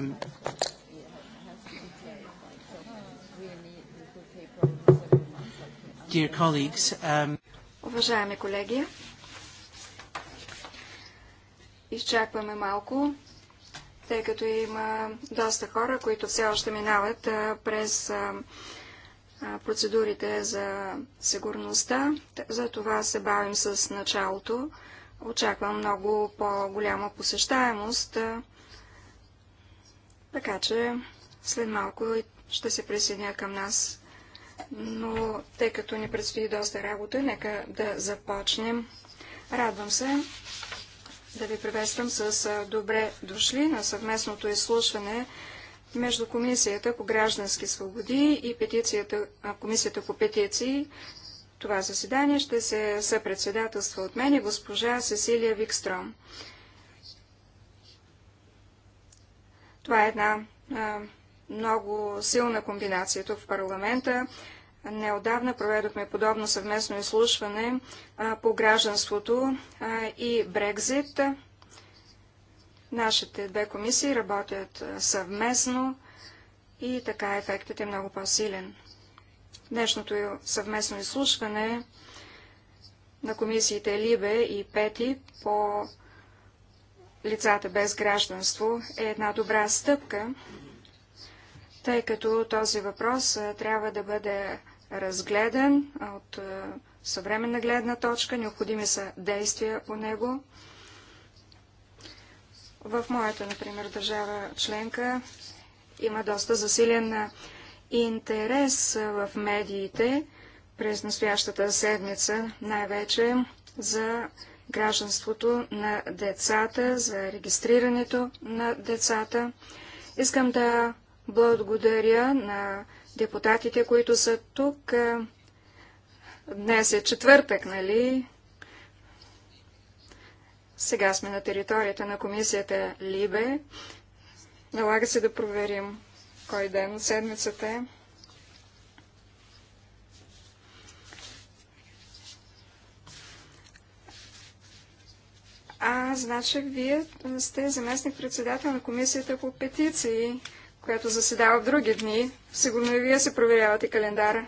Um, dear colleagues, um... Уважаеми колеги, изчакваме малко, тъй като има доста хора, които все още минават през процедурите за сигурността. За това се бавим с началото. Очаквам много по-голяма посещаемост така че след малко ще се присъединя към нас. Но тъй като ни предстои доста работа, нека да започнем. Радвам се да ви приветствам с добре дошли на съвместното изслушване между Комисията по граждански свободи и Комисията по петиции. Това заседание ще се съпредседателства от мен и госпожа Сесилия Викстром. Това е една а, много силна комбинация тук в парламента. Неодавна проведохме подобно съвместно изслушване а, по гражданството а, и Брекзит. Нашите две комисии работят съвместно и така ефектът е много по-силен. Днешното съвместно изслушване на комисиите Либе и Пети по лицата без гражданство е една добра стъпка, тъй като този въпрос трябва да бъде разгледан от съвременна гледна точка, необходими са действия по него. В моята, например, държава членка има доста засилен интерес в медиите през настоящата седмица, най-вече за гражданството на децата, за регистрирането на децата. Искам да благодаря на депутатите, които са тук. Днес е четвъртък, нали? Сега сме на територията на комисията Либе. Налага се да проверим кой ден от седмицата е. А, значи, вие сте заместник-председател на комисията по петиции, която заседава в други дни. Сигурно и вие се проверявате календара.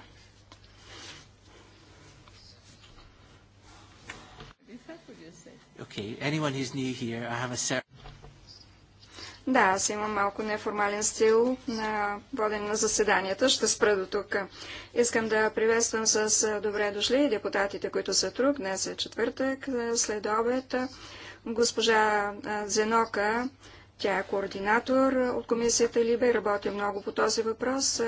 да, аз имам малко неформален стил на водене на заседанията. Ще спра до тук. Искам да приветствам с добре дошли и депутатите, които са тук. Днес е четвъртък, след обед. Госпожа Зенока, тя е координатор от комисията Либе работи много по този въпрос.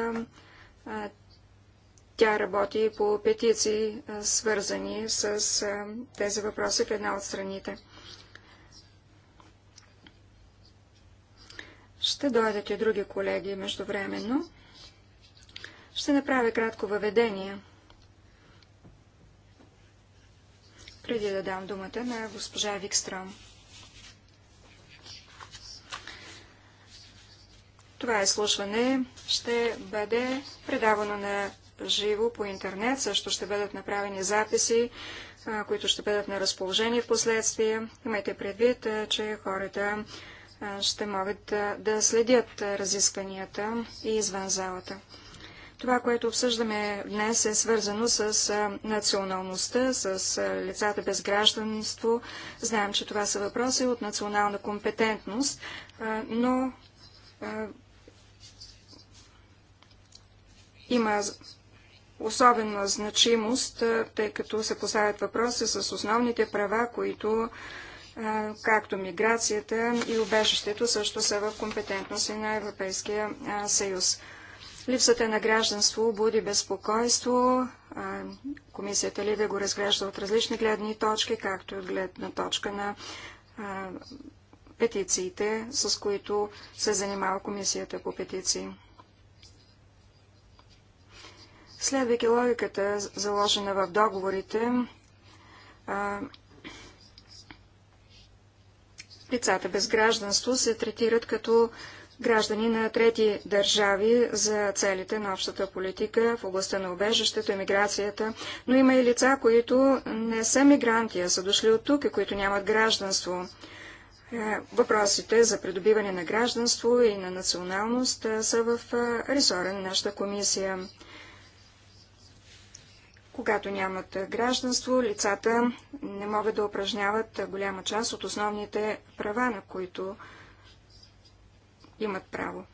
Тя работи по петиции, свързани с тези въпроси в една от страните. Ще дойдат и други колеги междувременно. Ще направя кратко въведение. преди да дам думата на госпожа Викстром. Това изслушване ще бъде предавано на живо по интернет. Също ще бъдат направени записи, които ще бъдат на разположение в последствие. Имайте предвид, че хората ще могат да следят разискванията и извън залата. Това, което обсъждаме днес е свързано с националността, с лицата без гражданство. Знаем, че това са въпроси от национална компетентност, но има особена значимост, тъй като се поставят въпроси с основните права, които както миграцията и убежището също са в компетентност и на Европейския съюз. Липсата на гражданство буди безпокойство. Комисията да го разглежда от различни гледни точки, както и от гледна точка на петициите, с които се занимава Комисията по петиции. Следвайки логиката, заложена в договорите, лицата без гражданство се третират като граждани на трети държави за целите на общата политика в областта на убежището, миграцията, но има и лица, които не са мигранти, а са дошли от тук и които нямат гражданство. Е, въпросите за придобиване на гражданство и на националност е, са в е, ресора на нашата комисия. Когато нямат гражданство, лицата не могат да упражняват голяма част от основните права, на които имат право.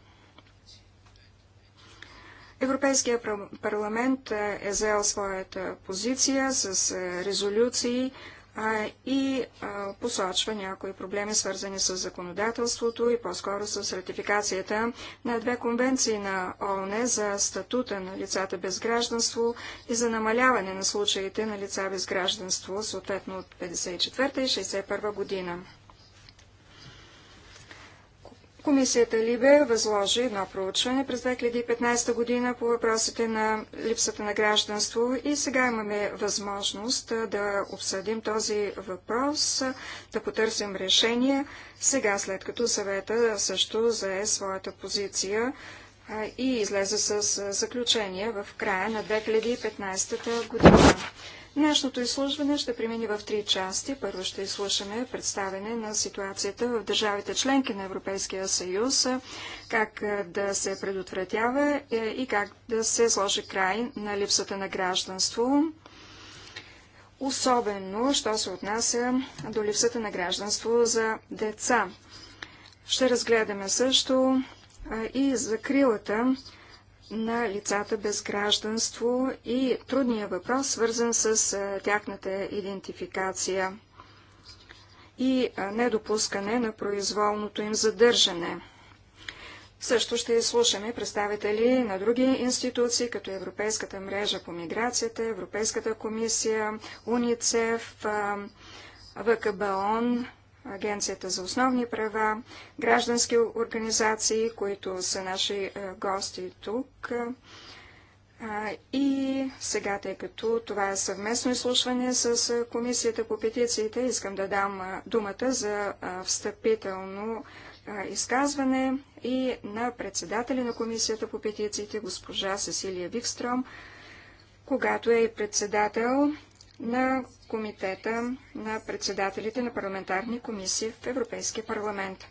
Европейския парламент е, е заел своята позиция с е, резолюции и посочва някои проблеми, свързани с законодателството и по-скоро с ратификацията на две конвенции на ООН за статута на лицата без гражданство и за намаляване на случаите на лица без гражданство, съответно от 54 и 61 година. Комисията Либе възложи едно проучване през 2015 година по въпросите на липсата на гражданство и сега имаме възможност да обсъдим този въпрос, да потърсим решение, сега след като съвета също зае своята позиция и излезе с заключение в края на 2015 година. Днешното изслужване ще премини в три части. Първо ще изслушаме представене на ситуацията в държавите членки на Европейския съюз, как да се предотвратява е, и как да се сложи край на липсата на гражданство. Особено, що се отнася до липсата на гражданство за деца. Ще разгледаме също и закрилата на лицата без гражданство и трудния въпрос, свързан с тяхната идентификация и недопускане на произволното им задържане. Също ще изслушаме представители на други институции, като Европейската мрежа по миграцията, Европейската комисия, УНИЦЕФ, ВКБОН, Агенцията за основни права, граждански организации, които са наши е, гости тук. Е, и сега, тъй като това е съвместно изслушване с е, Комисията по петициите, искам да дам думата за встъпително изказване и на председателя на Комисията по петициите, госпожа Сесилия Викстром, когато е и председател на комитета на председателите на парламентарни комисии в Европейския парламент.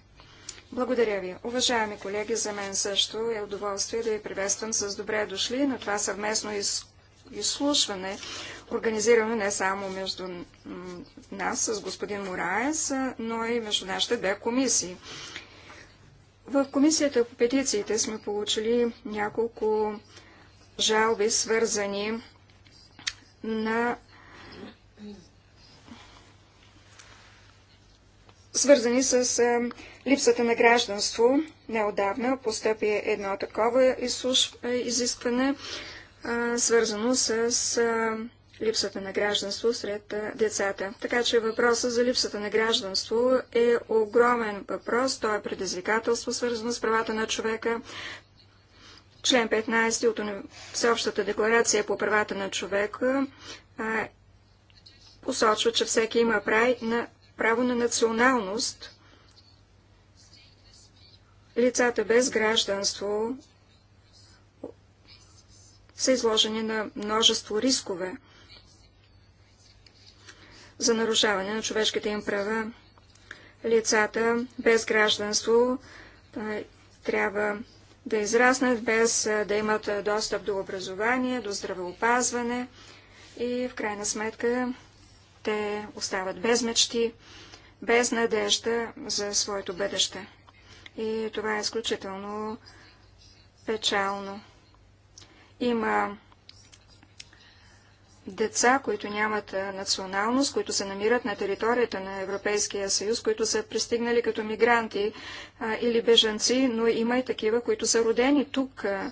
Благодаря ви. Уважаеми колеги, за мен също е удоволствие да ви приветствам с добре дошли на това съвместно из... изслушване, организирано не само между нас с господин Мораес, но и между нашите две комисии. В комисията по петициите сме получили няколко жалби, свързани на свързани с липсата на гражданство. Неодавна постъпи едно такова изискване, свързано с липсата на гражданство сред децата. Така че въпросът за липсата на гражданство е огромен въпрос. Той е предизвикателство, свързано с правата на човека. Член 15 от Всеобщата декларация по правата на човека посочва, че всеки има прай на право на националност. Лицата без гражданство са изложени на множество рискове за нарушаване на човешките им права. Лицата без гражданство трябва да израснат без да имат достъп до образование, до здравеопазване и в крайна сметка те остават без мечти, без надежда за своето бъдеще. И това е изключително печално. Има деца, които нямат националност, които се намират на територията на Европейския съюз, които са пристигнали като мигранти а, или бежанци, но има и такива, които са родени тук, а,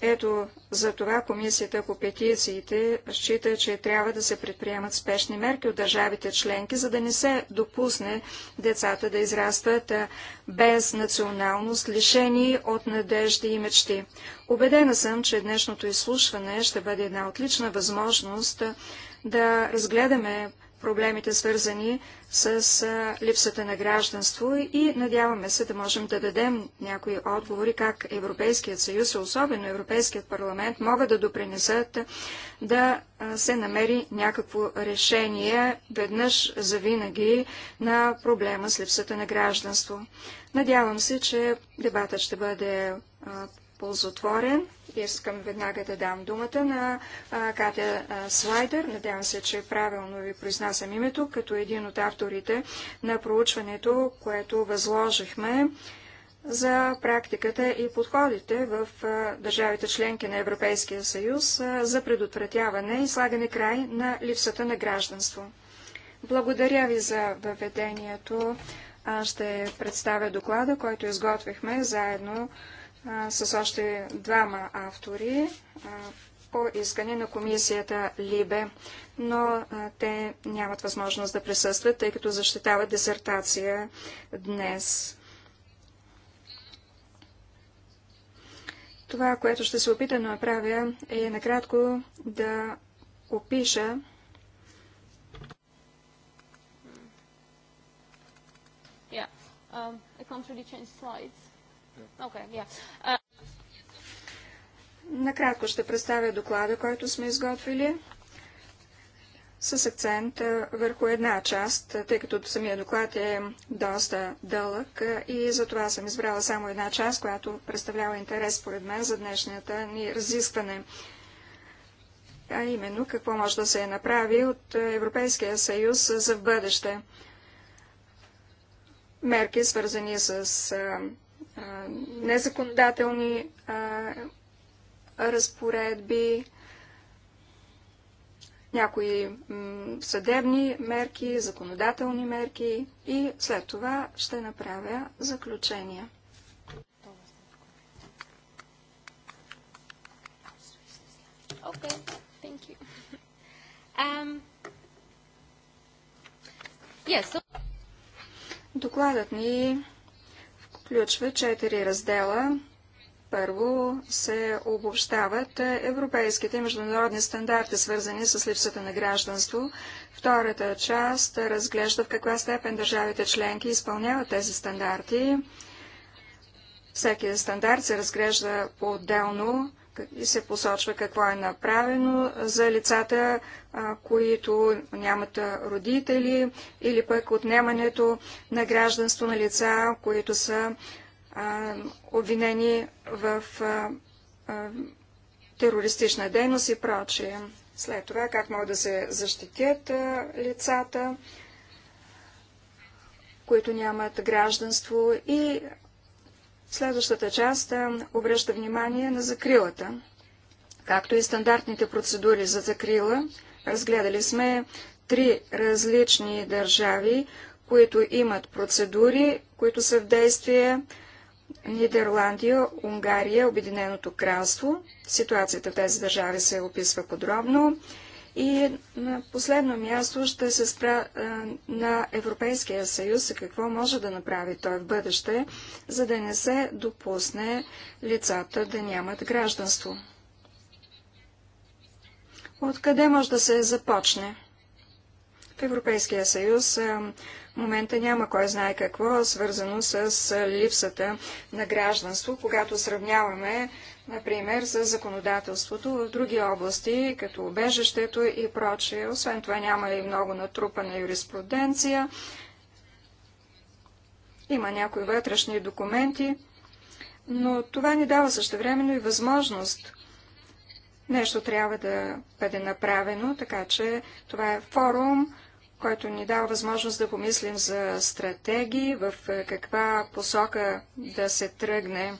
ето за това комисията по петициите счита, че трябва да се предприемат спешни мерки от държавите членки, за да не се допусне децата да израстват без националност, лишени от надежди и мечти. Обедена съм, че днешното изслушване ще бъде една отлична възможност да разгледаме проблемите, свързани с липсата на гражданство и надяваме се да можем да дадем някои отговори как Европейският съюз, особено Европейският парламент, могат да допринесат да се намери някакво решение веднъж за винаги на проблема с липсата на гражданство. Надявам се, че дебатът ще бъде ползотворен. Искам веднага да дам думата на Катя Слайдер. Надявам се, че правилно ви произнасям името, като един от авторите на проучването, което възложихме за практиката и подходите в държавите членки на Европейския съюз за предотвратяване и слагане край на липсата на гражданство. Благодаря ви за въведението. Аз ще представя доклада, който изготвихме заедно а, с още двама автори а, по искане на комисията Либе, но а, те нямат възможност да присъстват, тъй като защитават дисертация днес. Това, което ще се опитам да направя, е накратко да опиша Yeah. Um, I can't really change slides. Uh, накратко ще представя доклада, който сме изготвили с акцент върху една част, тъй като самия доклад е доста дълъг и затова съм избрала само една част, която представлява интерес, според мен, за днешната ни разискване. А именно, какво може да се направи от Европейския съюз за в бъдеще. Мерки, свързани с незаконодателни разпоредби, някои съдебни мерки, законодателни мерки и след това ще направя заключения. Okay, thank you. Um, yes. Yeah, so... Докладът ни включва четири раздела. Първо се обобщават европейските международни стандарти, свързани с липсата на гражданство. Втората част разглежда в каква степен държавите членки изпълняват тези стандарти. Всеки стандарт се разглежда по-отделно. И се посочва какво е направено за лицата, които нямат родители или пък отнемането на гражданство на лица, които са обвинени в терористична дейност и прочие. След това как могат да се защитят лицата, които нямат гражданство и Следващата част обръща внимание на закрилата, както и стандартните процедури за закрила. Разгледали сме три различни държави, които имат процедури, които са в действие Нидерландия, Унгария, Обединеното кралство. Ситуацията в тези държави се описва подробно. И на последно място ще се спра а, на Европейския съюз и какво може да направи той в бъдеще, за да не се допусне лицата да нямат гражданство. Откъде може да се започне? В Европейския съюз в момента няма кой знае какво, свързано с липсата на гражданство, когато сравняваме например, за законодателството в други области, като убежището и прочее. Освен това няма и много натрупана юриспруденция. Има някои вътрешни документи, но това ни дава същевременно и възможност. Нещо трябва да бъде направено, така че това е форум, който ни дава възможност да помислим за стратегии, в каква посока да се тръгне.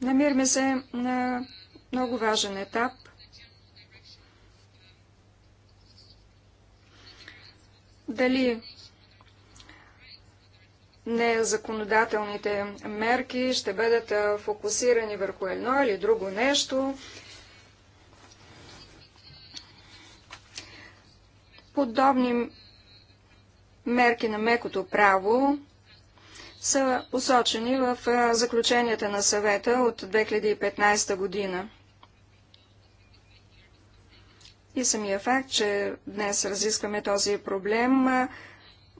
Намираме се на много важен етап. Дали незаконодателните мерки ще бъдат фокусирани върху едно или друго нещо. Подобни мерки на мекото право са посочени в заключенията на съвета от 2015 година. И самия факт, че днес разискваме този проблем,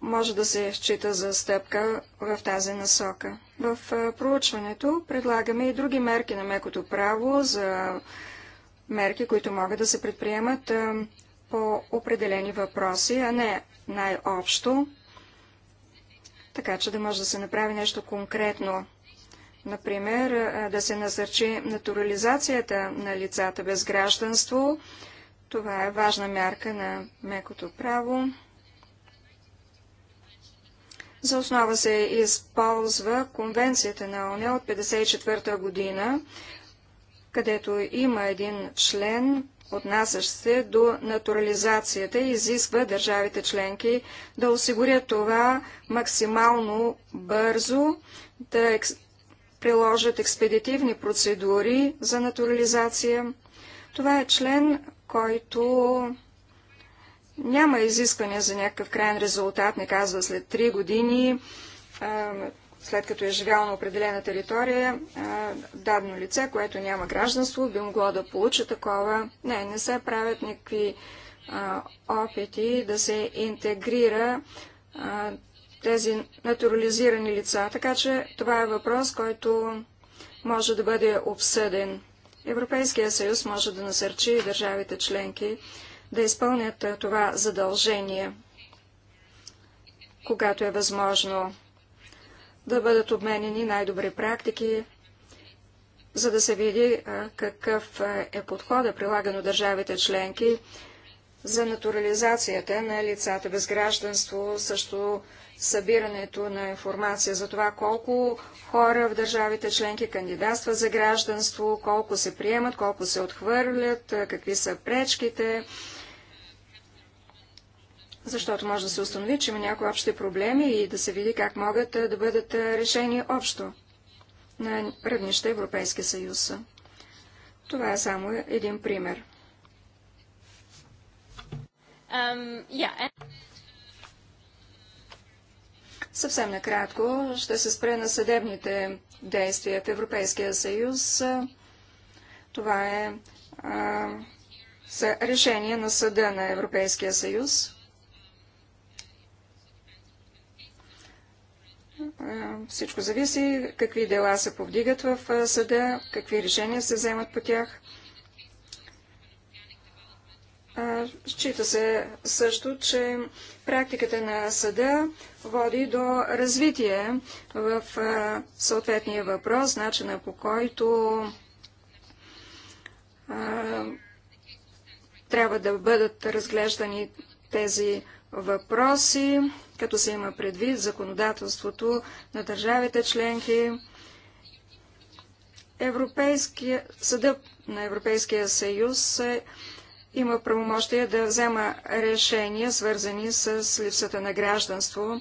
може да се счита за стъпка в тази насока. В проучването предлагаме и други мерки на мекото право за мерки, които могат да се предприемат по определени въпроси, а не най-общо така че да може да се направи нещо конкретно. Например, да се насърчи натурализацията на лицата без гражданство. Това е важна мярка на мекото право. За основа се използва Конвенцията на ОНЕ от 1954 година, където има един член, отнасящ се до натурализацията и изисква държавите членки да осигурят това максимално бързо, да екс... приложат експедитивни процедури за натурализация. Това е член, който няма изискване за някакъв крайен резултат, не казва след 3 години след като е живял на определена територия, дадено лице, което няма гражданство, би могло да получи такова. Не, не се правят никакви опити да се интегрира тези натурализирани лица. Така че това е въпрос, който може да бъде обсъден. Европейския съюз може да насърчи държавите членки да изпълнят това задължение, когато е възможно да бъдат обменени най-добри практики, за да се види какъв е подхода прилаган от държавите членки за натурализацията на лицата без гражданство, също събирането на информация за това колко хора в държавите членки кандидатства за гражданство, колко се приемат, колко се отхвърлят, какви са пречките, защото може да се установи, че има някои общи проблеми и да се види как могат да бъдат решени общо на равнище Европейски съюз. Това е само един пример. Um, yeah. Съвсем накратко ще се спре на съдебните действия в Европейския съюз. Това е а, решение на съда на Европейския съюз. Е, всичко зависи какви дела се повдигат в е, съда, какви решения се вземат по тях. Е, счита се също, че практиката на съда води до развитие в съответния въпрос, начина по който трябва да бъдат разглеждани тези въпроси, като се има предвид законодателството на държавите членки. Европейския, съда на Европейския съюз е, има правомощие да взема решения, свързани с липсата на гражданство.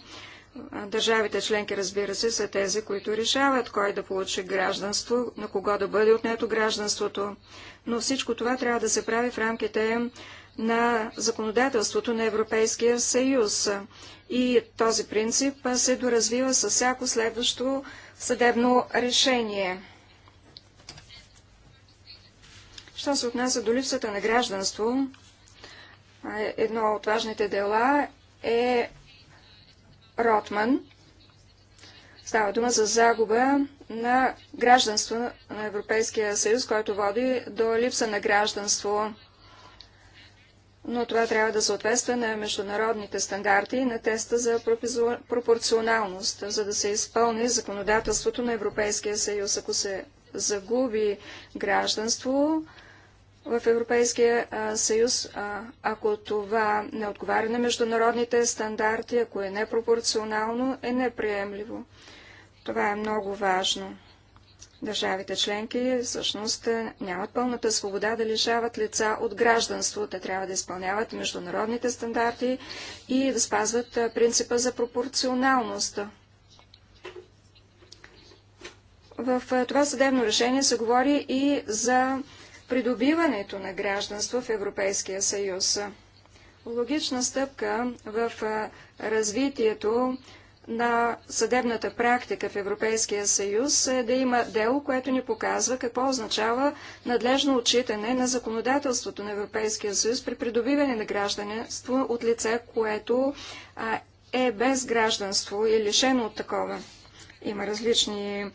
Държавите членки, разбира се, са тези, които решават кой да получи гражданство, на кого да бъде отнето гражданството. Но всичко това трябва да се прави в рамките на законодателството на Европейския съюз. И този принцип се доразвива със всяко следващо съдебно решение. Що се отнася до липсата на гражданство, едно от важните дела е Ротман. Става дума за загуба на гражданство на Европейския съюз, който води до липса на гражданство но това трябва да съответства на международните стандарти и на теста за пропорционалност, за да се изпълни законодателството на Европейския съюз. Ако се загуби гражданство в Европейския съюз, ако това не отговаря на международните стандарти, ако е непропорционално, е неприемливо. Това е много важно. Държавите членки всъщност е, нямат пълната свобода да лишават лица от гражданство. Те трябва да изпълняват международните стандарти и да спазват е, принципа за пропорционалност. В е, това съдебно решение се говори и за придобиването на гражданство в Европейския съюз. Логична стъпка в развитието на съдебната практика в Европейския съюз е да има дело, което ни показва какво означава надлежно отчитане на законодателството на Европейския съюз при придобиване на гражданство от лице, което е без гражданство и лишено от такова. Има различни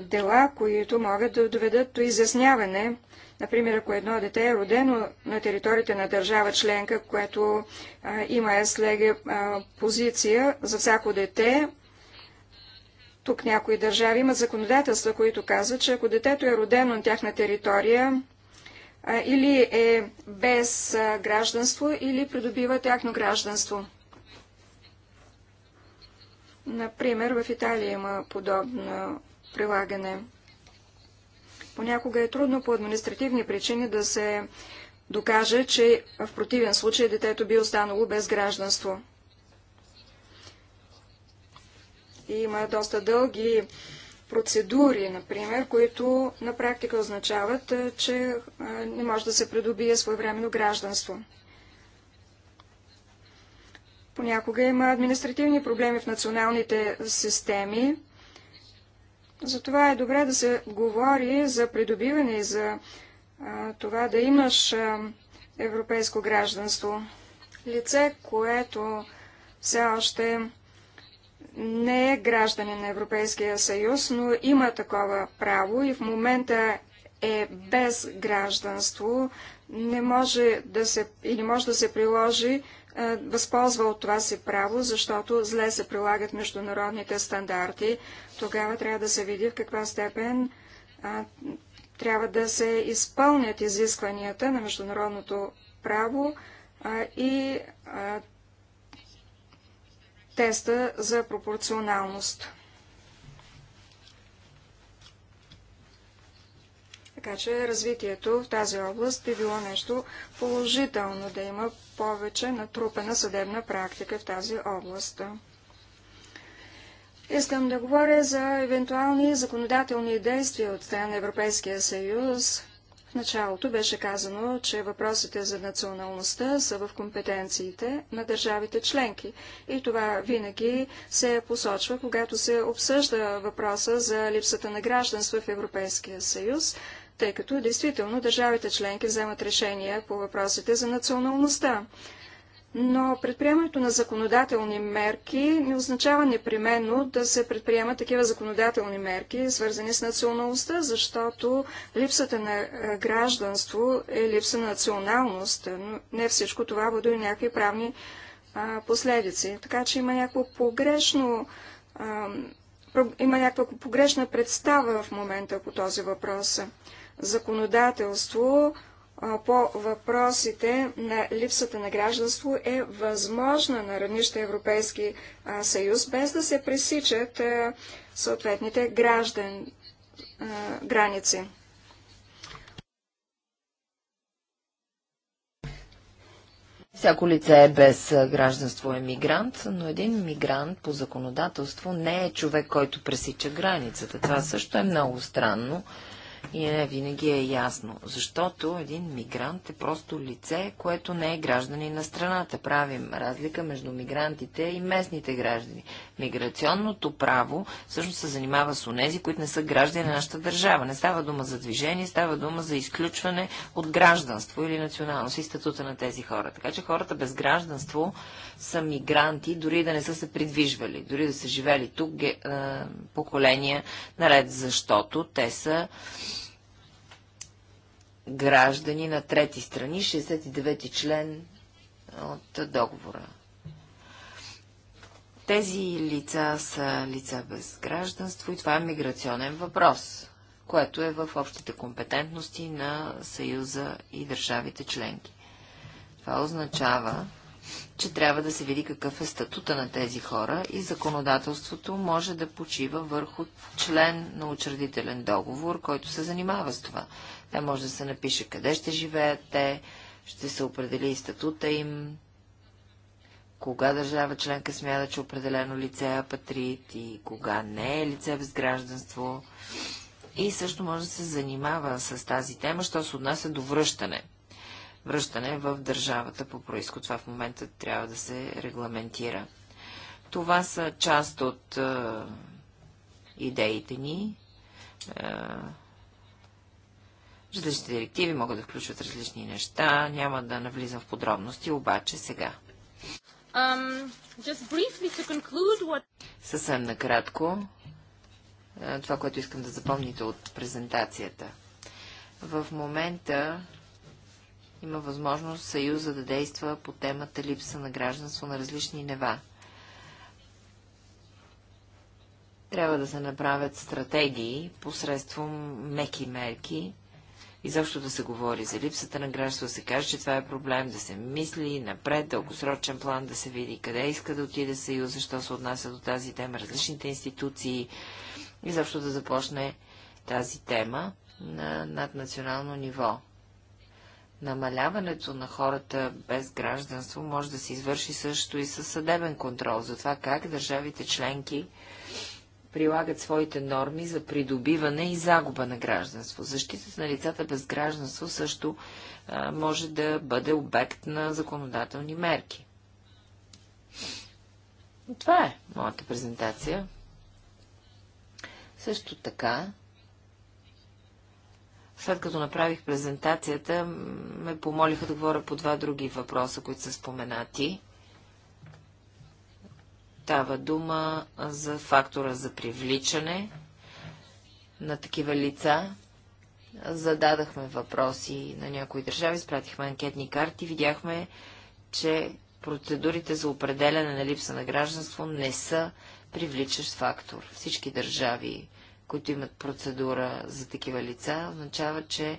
дела, които могат да доведат до изясняване Например, ако едно дете е родено на територията на държава членка, което а, има слеге позиция за всяко дете, тук някои държави има законодателства, които казват, че ако детето е родено на тяхна територия а, или е без а, гражданство, или придобива тяхно гражданство. Например, в Италия има подобно прилагане. Понякога е трудно по административни причини да се докаже, че в противен случай детето би останало без гражданство. И има доста дълги процедури, например, които на практика означават, че не може да се придобие своевременно гражданство. Понякога има административни проблеми в националните системи, затова е добре да се говори за придобиване и за а, това да имаш а, европейско гражданство. Лице, което все още не е гражданин на Европейския съюз, но има такова право и в момента е без гражданство, не може да се, или може да се приложи е, възползва от това си право, защото зле се прилагат международните стандарти, тогава трябва да се види в каква степен а, е, трябва да се изпълнят изискванията на международното право а, е, и а, теста за пропорционалност. Така че развитието в тази област би било нещо положително да има повече натрупана съдебна практика в тази област. Искам да говоря за евентуални законодателни действия от страна на Европейския съюз. В началото беше казано, че въпросите за националността са в компетенциите на държавите членки. И това винаги се посочва, когато се обсъжда въпроса за липсата на гражданство в Европейския съюз тъй като действително държавите членки вземат решения по въпросите за националността. Но предприемането на законодателни мерки не означава непременно да се предприемат такива законодателни мерки, свързани с националността, защото липсата на е, гражданство е липса на националност. Но не всичко това води до някакви правни а, последици. Така че има някакво погрешно а, има някаква погрешна представа в момента по този въпрос законодателство по въпросите на липсата на гражданство е възможна на равнище Европейски съюз, без да се пресичат съответните граждан, граници. Всяко лице е без гражданство е мигрант, но един мигрант по законодателство не е човек, който пресича границата. Това също е много странно и не винаги е ясно, защото един мигрант е просто лице, което не е граждани на страната. Правим разлика между мигрантите и местните граждани. Миграционното право всъщност се занимава с онези, които не са граждани на нашата държава. Не става дума за движение, става дума за изключване от гражданство или националност и статута на тези хора. Така че хората без гражданство са мигранти, дори да не са се придвижвали, дори да са живели тук е, поколения наред, защото те са граждани на трети страни, 69 ти член от договора. Тези лица са лица без гражданство и това е миграционен въпрос, което е в общите компетентности на Съюза и държавите членки. Това означава, че трябва да се види какъв е статута на тези хора и законодателството може да почива върху член на учредителен договор, който се занимава с това. Тя може да се напише къде ще живеят те, ще се определи и статута им, кога държава членка смята, че определено лице е апатрит и кога не е лице без гражданство. И също може да се занимава с тази тема, що се отнася до връщане. Връщане в държавата по происход. Това в момента трябва да се регламентира. Това са част от е, идеите ни. Е, различните директиви могат да включват различни неща. Няма да навлизам в подробности, обаче сега. Съвсем накратко, това, което искам да запомните от презентацията. В момента има възможност Съюза да действа по темата липса на гражданство на различни нива. Трябва да се направят стратегии посредством меки мерки, и защо да се говори за липсата на гражданство, да се каже, че това е проблем, да се мисли напред, дългосрочен план, да се види къде иска да отиде Съюз, защо се отнася до тази тема, различните институции, и защо да започне тази тема на наднационално ниво. Намаляването на хората без гражданство може да се извърши също и със съдебен контрол за това как държавите членки прилагат своите норми за придобиване и загуба на гражданство. Защитата на лицата без гражданство също а, може да бъде обект на законодателни мерки. Това е моята презентация. Също така, след като направих презентацията, ме помолиха да говоря по два други въпроса, които са споменати. Става дума за фактора за привличане на такива лица. Зададахме въпроси на някои държави, спратихме анкетни карти, видяхме, че процедурите за определяне на липса на гражданство не са привличащ фактор. Всички държави, които имат процедура за такива лица, означава, че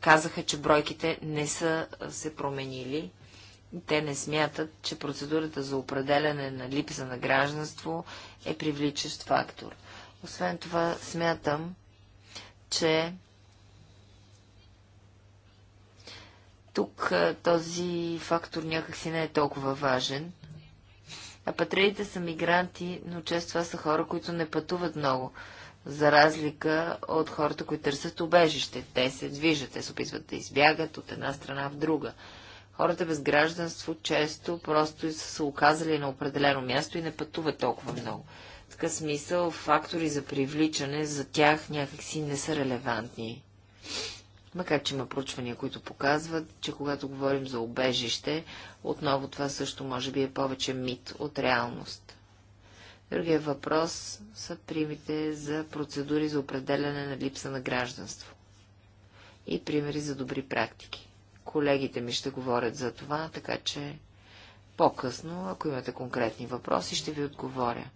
казаха, че бройките не са се променили те не смятат, че процедурата за определяне на липса на гражданство е привличащ фактор. Освен това, смятам, че тук този фактор някакси не е толкова важен. А патриите са мигранти, но често това са хора, които не пътуват много, за разлика от хората, които търсят убежище. Те се движат, те се опитват да избягат от една страна в друга. Хората без гражданство често просто са се оказали на определено място и не пътуват толкова много. В така смисъл фактори за привличане за тях някакси не са релевантни. Макар, че има проучвания, които показват, че когато говорим за обежище, отново това също може би е повече мит от реалност. Другия въпрос са примите за процедури за определяне на липса на гражданство и примери за добри практики. Колегите ми ще говорят за това, така че по-късно, ако имате конкретни въпроси, ще ви отговоря.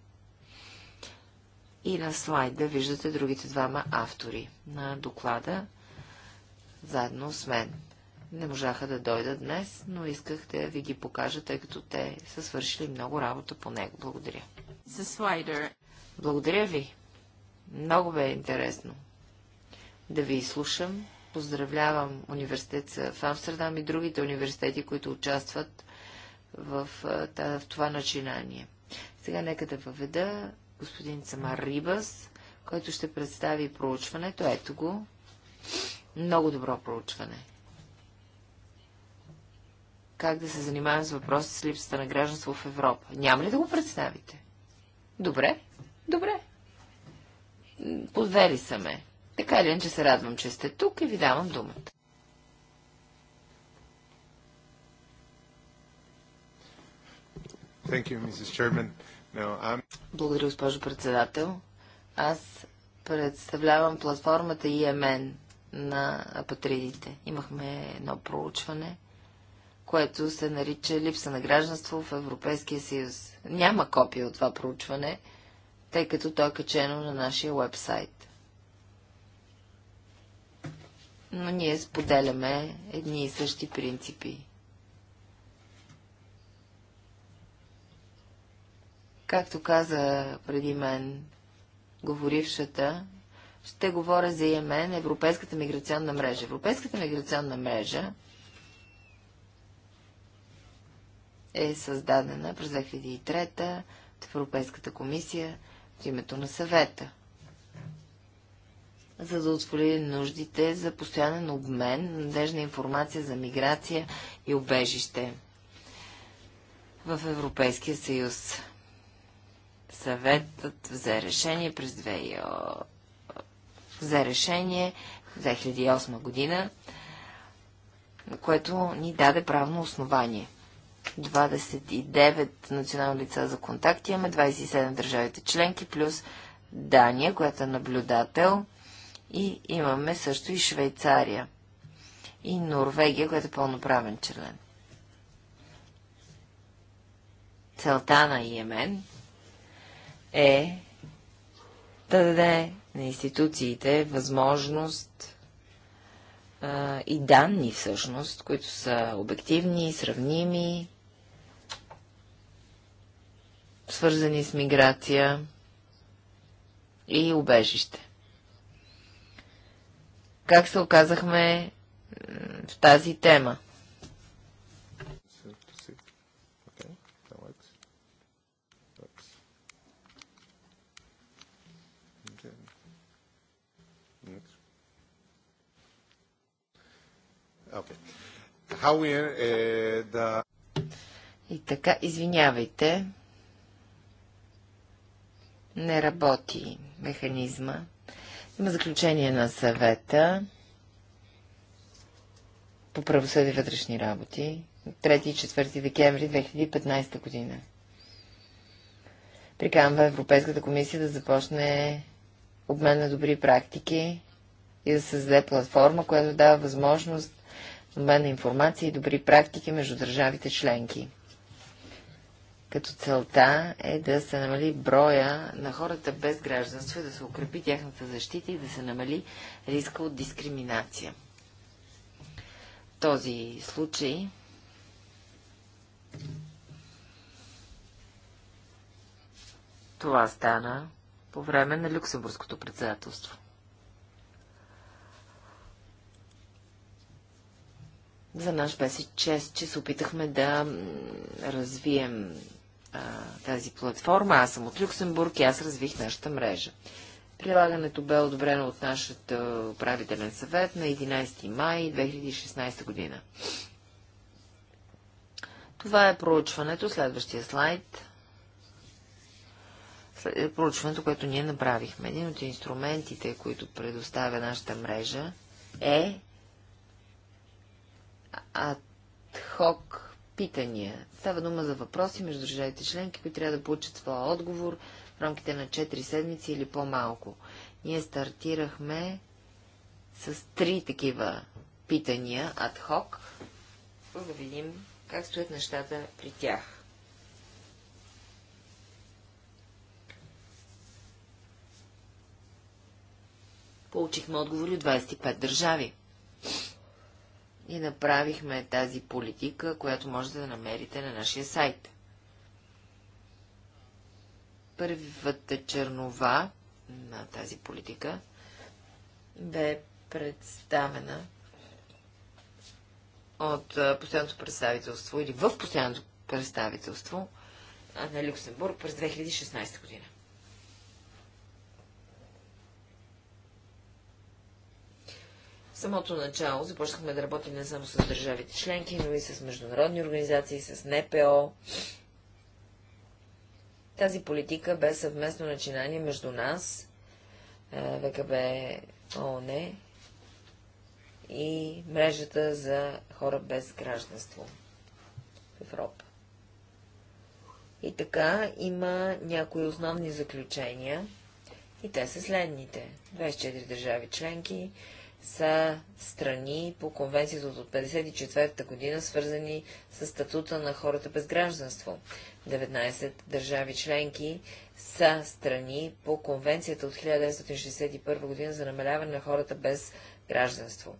И на слайда виждате другите двама автори на доклада, заедно с мен. Не можаха да дойдат днес, но исках да ви ги покажа, тъй като те са свършили много работа по него. Благодаря. Благодаря ви. Много бе интересно да ви изслушам Поздравлявам университет в Амстердам и другите университети, които участват в, в това начинание. Сега нека да въведа господин Самар Рибас, който ще представи проучването. Ето го. Много добро проучване. Как да се занимавам с въпроса с липсата на гражданство в Европа? Няма ли да го представите? Добре, добре. Подвели са ме. Така или иначе се радвам, че сте тук и ви давам думата. You, no, Благодаря, госпожо председател. Аз представлявам платформата ИМН e на апатридите. Имахме едно проучване, което се нарича Липса на гражданство в Европейския съюз. Няма копия от това проучване, тъй като то е качено на нашия вебсайт. но ние споделяме едни и същи принципи. Както каза преди мен говорившата, ще говоря за ИМН, Европейската миграционна мрежа. Европейската миграционна мрежа е създадена през 2003 от Европейската комисия в името на съвета за да отволи нуждите за постоянен обмен, надежна информация за миграция и обежище в Европейския съюз. Съветът взе решение през 2000... взе решение в 2008 година, което ни даде правно основание. 29 национални лица за контакт имаме, 27 държавите членки, плюс Дания, която е наблюдател, и имаме също и Швейцария. И Норвегия, която е пълноправен член. Целта на Йемен е да даде на институциите възможност а, и данни всъщност, които са обективни, сравними, свързани с миграция и убежище как се оказахме в тази тема. И така, извинявайте, не работи механизма. Има заключение на съвета по правосъди вътрешни работи 3 и 4 декември 2015 година. Приканва Европейската комисия да започне обмен на добри практики и да създаде платформа, която дава възможност обмен на информация и добри практики между държавите членки като целта е да се намали броя на хората без гражданство и да се укрепи тяхната защита и да се намали риска от дискриминация. В този случай това стана по време на Люксембургското председателство. За наш беше чест, че се опитахме да развием а, тази платформа. Аз съм от Люксембург и аз развих нашата мрежа. Прилагането бе одобрено от нашата управителен съвет на 11 май 2016 година. Това е проучването, следващия слайд. Е проучването, което ние направихме. Един от инструментите, които предоставя нашата мрежа е адхок питания. Става дума за въпроси между държавите членки, които трябва да получат своя отговор в рамките на 4 седмици или по-малко. Ние стартирахме с три такива питания Хок, за да видим как стоят нещата при тях. Получихме отговори от 25 държави и направихме тази политика, която можете да намерите на нашия сайт. Първата чернова на тази политика бе представена от постоянното представителство или в постоянното представителство на Люксембург през 2016 година. самото начало започнахме да работим не само с държавите членки, но и с международни организации, с НПО. Тази политика бе съвместно начинание между нас, е, ВКБ ООН и мрежата за хора без гражданство в Европа. И така има някои основни заключения, и те са следните. 24 държави членки, са страни по конвенцията от 1954 година, свързани с статута на хората без гражданство. 19 държави членки са страни по конвенцията от 1961 година за намаляване на хората без гражданство.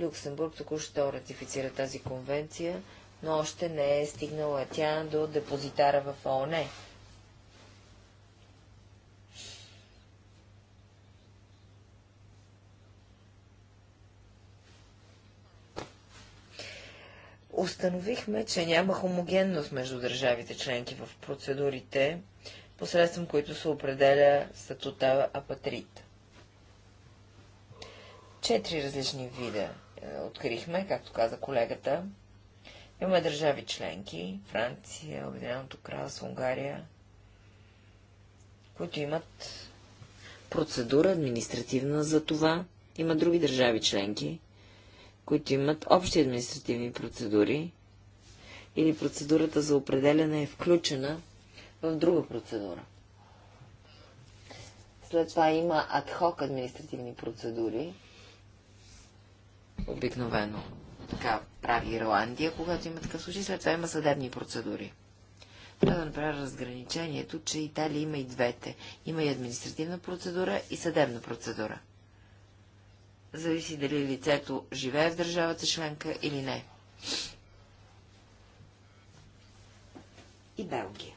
Люксембург току-що ратифицира тази конвенция, но още не е стигнала тя до депозитара в ООН. установихме, че няма хомогенност между държавите членки в процедурите, посредством които се определя статута апатрит. Четири различни вида е, открихме, както каза колегата. Имаме държави членки, Франция, Обединеното кралство, Унгария, които имат процедура административна за това. Има други държави членки, които имат общи административни процедури или процедурата за определяне е включена в друга процедура. След това има адхок административни процедури. Обикновено така прави Ирландия, когато има такъв случай, след това има съдебни процедури. Трябва да направя разграничението, че Италия има и двете. Има и административна процедура, и съдебна процедура зависи дали лицето живее в държавата членка или не. И Белгия.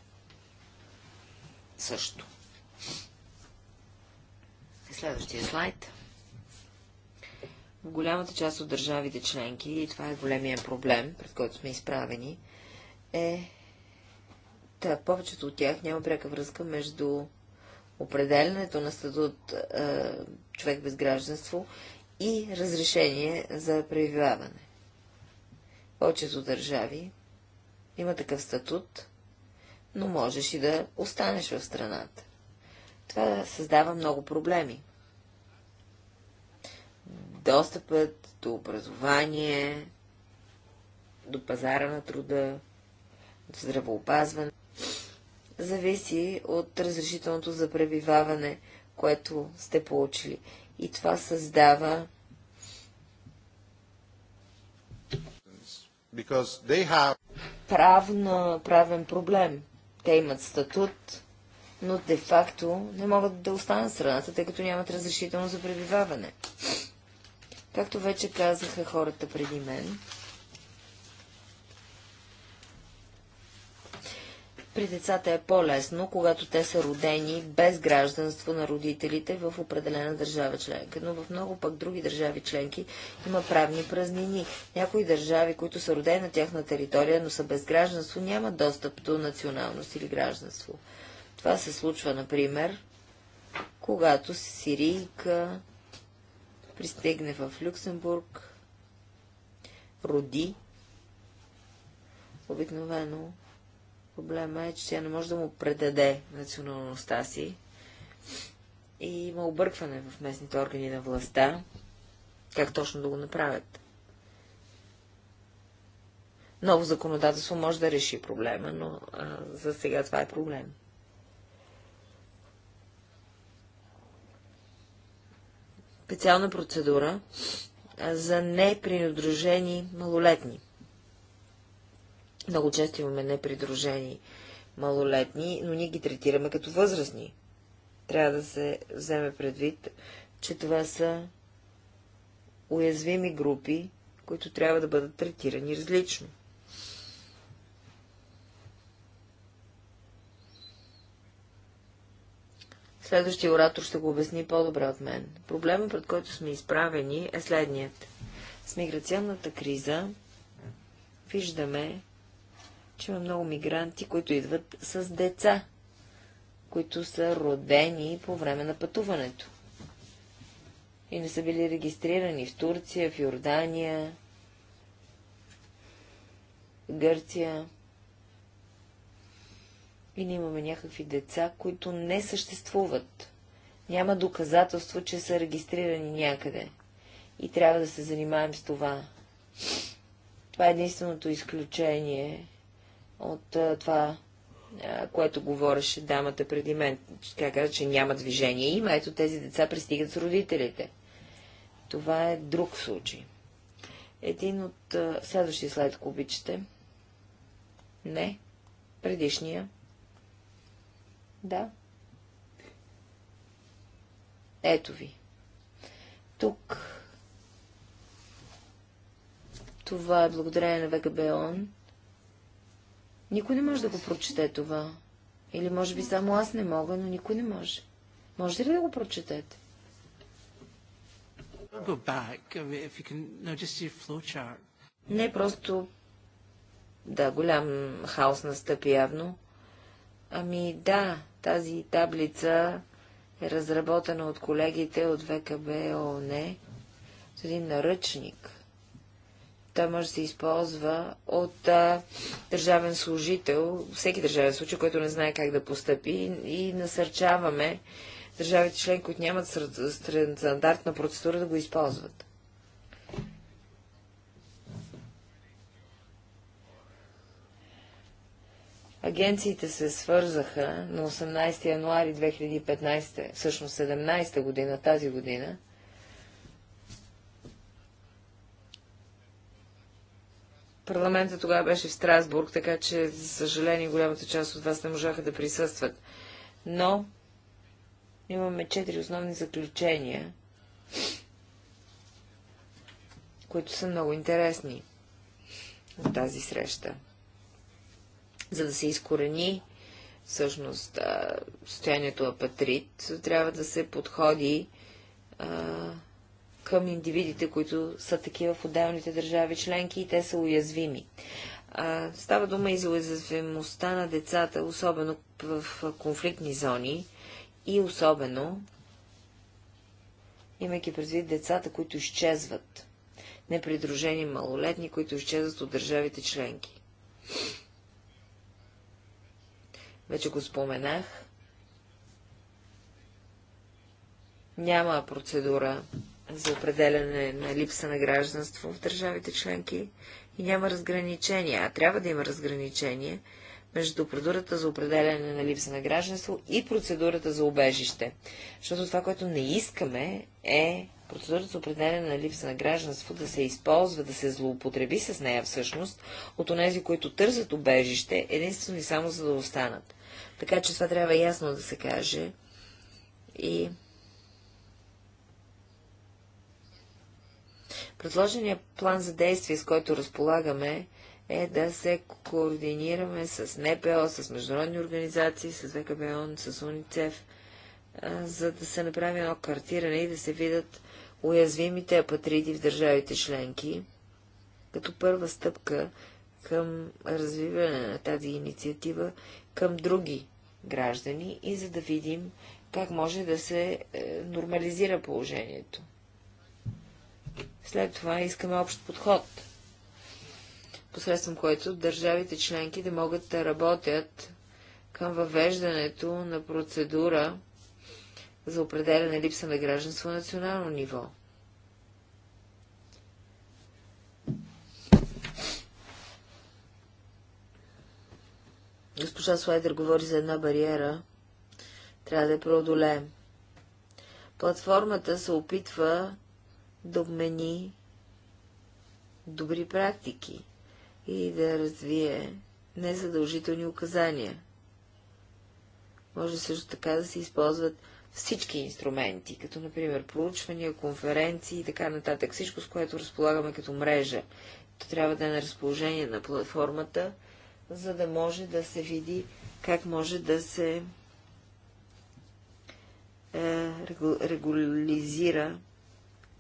Също. Следващия слайд. В голямата част от държавите членки, и това е големия проблем, пред който сме изправени, е, да, повечето от тях няма пряка връзка между определенето на статут е, човек без гражданство и разрешение за пребиваване. Повечето държави има такъв статут, но можеш и да останеш в страната. Това създава много проблеми. Достъпът до образование, до пазара на труда, до здравоопазване, зависи от разрешителното за пребиваване, което сте получили и това създава have... правна, правен проблем. Те имат статут, но де-факто не могат да останат в страната, тъй като нямат разрешително за пребиваване. Както вече казаха хората преди мен, При децата е по-лесно, когато те са родени без гражданство на родителите в определена държава членка, но в много пък други държави членки има правни празнини. Някои държави, които са родени на тяхна територия, но са без гражданство, нямат достъп до националност или гражданство. Това се случва, например, когато сирийка пристигне в Люксембург, роди, обикновено Проблема е, че тя не може да му предаде националността си. И има объркване в местните органи на властта, как точно да го направят. Ново законодателство може да реши проблема, но а, за сега това е проблем. Специална процедура за непринудружени малолетни. Много често имаме непридружени малолетни, но ние ги третираме като възрастни. Трябва да се вземе предвид, че това са уязвими групи, които трябва да бъдат третирани различно. Следващия оратор ще го обясни по-добре от мен. Проблемът, пред който сме изправени, е следният. С миграционната криза виждаме, че има много мигранти, които идват с деца, които са родени по време на пътуването. И не са били регистрирани в Турция, в Йордания, Гърция. И ние имаме някакви деца, които не съществуват. Няма доказателство, че са регистрирани някъде. И трябва да се занимаем с това. Това е единственото изключение от това, което говореше дамата преди мен. Тя каза, че няма движение. Има, ето тези деца пристигат с родителите. Това е друг случай. Един от следващия слайд, ако обичате. Не. Предишния. Да. Ето ви. Тук. Това е благодарение на ВКБ ОН. Никой не може да го прочете това. Или може би само аз не мога, но никой не може. Може ли да го прочетете? Не, просто... Да, голям хаос настъпи явно. Ами да, тази таблица е разработена от колегите от ВКБ ООН е. един наръчник. Той може да се използва от а, държавен служител, всеки държавен случай, който не знае как да постъпи и, и насърчаваме държавите член, които нямат стандартна процедура, да го използват. Агенциите се свързаха на 18 януари 2015, всъщност 17 година, тази година, Парламентът тогава беше в Страсбург, така че, за съжаление, голямата част от вас не можаха да присъстват. Но имаме четири основни заключения, които са много интересни от тази среща. За да се изкорени всъщност състоянието апатрит, трябва да се подходи а, към индивидите, които са такива в отделните държави членки и те са уязвими. А, става дума и за уязвимостта на децата, особено в конфликтни зони и особено, имайки предвид децата, които изчезват, непридружени малолетни, които изчезват от държавите членки. Вече го споменах. Няма процедура за определяне на липса на гражданство в държавите членки и няма разграничение, а трябва да има разграничение между процедурата за определяне на липса на гражданство и процедурата за убежище. Защото това, което не искаме е процедурата за определяне на липса на гражданство да се използва, да се злоупотреби с нея всъщност от онези, които търсят убежище, единствено и само за да останат. Така че това трябва ясно да се каже и Предложения план за действие, с който разполагаме, е да се координираме с НПО, с международни организации, с ВКБОН, с УНИЦЕФ, за да се направи едно картиране и да се видят уязвимите апатриди в държавите членки, като първа стъпка към развиване на тази инициатива към други граждани и за да видим как може да се е, нормализира положението. След това искаме общ подход, посредством който държавите членки да могат да работят към въвеждането на процедура за определяне липса на гражданство на национално ниво. Госпожа Слайдер говори за една бариера. Трябва да я преодолеем. Платформата се опитва да обмени добри практики и да развие незадължителни указания. Може също така да се използват всички инструменти, като например проучвания, конференции и така нататък, всичко с което разполагаме като мрежа. То трябва да е на разположение на платформата, за да може да се види как може да се е, регу... регулизира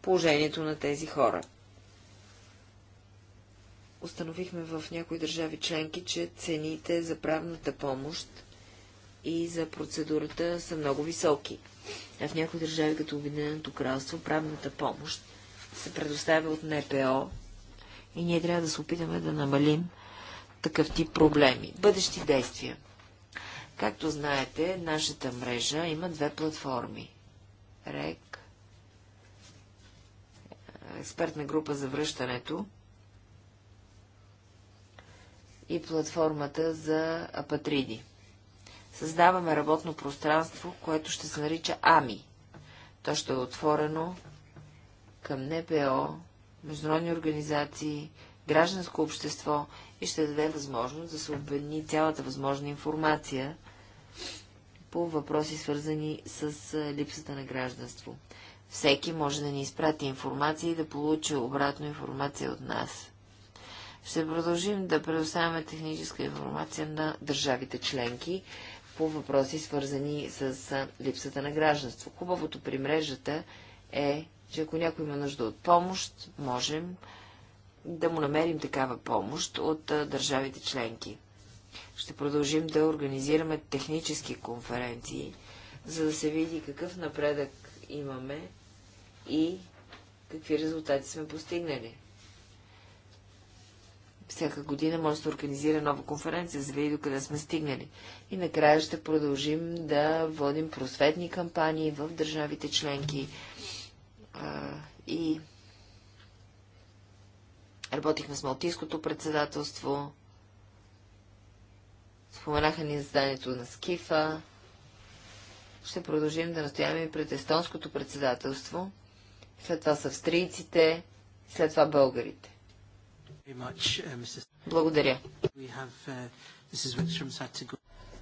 положението на тези хора. Установихме в някои държави членки, че цените за правната помощ и за процедурата са много високи. А в някои държави, като Обединеното кралство, правната помощ се предоставя от НПО и ние трябва да се опитаме да намалим такъв тип проблеми. Бъдещи действия. Както знаете, нашата мрежа има две платформи. РЕК експертна група за връщането и платформата за апатриди. Създаваме работно пространство, което ще се нарича АМИ. То ще е отворено към НПО, международни организации, гражданско общество и ще даде възможност да се обедни цялата възможна информация по въпроси, свързани с липсата на гражданство. Всеки може да ни изпрати информация и да получи обратно информация от нас. Ще продължим да предоставяме техническа информация на държавите членки по въпроси, свързани с липсата на гражданство. Хубавото при мрежата е, че ако някой има нужда от помощ, можем да му намерим такава помощ от държавите членки. Ще продължим да организираме технически конференции, за да се види какъв напредък имаме и какви резултати сме постигнали. Всяка година може да се организира нова конференция, за да види докъде сме стигнали. И накрая ще продължим да водим просветни кампании в държавите членки. А, и работихме с Малтийското председателство. Споменаха ни заданието на Скифа. Ще продължим да настояваме и пред естонското председателство след това с австрийците, след това българите. Uh, Благодаря. Uh,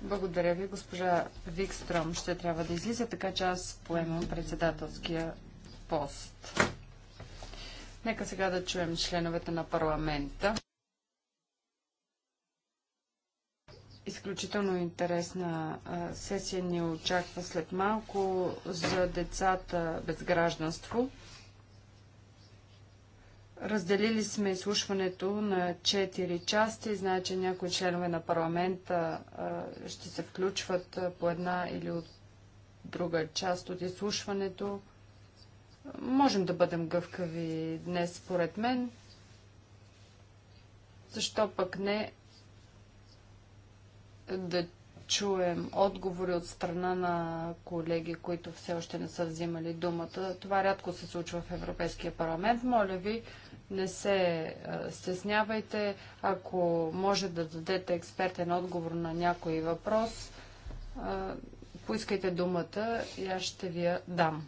Благодаря ви, госпожа Викстром. Ще трябва да излиза, така че аз поемам председателския пост. Нека сега да чуем членовете на парламента. Изключително интересна сесия ни очаква след малко за децата без гражданство. Разделили сме изслушването на четири части. значи че някои членове на парламента ще се включват по една или от друга част от изслушването. Можем да бъдем гъвкави днес, според мен. Защо пък не да чуем отговори от страна на колеги, които все още не са взимали думата. Това рядко се случва в Европейския парламент. Моля ви, не се стеснявайте. Ако може да дадете експертен отговор на някой въпрос, поискайте думата и аз ще ви я дам.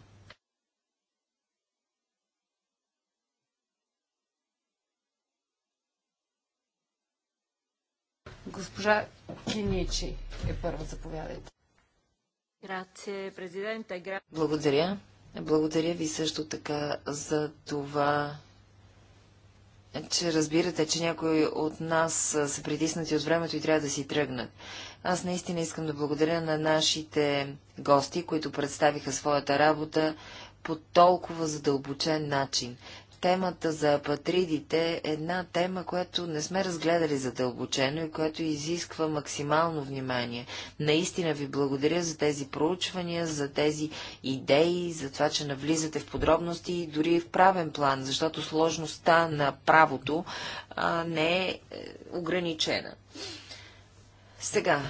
Госпожа Киничи е първа, заповядайте. Благодаря. Благодаря ви също така за това, че разбирате, че някои от нас са притиснати от времето и трябва да си тръгнат. Аз наистина искам да благодаря на нашите гости, които представиха своята работа по толкова задълбочен начин темата за апатридите е една тема, която не сме разгледали задълбочено и която изисква максимално внимание. Наистина ви благодаря за тези проучвания, за тези идеи, за това, че навлизате в подробности и дори в правен план, защото сложността на правото а, не е, е ограничена. Сега,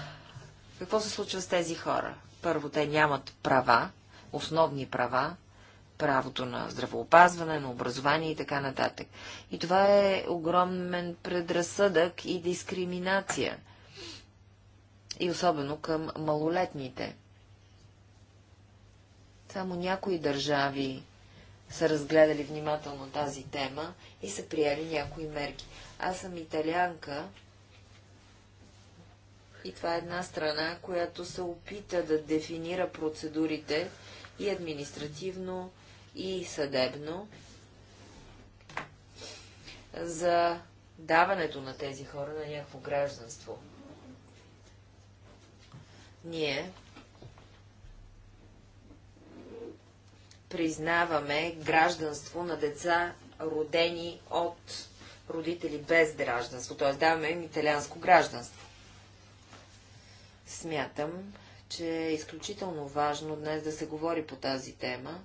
какво се случва с тези хора? Първо, те нямат права, основни права, правото на здравоопазване, на образование и така нататък. И това е огромен предразсъдък и дискриминация. И особено към малолетните. Само някои държави са разгледали внимателно тази тема и са приели някои мерки. Аз съм италианка и това е една страна, която се опита да дефинира процедурите и административно, и съдебно за даването на тези хора на някакво гражданство. Ние признаваме гражданство на деца, родени от родители без гражданство, т.е. даваме им италианско гражданство. Смятам, че е изключително важно днес да се говори по тази тема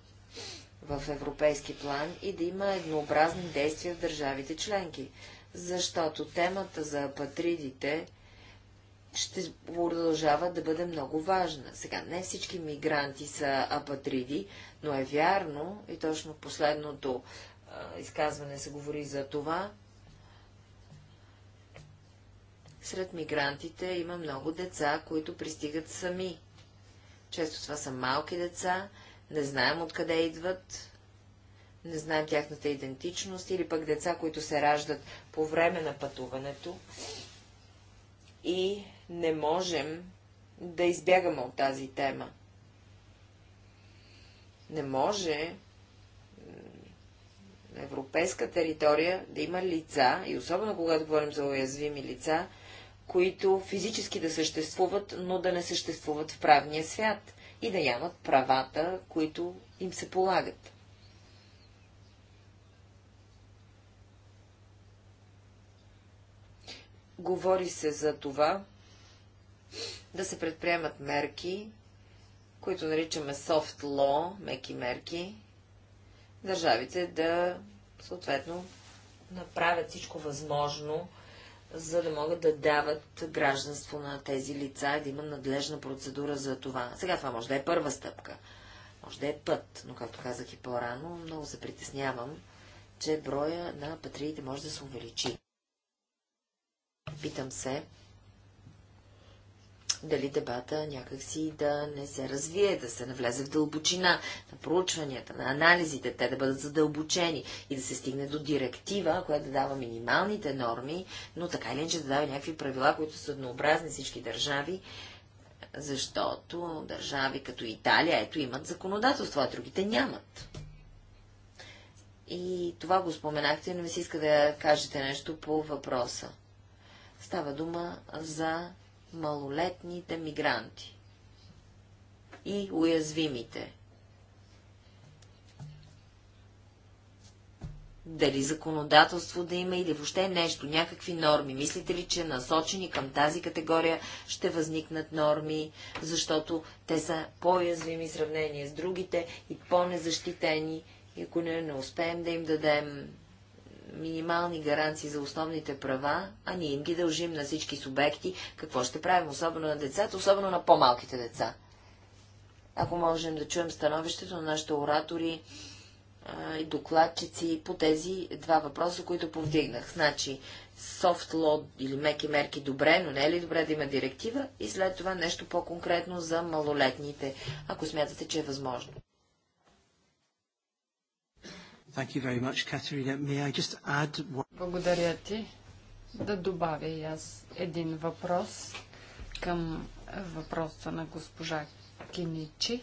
в европейски план и да има еднообразни действия в държавите членки, защото темата за апатридите ще продължава да бъде много важна. Сега, не всички мигранти са апатриди, но е вярно, и точно последното а, изказване се говори за това, сред мигрантите има много деца, които пристигат сами. Често това са малки деца не знаем откъде идват, не знаем тяхната идентичност или пък деца, които се раждат по време на пътуването и не можем да избягаме от тази тема. Не може на европейска територия да има лица, и особено когато говорим за уязвими лица, които физически да съществуват, но да не съществуват в правния свят и да нямат правата, които им се полагат. Говори се за това да се предприемат мерки, които наричаме soft law, меки мерки, държавите да съответно направят всичко възможно, за да могат да дават гражданство на тези лица да има надлежна процедура за това. Сега това може да е първа стъпка, може да е път, но както казах и по-рано, много се притеснявам, че броя на патриите може да се увеличи. Питам се, дали дебата някакси да не се развие, да се навлезе в дълбочина на проучванията, на анализите, те да бъдат задълбочени и да се стигне до директива, която да дава минималните норми, но така или иначе да дава някакви правила, които са еднообразни всички държави, защото държави като Италия, ето, имат законодателство, а другите нямат. И това го споменахте, но ми се иска да кажете нещо по въпроса. Става дума за малолетните мигранти и уязвимите. Дали законодателство да има или въобще нещо, някакви норми. Мислите ли, че насочени към тази категория ще възникнат норми, защото те са по-язвими в сравнение с другите и по-незащитени, и ако не, не успеем да им дадем минимални гаранции за основните права, а ние им ги дължим на всички субекти, какво ще правим, особено на децата, особено на по-малките деца. Ако можем да чуем становището на нашите оратори и докладчици по тези два въпроса, които повдигнах. Значи, софт лод или меки мерки добре, но не е ли добре да има директива и след това нещо по-конкретно за малолетните, ако смятате, че е възможно. Thank you very much, Katerina. May I just add... Благодаря ти. Да добавя и аз един въпрос към въпроса на госпожа Киничи.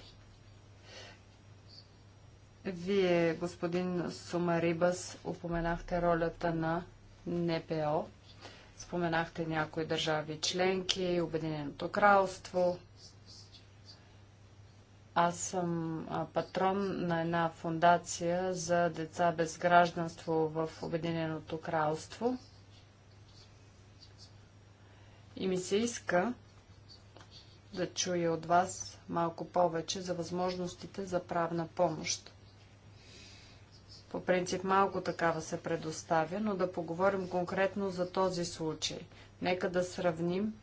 Вие, господин Сумарибас, упоменахте ролята на НПО. Споменахте някои държави членки, Обединеното кралство – аз съм патрон на една фундация за деца без гражданство в Обединеното кралство. И ми се иска да чуя от вас малко повече за възможностите за правна помощ. По принцип малко такава се предоставя, но да поговорим конкретно за този случай. Нека да сравним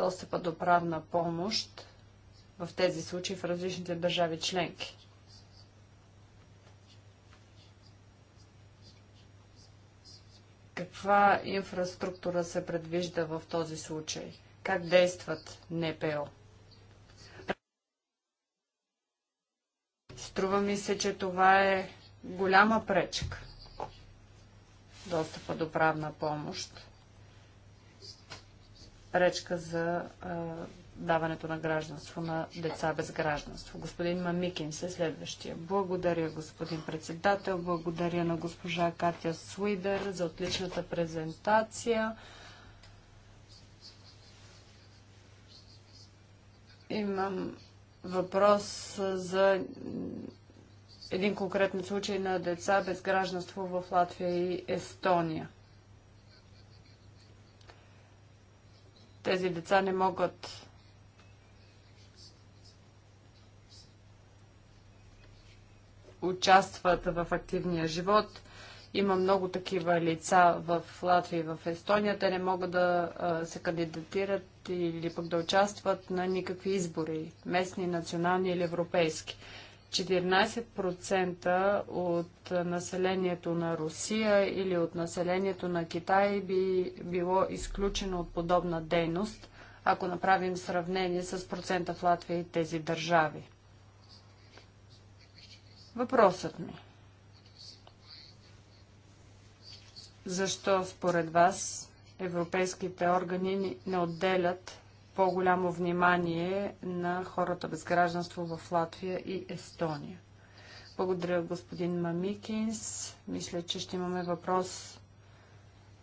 достъпа до правна помощ в тези случаи в различните държави членки. Каква инфраструктура се предвижда в този случай? Как действат НПО? Струва ми се, че това е голяма пречка. Достъпа до правна помощ пречка за а, даването на гражданство на деца без гражданство. Господин Мамикин се следващия. Благодаря, господин председател. Благодаря на госпожа Катя Суидер за отличната презентация. Имам въпрос за един конкретен случай на деца без гражданство в Латвия и Естония. Тези деца не могат участват в активния живот. Има много такива лица в Латвия и в Естония. Те не могат да се кандидатират или пък да участват на никакви избори, местни, национални или европейски. 14% от населението на Русия или от населението на Китай би било изключено от подобна дейност, ако направим сравнение с процента в Латвия и тези държави. Въпросът ми. Защо според вас европейските органи не отделят по-голямо внимание на хората без гражданство в Латвия и Естония. Благодаря, господин Мамикинс. Мисля, че ще имаме въпрос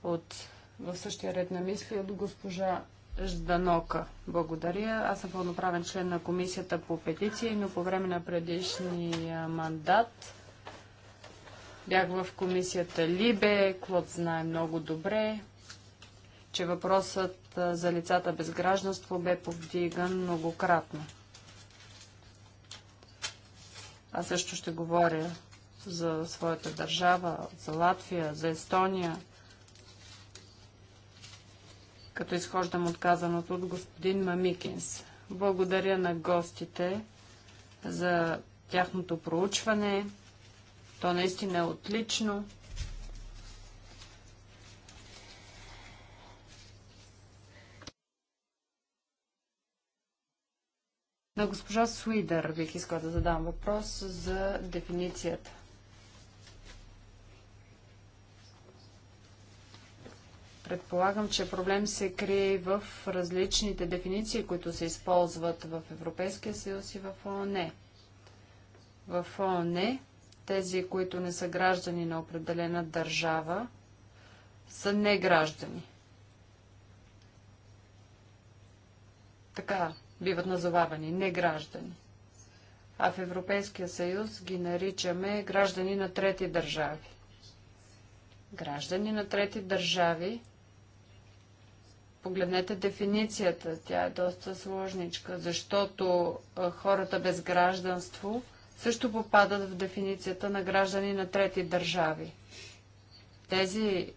от в същия ред на мисли от госпожа Жданока. Благодаря. Аз съм пълноправен член на комисията по петиции, но по време на предишния мандат бях в комисията Либе. Клод знае много добре че въпросът за лицата без гражданство бе повдиган многократно. Аз също ще говоря за своята държава, за Латвия, за Естония, като изхождам от казаното от господин Мамикинс. Благодаря на гостите за тяхното проучване. То наистина е отлично. На госпожа Суидър бих искала да задам въпрос за дефиницията. Предполагам, че проблем се крие и в различните дефиниции, които се използват в Европейския съюз и в ООН. В ООН тези, които не са граждани на определена държава, са неграждани. Така, биват назовавани не граждани. А в Европейския съюз ги наричаме граждани на трети държави. Граждани на трети държави. Погледнете дефиницията, тя е доста сложничка, защото хората без гражданство също попадат в дефиницията на граждани на трети държави. Тези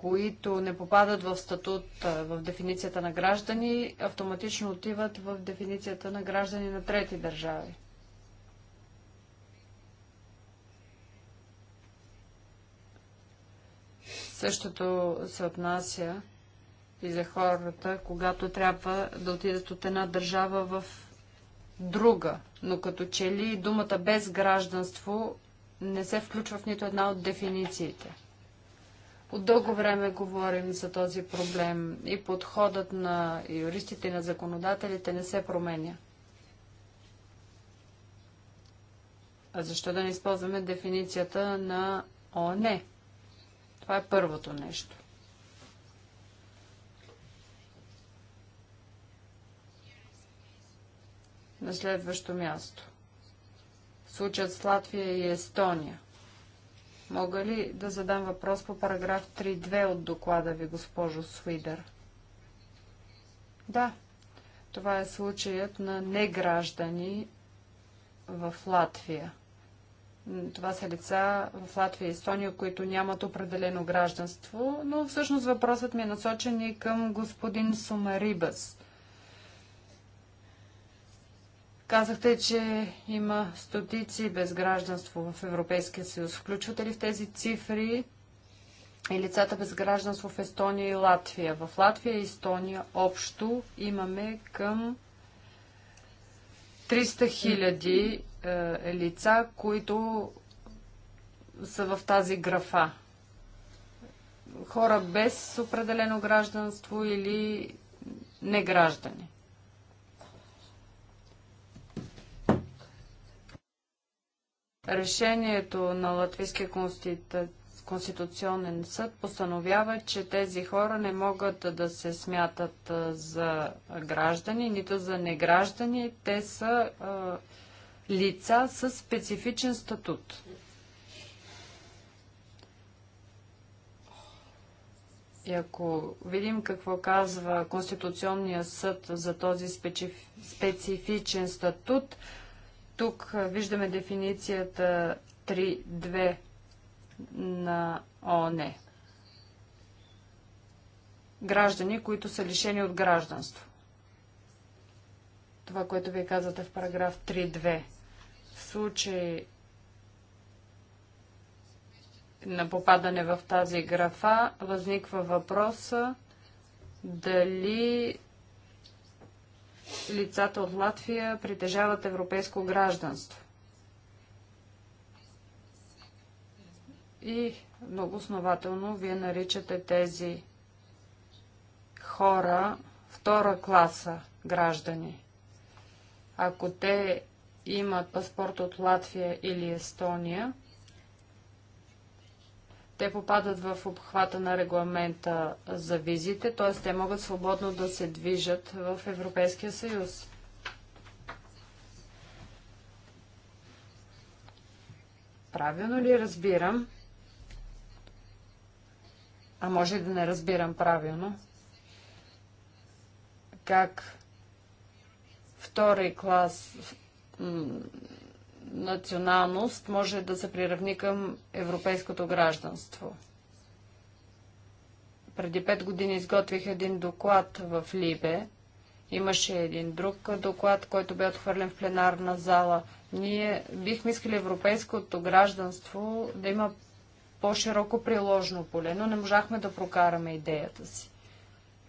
които не попадат в статут, в дефиницията на граждани, автоматично отиват в дефиницията на граждани на трети държави. Същото се отнася и за хората, когато трябва да отидат от една държава в друга. Но като че ли думата без гражданство не се включва в нито една от дефинициите. От дълго време говорим за този проблем и подходът на юристите и на законодателите не се променя. А защо да не използваме дефиницията на ООН? Това е първото нещо. На следващо място. Случат с Латвия и Естония – Мога ли да задам въпрос по параграф 3.2 от доклада ви, госпожо Свидер? Да, това е случаят на неграждани в Латвия. Това са лица в Латвия и Естония, които нямат определено гражданство, но всъщност въпросът ми е насочен и към господин Сумарибас. Казахте, че има стотици без гражданство в Европейския съюз. Включвате ли в тези цифри и лицата без гражданство в Естония и Латвия? В Латвия и Естония общо имаме към 300 хиляди е, лица, които са в тази графа. Хора без определено гражданство или граждани. Решението на Латвийския конституционен съд постановява, че тези хора не могат да се смятат за граждани, нито за неграждани. Те са лица с специфичен статут. И ако видим какво казва Конституционния съд за този специфичен статут, тук виждаме дефиницията 3.2 на ОНЕ. Граждани, които са лишени от гражданство. Това, което вие казвате в параграф 3.2. В случай на попадане в тази графа, възниква въпроса дали лицата от Латвия притежават европейско гражданство. И много основателно вие наричате тези хора втора класа граждани. Ако те имат паспорт от Латвия или Естония, те попадат в обхвата на регламента за визите, т.е. те могат свободно да се движат в Европейския съюз. Правилно ли разбирам? А може да не разбирам правилно. Как втори клас националност може да се приравни към европейското гражданство. Преди пет години изготвих един доклад в Либе. Имаше един друг доклад, който бе отхвърлен в пленарна зала. Ние бихме искали европейското гражданство да има по-широко приложно поле, но не можахме да прокараме идеята си.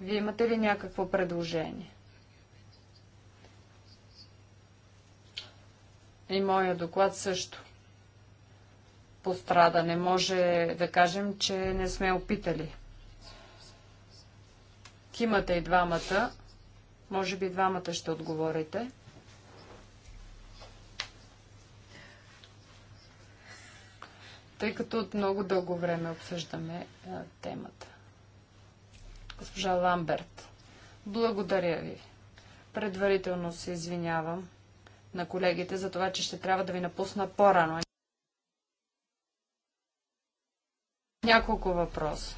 Вие имате ли някакво предложение? И моя доклад също пострада. Не може да кажем, че не сме опитали. Кимата и двамата. Може би двамата ще отговорите. Тъй като от много дълго време обсъждаме а, темата. Госпожа Ламберт, благодаря ви. Предварително се извинявам на колегите за това, че ще трябва да ви напусна по-рано. Няколко въпроса,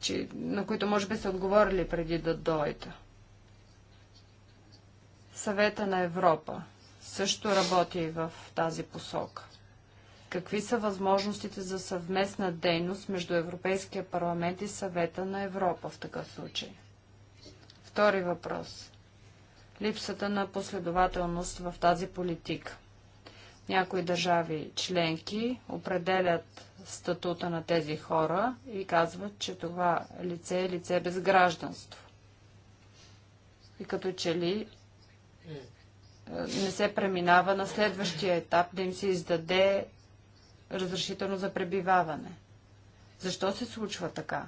че, на които може би се отговорили преди да дойда. Съвета на Европа също работи в тази посока. Какви са възможностите за съвместна дейност между Европейския парламент и съвета на Европа в такъв случай? Втори въпрос липсата на последователност в тази политика. Някои държави членки определят статута на тези хора и казват, че това лице е лице без гражданство. И като че ли е, не се преминава на следващия етап да им се издаде разрешително за пребиваване. Защо се случва така?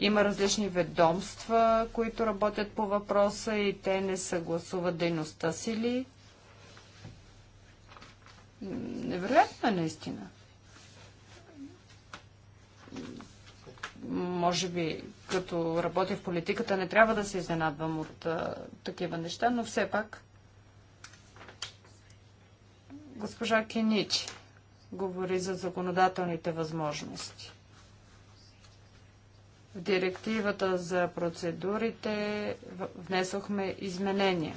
Има различни ведомства, които работят по въпроса и те не съгласуват дейността си ли? Невероятно е наистина. Може би, като работя в политиката, не трябва да се изненадвам от а, такива неща, но все пак. Госпожа Кеничи говори за законодателните възможности. В директивата за процедурите внесохме изменения,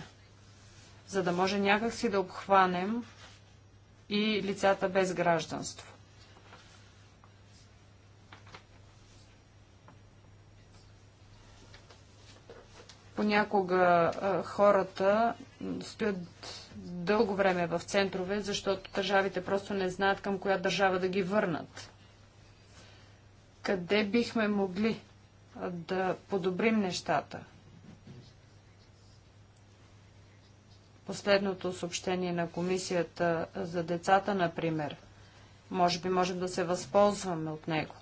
за да може някакси да обхванем и лицата без гражданство. понякога хората стоят дълго време в центрове, защото държавите просто не знаят към коя държава да ги върнат. Къде бихме могли да подобрим нещата. Последното съобщение на комисията за децата, например, може би можем да се възползваме от него.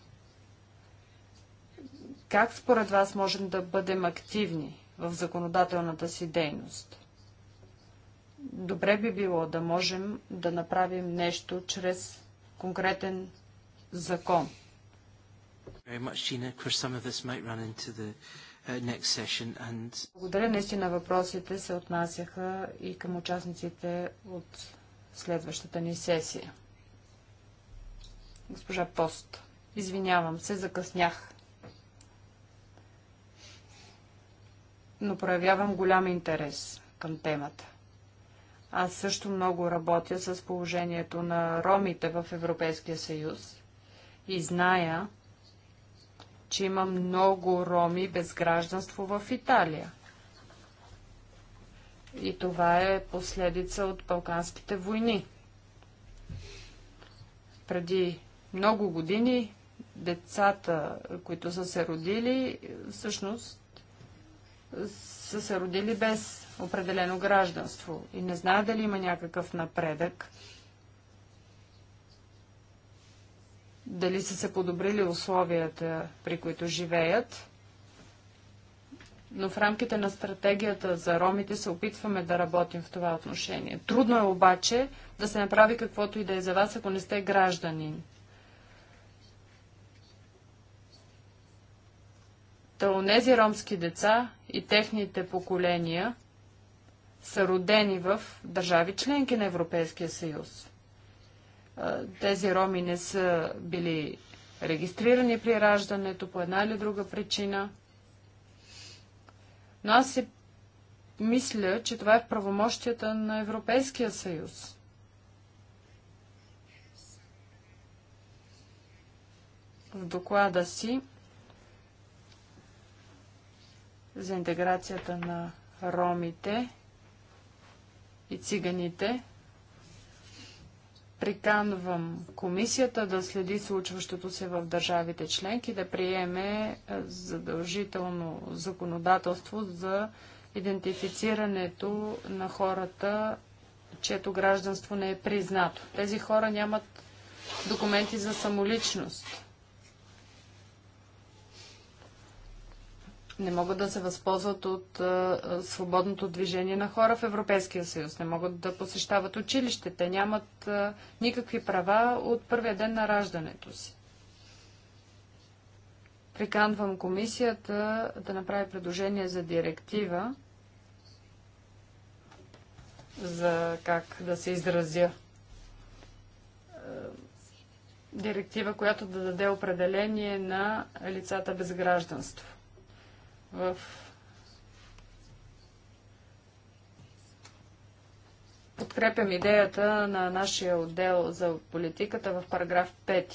Как според вас можем да бъдем активни в законодателната си дейност? Добре би било да можем да направим нещо чрез конкретен закон. Благодаря. Наистина въпросите се отнасяха и към участниците от следващата ни сесия. Госпожа Пост, извинявам се, закъснях. Но проявявам голям интерес към темата. Аз също много работя с положението на ромите в Европейския съюз и зная, че има много роми без гражданство в Италия. И това е последица от Балканските войни. Преди много години децата, които са се родили, всъщност са се родили без определено гражданство и не знаят дали има някакъв напредък дали са се подобрили условията, при които живеят. Но в рамките на стратегията за ромите се опитваме да работим в това отношение. Трудно е обаче да се направи каквото и да е за вас, ако не сте гражданин. Та у нези ромски деца и техните поколения са родени в държави членки на Европейския съюз тези роми не са били регистрирани при раждането по една или друга причина. Но аз си мисля, че това е в правомощията на Европейския съюз. В доклада си за интеграцията на ромите и циганите Приканвам комисията да следи случващото се в държавите членки, да приеме е, задължително законодателство за идентифицирането на хората, чието гражданство не е признато. Тези хора нямат документи за самоличност. не могат да се възползват от а, свободното движение на хора в Европейския съюз, не могат да посещават училище, те нямат а, никакви права от първия ден на раждането си. Приканвам комисията да направи предложение за директива за как да се изразя. Директива, която да даде определение на лицата без гражданство в подкрепям идеята на нашия отдел за политиката в параграф 5.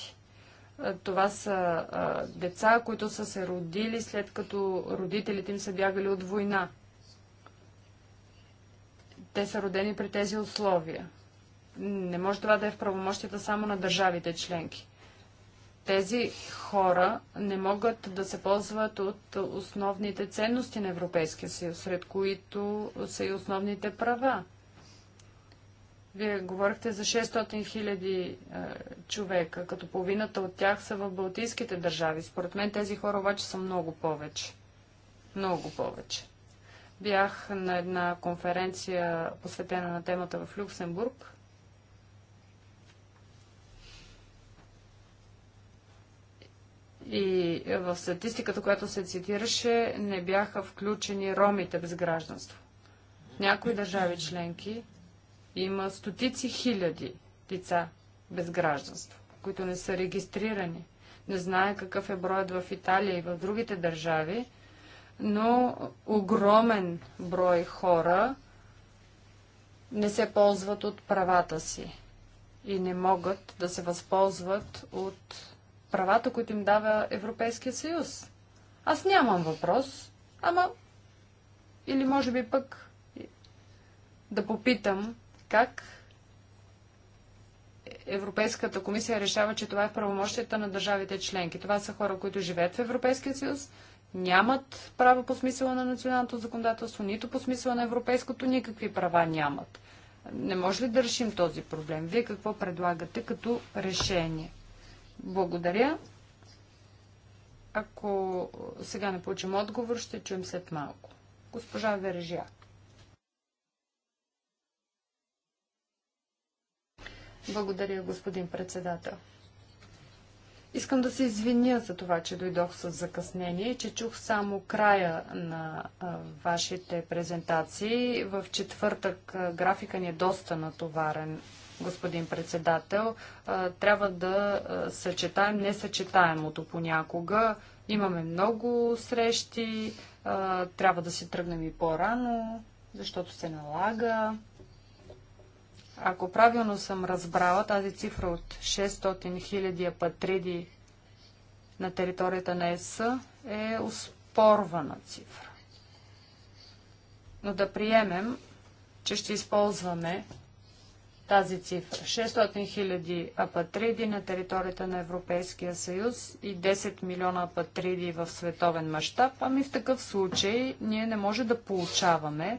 Това са а, деца, които са се родили след като родителите им са бягали от война. Те са родени при тези условия. Не може това да е в правомощията само на държавите членки тези хора не могат да се ползват от основните ценности на Европейския съюз, сред които са и основните права. Вие говорихте за 600 хиляди е, човека, като половината от тях са в Балтийските държави. Според мен тези хора обаче са много повече. Много повече. Бях на една конференция, посветена на темата в Люксембург И в статистиката, която се цитираше, не бяха включени ромите без гражданство. В някои държави членки има стотици хиляди лица без гражданство, които не са регистрирани. Не знае какъв е броят в Италия и в другите държави, но огромен брой хора не се ползват от правата си и не могат да се възползват от правата, които им дава Европейския съюз. Аз нямам въпрос, ама или може би пък да попитам как Европейската комисия решава, че това е правомощията на държавите членки. Това са хора, които живеят в Европейския съюз, нямат право по смисъла на националното законодателство, нито по смисъла на европейското, никакви права нямат. Не може ли да решим този проблем? Вие какво предлагате като решение? Благодаря. Ако сега не получим отговор, ще чуем след малко. Госпожа Вережия. Благодаря, господин председател. Искам да се извиня за това, че дойдох с закъснение и че чух само края на а, вашите презентации. В четвъртък а, графика ни е доста натоварен господин председател. Трябва да съчетаем несъчетаемото понякога. Имаме много срещи, трябва да си тръгнем и по-рано, защото се налага. Ако правилно съм разбрала, тази цифра от 600 000 апатриди на територията на ЕС е успорвана цифра. Но да приемем, че ще използваме тази цифра. 600 000 апатриди на територията на Европейския съюз и 10 милиона апатриди в световен мащаб. Ами в такъв случай ние не може да получаваме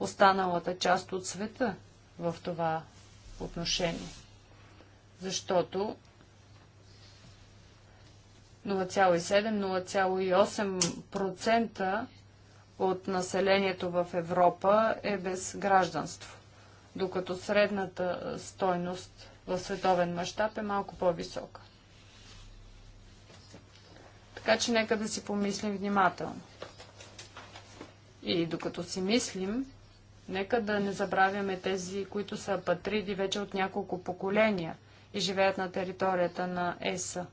останалата част от света в това отношение. Защото 0,7-0,8% от населението в Европа е без гражданство докато средната стойност в световен мащаб е малко по-висока. Така че нека да си помислим внимателно. И докато си мислим, нека да не забравяме тези, които са патриди вече от няколко поколения и живеят на територията на ЕСА.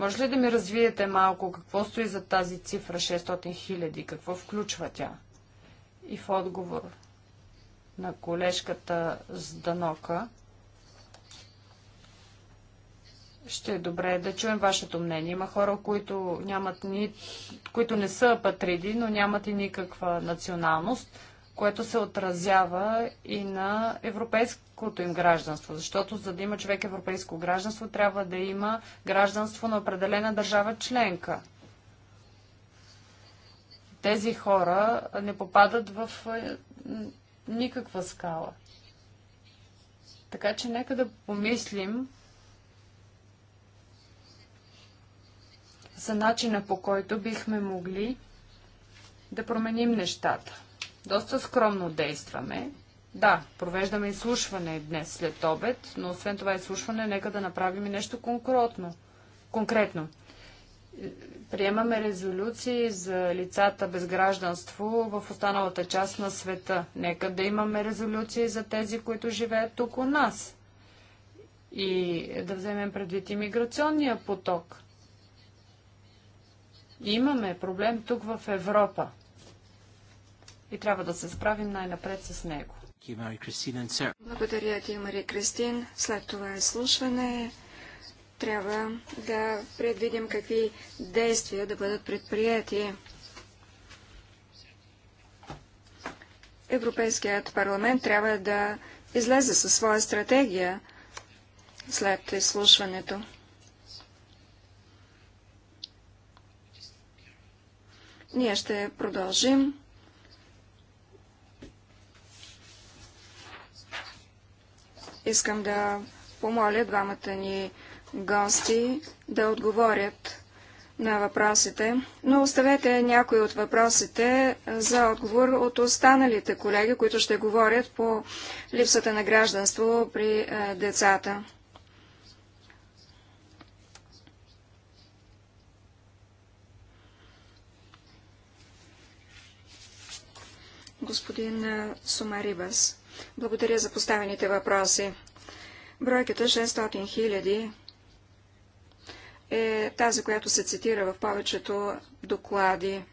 Може ли да ми развиете малко какво стои за тази цифра 600 хиляди? Какво включва тя? И в отговор на колежката с Данока, ще е добре да чуем вашето мнение. Има хора, които, нямат ни... които не са патриди, но нямат и никаква националност което се отразява и на европейското им гражданство. Защото за да има човек европейско гражданство, трябва да има гражданство на определена държава членка. Тези хора не попадат в е, никаква скала. Така че нека да помислим за начина по който бихме могли да променим нещата. Доста скромно действаме. Да, провеждаме изслушване днес след обед, но освен това изслушване, нека да направим и нещо конкретно. конкретно. Приемаме резолюции за лицата без гражданство в останалата част на света. Нека да имаме резолюции за тези, които живеят тук у нас. И да вземем предвид имиграционния поток. Имаме проблем тук в Европа и трябва да се справим най-напред с него. Благодаря ти, Мари Кристин. След това изслушване трябва да предвидим какви действия да бъдат предприяти. Европейският парламент трябва да излезе със своя стратегия след изслушването. Ние ще продължим Искам да помоля двамата ни гости да отговорят на въпросите, но оставете някои от въпросите за отговор от останалите колеги, които ще говорят по липсата на гражданство при децата. Господин Сумарибас. Благодаря за поставените въпроси. Бройката 600 000 е тази, която се цитира в повечето доклади.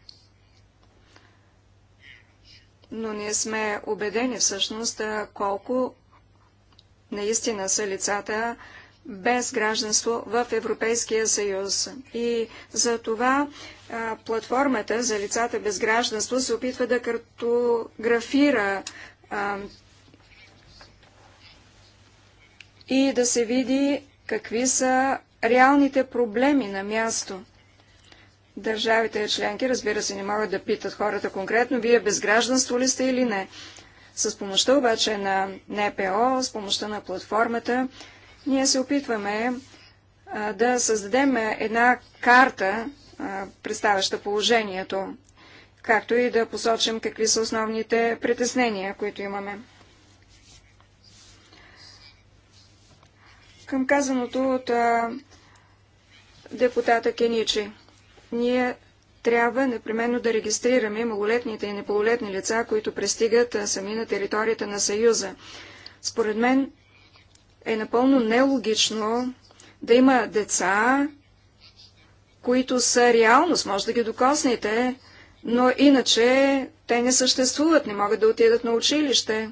Но ние сме убедени всъщност колко наистина са лицата без гражданство в Европейския съюз. И за това а, платформата за лицата без гражданство се опитва да картографира а, и да се види какви са реалните проблеми на място. Държавите членки, разбира се, не могат да питат хората конкретно, вие без гражданство ли сте или не. С помощта обаче на НПО, с помощта на платформата, ние се опитваме да създадем една карта, представяща положението, както и да посочим какви са основните притеснения, които имаме. към казаното от а, депутата Кеничи. Ние трябва непременно да регистрираме малолетните и непълнолетни лица, които пристигат а, сами на територията на Съюза. Според мен е напълно нелогично да има деца, които са реалност, може да ги докоснете, но иначе те не съществуват, не могат да отидат на училище.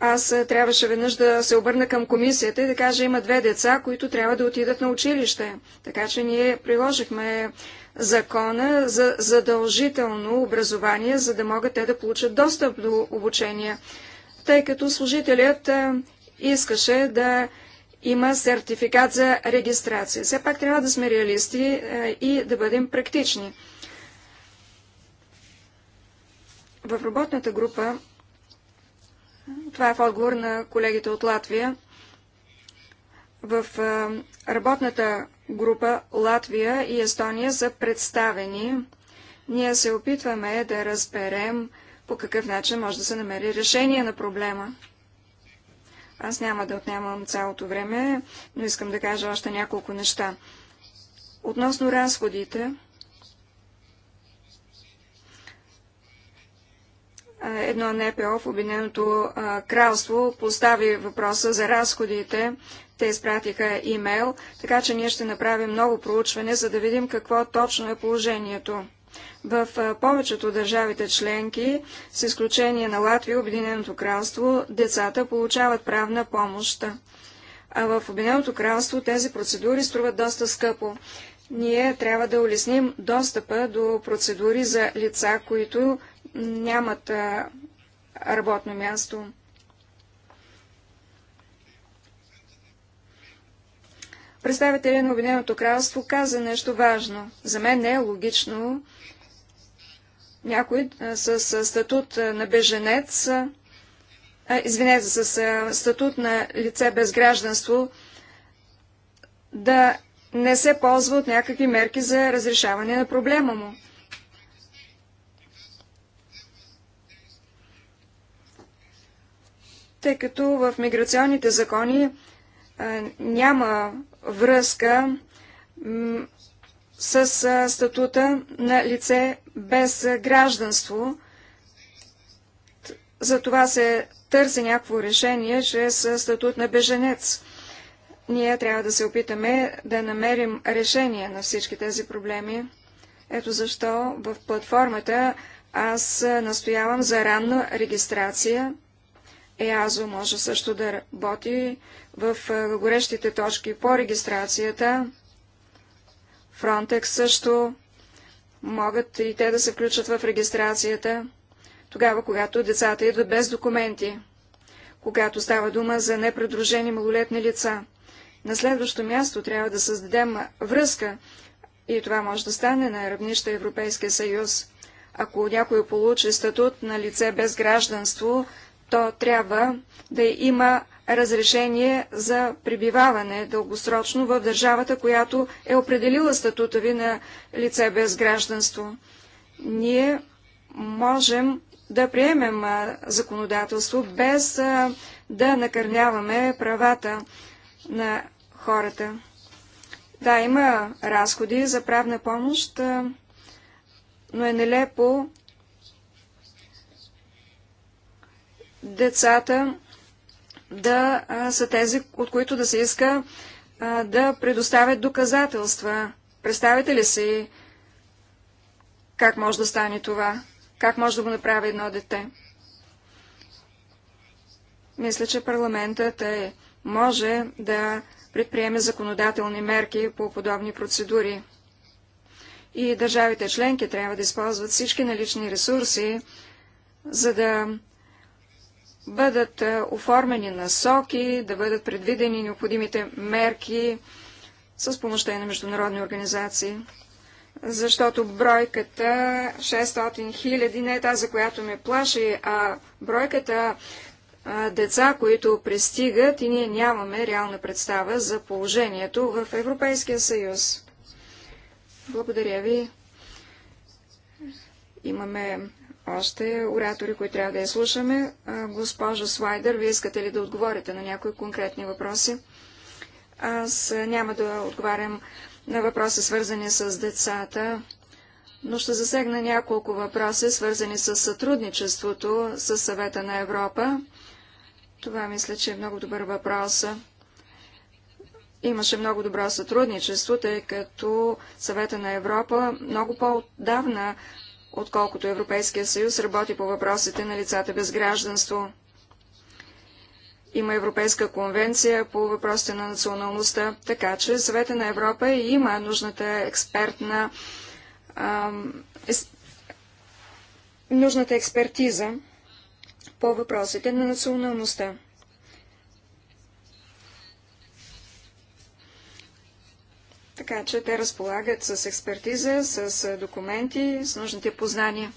Аз е, трябваше веднъж да се обърна към комисията и да кажа, има две деца, които трябва да отидат на училище. Така че ние приложихме закона за задължително образование, за да могат те да получат достъп до обучение, тъй като служителят е, искаше да има сертификат за регистрация. Все пак трябва да сме реалисти е, и да бъдем практични. В работната група това е в отговор на колегите от Латвия. В работната група Латвия и Естония са представени. Ние се опитваме да разберем по какъв начин може да се намери решение на проблема. Аз няма да отнемам цялото време, но искам да кажа още няколко неща. Относно разходите, едно НПО в Обединеното кралство постави въпроса за разходите. Те изпратиха имейл, така че ние ще направим много проучване, за да видим какво точно е положението. В повечето държавите членки, с изключение на Латвия и Обединеното кралство, децата получават правна помощ. А в Обединеното кралство тези процедури струват доста скъпо. Ние трябва да улесним достъпа до процедури за лица, които нямат работно място. Представителя на Обединеното кралство каза нещо важно. За мен не е логично някой с статут на беженец, извинете, с статут на лице без гражданство, да не се ползва от някакви мерки за разрешаване на проблема му. тъй като в миграционните закони а, е, няма връзка с е, статута на лице без гражданство. За това се търси някакво решение чрез е статут на беженец. Ние трябва да се опитаме да намерим решение на всички тези проблеми. Ето защо в платформата аз настоявам за ранна регистрация ЕАЗО може също да работи е, в горещите точки по регистрацията. Фронтекс също могат и те да се включат в регистрацията, тогава когато децата идват без документи, когато става дума за непредружени малолетни лица. На следващо място трябва да създадем връзка и това може да стане на равнища Европейския съюз. Ако някой получи статут на лице без гражданство, то трябва да има разрешение за пребиваване дългосрочно в държавата, която е определила статута ви на лице без гражданство. Ние можем да приемем законодателство без да накърняваме правата на хората. Да, има разходи за правна помощ, но е нелепо децата да са тези, от които да се иска да предоставят доказателства. Представете ли си как може да стане това? Как може да го направи едно дете? Мисля, че парламентът е, може да предприеме законодателни мерки по подобни процедури. И държавите членки трябва да използват всички налични ресурси, за да бъдат е, оформени насоки, да бъдат предвидени необходимите мерки с помощта на международни организации. Защото бройката 600 000 не е тази, която ме плаши, а бройката деца, които пристигат и ние нямаме реална представа за положението в Европейския съюз. Благодаря ви. Имаме още оратори, които трябва да я слушаме. Госпожо Слайдер, вие искате ли да отговорите на някои конкретни въпроси? Аз няма да отговарям на въпроси, свързани с децата, но ще засегна няколко въпроси, свързани с сътрудничеството с съвета на Европа. Това мисля, че е много добър въпрос. Имаше много добро сътрудничество, тъй като съвета на Европа много по-отдавна отколкото Европейския съюз работи по въпросите на лицата без гражданство. Има Европейска конвенция по въпросите на националността, така че Съвета на Европа има нужната експертна ам, нужната експертиза по въпросите на националността. така че те разполагат с експертиза, с документи, с нужните познания.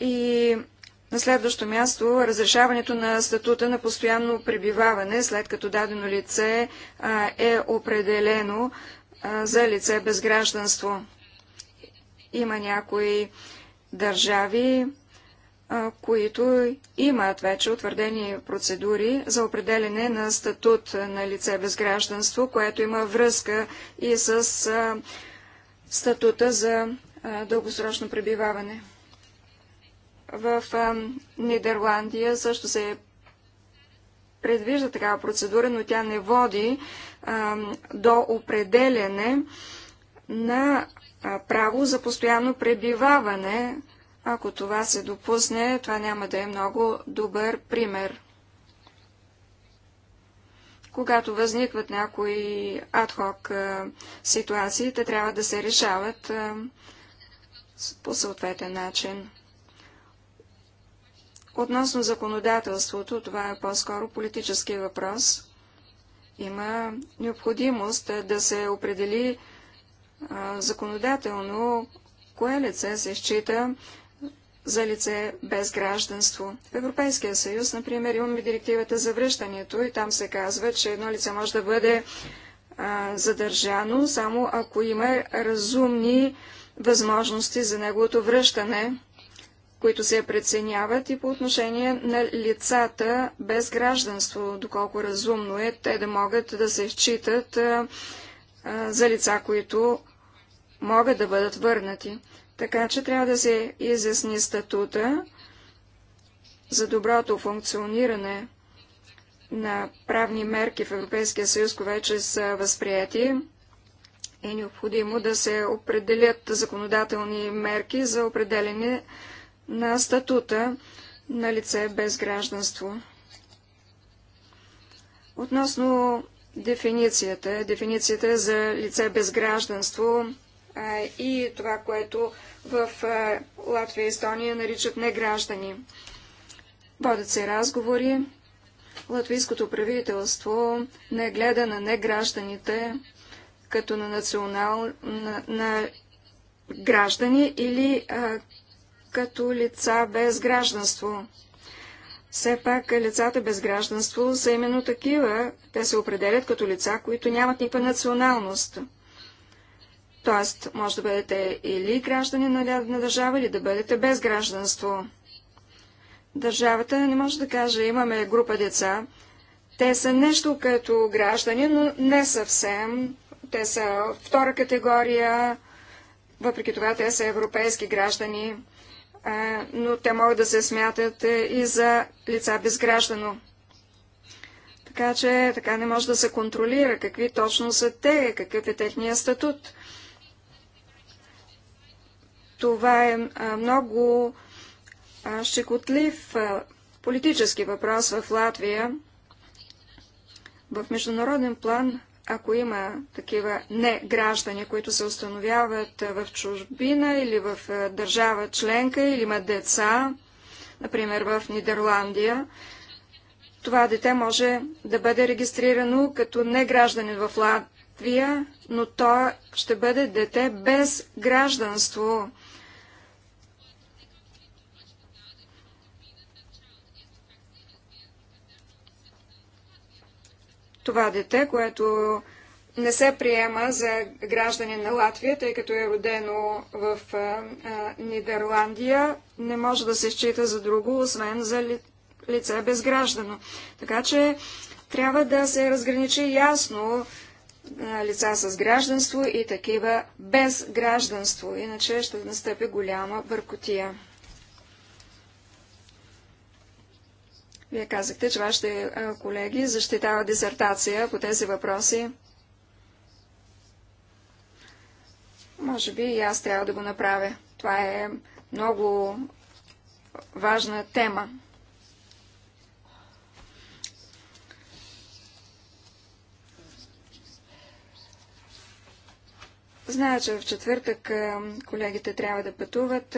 И на следващо място разрешаването на статута на постоянно пребиваване, след като дадено лице а, е определено а, за лице без гражданство. Има някои държави, които имат вече утвърдени процедури за определене на статут на лице без гражданство, което има връзка и с статута за дългосрочно пребиваване. В Нидерландия също се предвижда такава процедура, но тя не води до определене на право за постоянно пребиваване ако това се допусне, това няма да е много добър пример. Когато възникват някои адхок ситуации, те трябва да се решават по съответен начин. Относно законодателството, това е по-скоро политически въпрос. Има необходимост да се определи законодателно кое лице се счита за лице без гражданство. В Европейския съюз, например, имаме директивата за връщането и там се казва, че едно лице може да бъде а, задържано, само ако има разумни възможности за неговото връщане, които се преценяват и по отношение на лицата без гражданство, доколко разумно е те да могат да се считат а, а, за лица, които могат да бъдат върнати. Така че трябва да се изясни статута за доброто функциониране на правни мерки в Европейския съюз, които вече са възприяти. Е необходимо да се определят законодателни мерки за определение на статута на лице без гражданство. Относно дефиницията, дефиницията за лице без гражданство и това, което в Латвия и Естония наричат неграждани. Водят се разговори. Латвийското правителство не гледа на негражданите като на национал... на, на граждани или а, като лица без гражданство. Все пак лицата без гражданство са именно такива. Те се определят като лица, които нямат никаква националност. Т.е. може да бъдете или граждани на дадена държава, или да бъдете без гражданство. Държавата не може да каже, имаме група деца. Те са нещо като граждани, но не съвсем. Те са втора категория, въпреки това те са европейски граждани, но те могат да се смятат е, и за лица без граждано. Така че така не може да се контролира какви точно са те, какъв е техния статут. Това е много щекотлив политически въпрос в Латвия. В международен план, ако има такива не граждани, които се установяват в чужбина или в държава членка, или имат деца, например в Нидерландия, това дете може да бъде регистрирано като не гражданин в Латвия, но то ще бъде дете без гражданство. това дете, което не се приема за граждани на Латвия, тъй като е родено в а, а, Нидерландия, не може да се счита за друго, освен за ли, лице безграждано. Така че трябва да се разграничи ясно а, лица с гражданство и такива без гражданство, иначе ще настъпи голяма бъркотия. Вие казахте, че вашите колеги защитават дисертация по тези въпроси. Може би и аз трябва да го направя. Това е много важна тема. Зная, че в четвъртък колегите трябва да пътуват.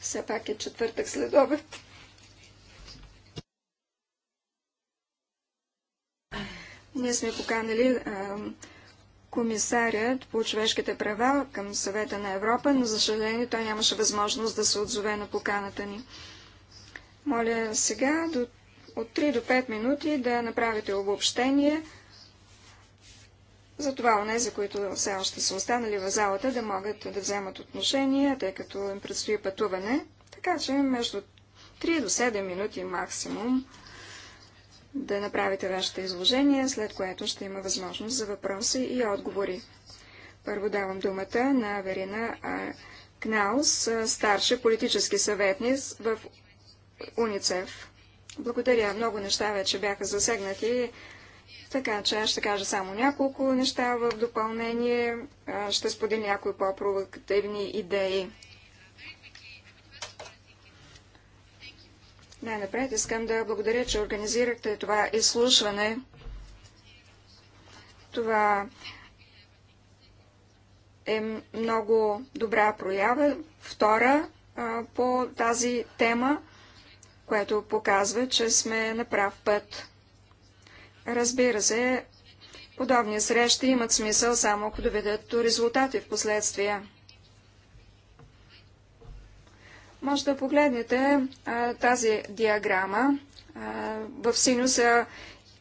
Все пак е четвъртък след обед. Ние сме поканали а, комисарят по човешките права към съвета на Европа, но за съжаление той нямаше възможност да се отзове на поканата ни. Моля сега до, от 3 до 5 минути да направите обобщение затова за които все още са останали в залата, да могат да вземат отношение, тъй като им предстои пътуване. Така че между 3 до 7 минути максимум да направите вашето изложение, след което ще има възможност за въпроси и отговори. Първо давам думата на Верина Кнаус, старши политически съветник в УНИЦЕФ. Благодаря. Много неща вече бяха засегнати така че аз ще кажа само няколко неща в допълнение. Ще споделя някои по-провокативни идеи. Най-напред искам да благодаря, че организирахте това изслушване. Това е много добра проява, втора по тази тема, което показва, че сме на прав път. Разбира се, подобни срещи имат смисъл само ако доведат до резултати в последствия. Може да погледнете а, тази диаграма. А, в синьо са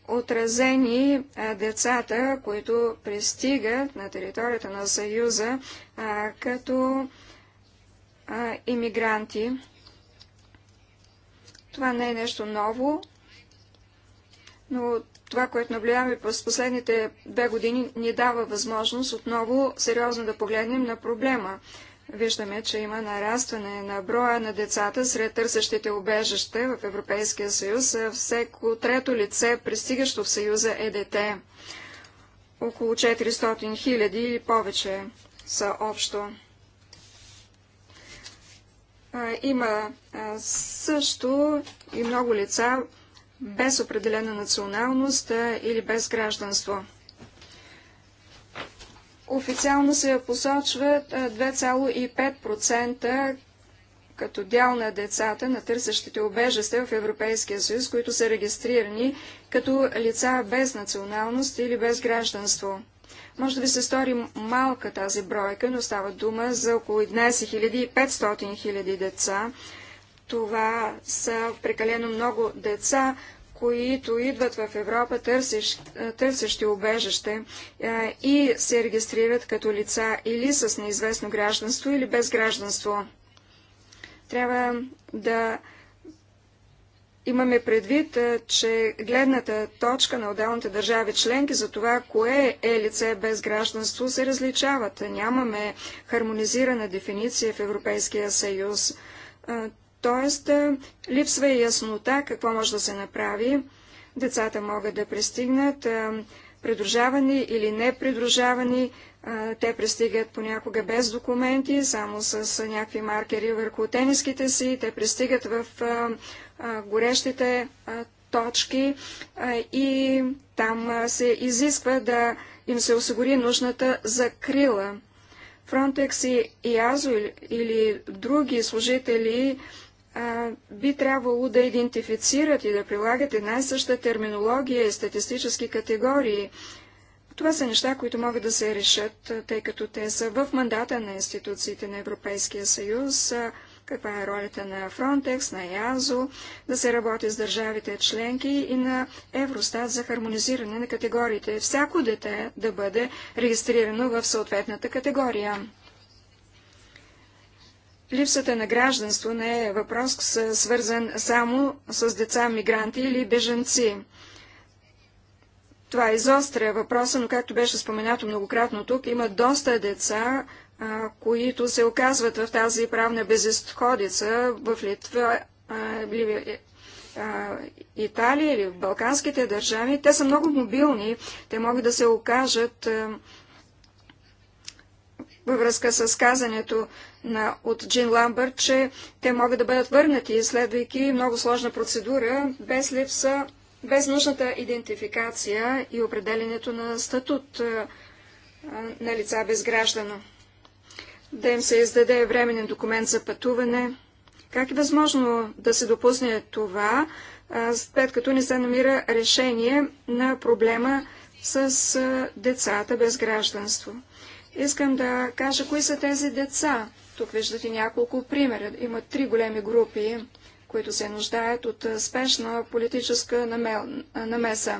отразени а, децата, които пристигат на територията на Съюза а, като а, иммигранти. Това не е нещо ново, но това, което наблюдаваме през последните две години, ни дава възможност отново сериозно да погледнем на проблема. Виждаме, че има нарастване на броя на децата сред търсещите убежище в Европейския съюз. Всеко трето лице, пристигащо в съюза, е дете. Около 400 хиляди или повече са общо. Има също и много лица, без определена националност или без гражданство. Официално се посочват 2,5% като дял на децата на търсещите обежества в Европейския съюз, които са регистрирани като лица без националност или без гражданство. Може да ви се стори малка тази бройка, но става дума за около 11 500 000 деца, това са прекалено много деца, които идват в Европа, търсещ, е, търсещи убежище е, и се регистрират като лица или с неизвестно гражданство, или без гражданство. Трябва да имаме предвид, е, че гледната точка на отделните държави членки за това, кое е лице без гражданство, се различават. Нямаме хармонизирана дефиниция в Европейския съюз т.е. липсва и яснота какво може да се направи. Децата могат да пристигнат придружавани или непридружавани. Те пристигат понякога без документи, само с някакви маркери върху тениските си. Те пристигат в горещите точки и там се изисква да им се осигури нужната закрила. Фронтекс и Азо или други служители а, би трябвало да идентифицират и да прилагат една и съща терминология и статистически категории. Това са неща, които могат да се решат, тъй като те са в мандата на институциите на Европейския съюз, каква е ролята на Frontex, на ЯЗО, да се работи с държавите членки и на Евростат за хармонизиране на категориите. Всяко дете да бъде регистрирано в съответната категория. Липсата на гражданство не е въпрос свързан само с деца мигранти или беженци. Това изостря въпроса, но както беше споменато многократно тук, има доста деца, които се оказват в тази правна безисходица в Литва, Италия или в балканските държави. Те са много мобилни, те могат да се окажат във връзка с казането, на, от Джин Ламбър, че те могат да бъдат върнати, следвайки много сложна процедура, без липса, без нужната идентификация и определенето на статут е, е, на лица без граждано. Да им се издаде временен документ за пътуване. Как е възможно да се допусне това, е, след като не се намира решение на проблема с децата без гражданство? Искам да кажа кои са тези деца. Тук виждате няколко примера. Има три големи групи, които се нуждаят от спешна политическа намеса.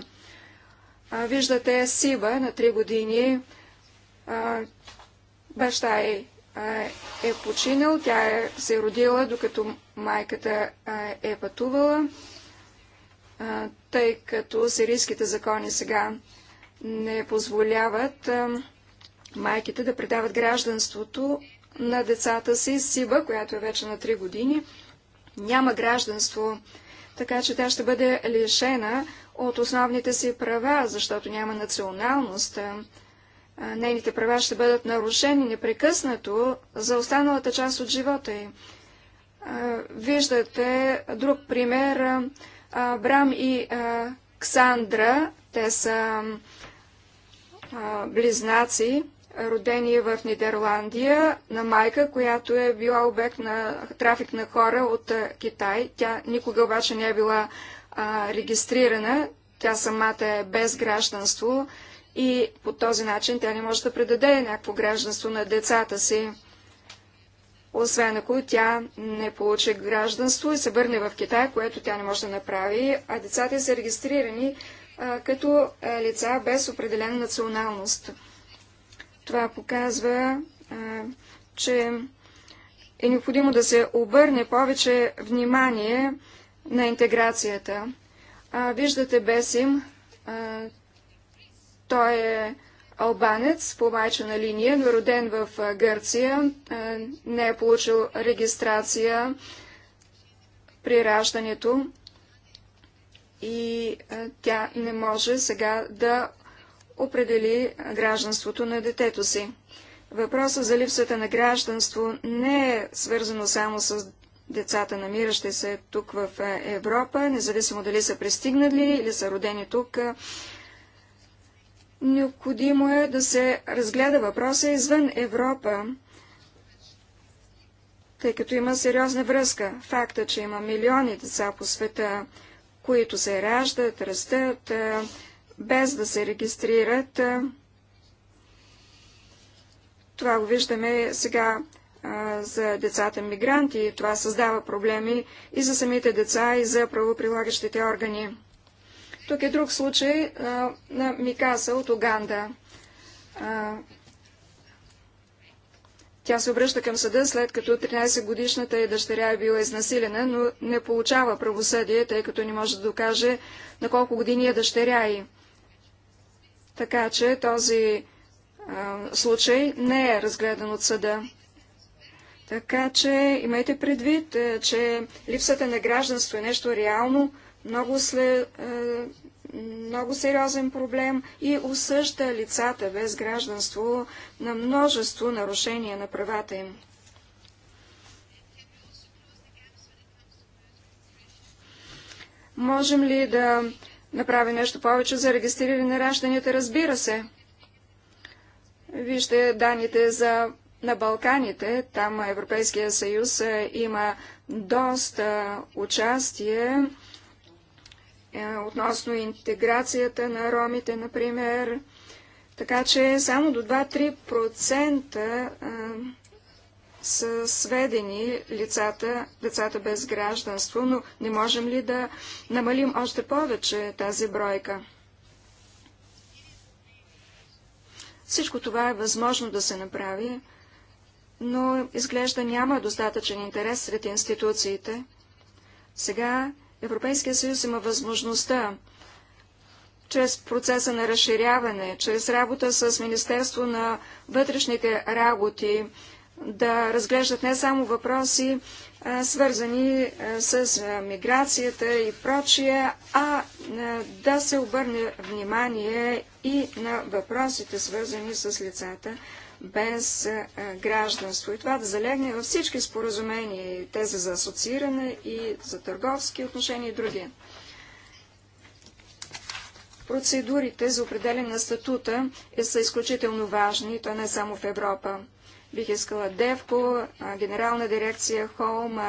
Виждате Сиба на три години. Баща е, е починал, тя е, се е родила, докато майката е пътувала, тъй като сирийските закони сега не позволяват майките да предават гражданството на децата си, Сиба, която е вече на 3 години, няма гражданство, така че тя ще бъде лишена от основните си права, защото няма националност. Нейните права ще бъдат нарушени непрекъснато за останалата част от живота й. Виждате друг пример. Брам и Ксандра, те са близнаци, родени в Нидерландия, на майка, която е била обект на трафик на хора от Китай. Тя никога обаче не е била а, регистрирана. Тя самата е без гражданство и по този начин тя не може да предаде някакво гражданство на децата си. Освен ако тя не получи гражданство и се върне в Китай, което тя не може да направи, а децата са регистрирани а, като лица без определена националност. Това показва, че е необходимо да се обърне повече внимание на интеграцията. Виждате Бесим, той е албанец по майчена линия, но е роден в Гърция, не е получил регистрация при раждането и тя не може сега да определи гражданството на детето си. Въпросът за липсата на гражданство не е свързано само с децата, намиращи се тук в е, Европа, независимо дали са пристигнали или са родени тук. Необходимо е да се разгледа въпроса извън Европа, тъй като има сериозна връзка. Факта, че има милиони деца по света, които се раждат, растат, е, без да се регистрират. Това го виждаме сега за децата мигранти. Това създава проблеми и за самите деца, и за правоприлагащите органи. Тук е друг случай на Микаса от Оганда. тя се обръща към съда, след като 13-годишната е дъщеря е била изнасилена, но не получава правосъдие, тъй като не може да докаже на колко години е дъщеря й. Така че този а, случай не е разгледан от съда. Така че имайте предвид, е, че липсата на гражданство е нещо реално, много, сле, е, много сериозен проблем и усъща лицата без гражданство на множество нарушения на правата им. Можем ли да направи нещо повече за регистриране на ражданията, разбира се. Вижте данните за на Балканите, там Европейския съюз е, има доста е, участие е, относно интеграцията на ромите, например. Така че само до 2-3% са сведени лицата, лицата без гражданство, но не можем ли да намалим още повече тази бройка? Всичко това е възможно да се направи, но изглежда няма достатъчен интерес сред институциите. Сега Европейския съюз има възможността чрез процеса на разширяване, чрез работа с Министерство на вътрешните работи, да разглеждат не само въпроси, свързани с миграцията и прочие, а да се обърне внимание и на въпросите, свързани с лицата без гражданство. И това да залегне във всички споразумения, тези за асоцииране, и за търговски отношения и други. Процедурите за определение на статута е, са изключително важни, и то не само в Европа. Бих искала Девко, Генерална дирекция Холм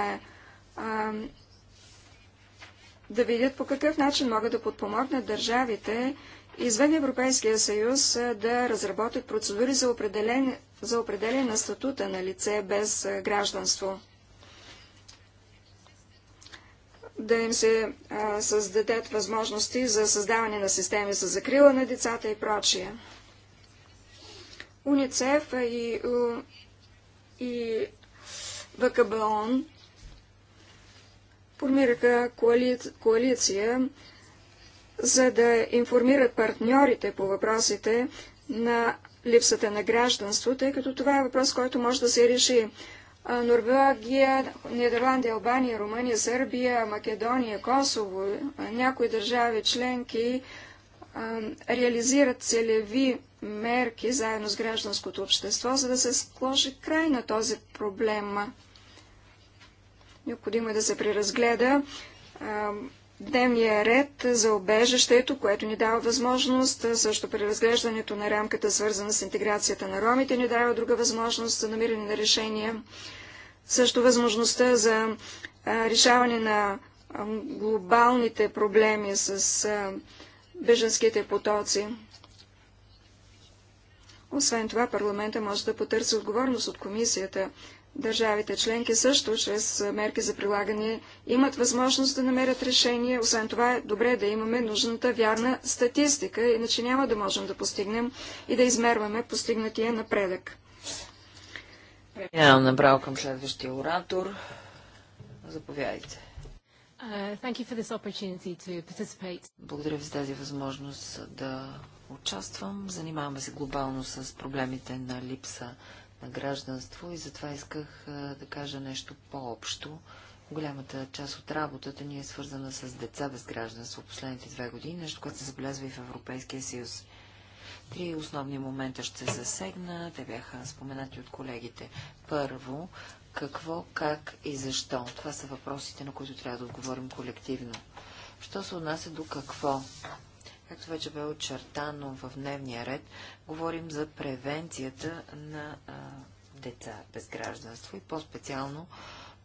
да видят по какъв начин могат да подпомогнат държавите извън Европейския съюз да разработят процедури за определение, за определение на статута на лице без гражданство. Да им се а, създадат възможности за създаване на системи за закрила на децата и прочие. УНИЦЕФ и, и ВКБОН формираха коали... коалиция, за да информират партньорите по въпросите на липсата на гражданство, тъй като това е въпрос, който може да се реши. Норвегия, Нидерландия, Албания, Румъния, Сърбия, Македония, Косово, някои държави членки реализират целеви мерки заедно с гражданското общество, за да се сложи край на този проблем. Необходимо е да се преразгледа дневния ред за обежището, което ни дава възможност, също преразглеждането на рамката, свързана с интеграцията на ромите, ни дава друга възможност за намиране на решения, също възможността за решаване на глобалните проблеми с беженските потоци. Освен това, парламента може да потърси отговорност от комисията. Държавите членки също, чрез мерки за прилагане, имат възможност да намерят решение. Освен това, е добре да имаме нужната вярна статистика, иначе няма да можем да постигнем и да измерваме постигнатия напредък. Преминавам направо към следващия оратор. Заповядайте. Uh, Благодаря ви за тази възможност да участвам. Занимаваме се глобално с проблемите на липса на гражданство и затова исках да кажа нещо по-общо. Голямата част от работата ни е свързана с деца без гражданство последните две години, нещо, което се забелязва и в Европейския съюз. Три основни момента ще засегна, те бяха споменати от колегите. Първо, какво, как и защо. Това са въпросите, на които трябва да отговорим колективно. Що се отнася до какво? Както вече бе очертано в дневния ред, говорим за превенцията на а, деца без гражданство и по-специално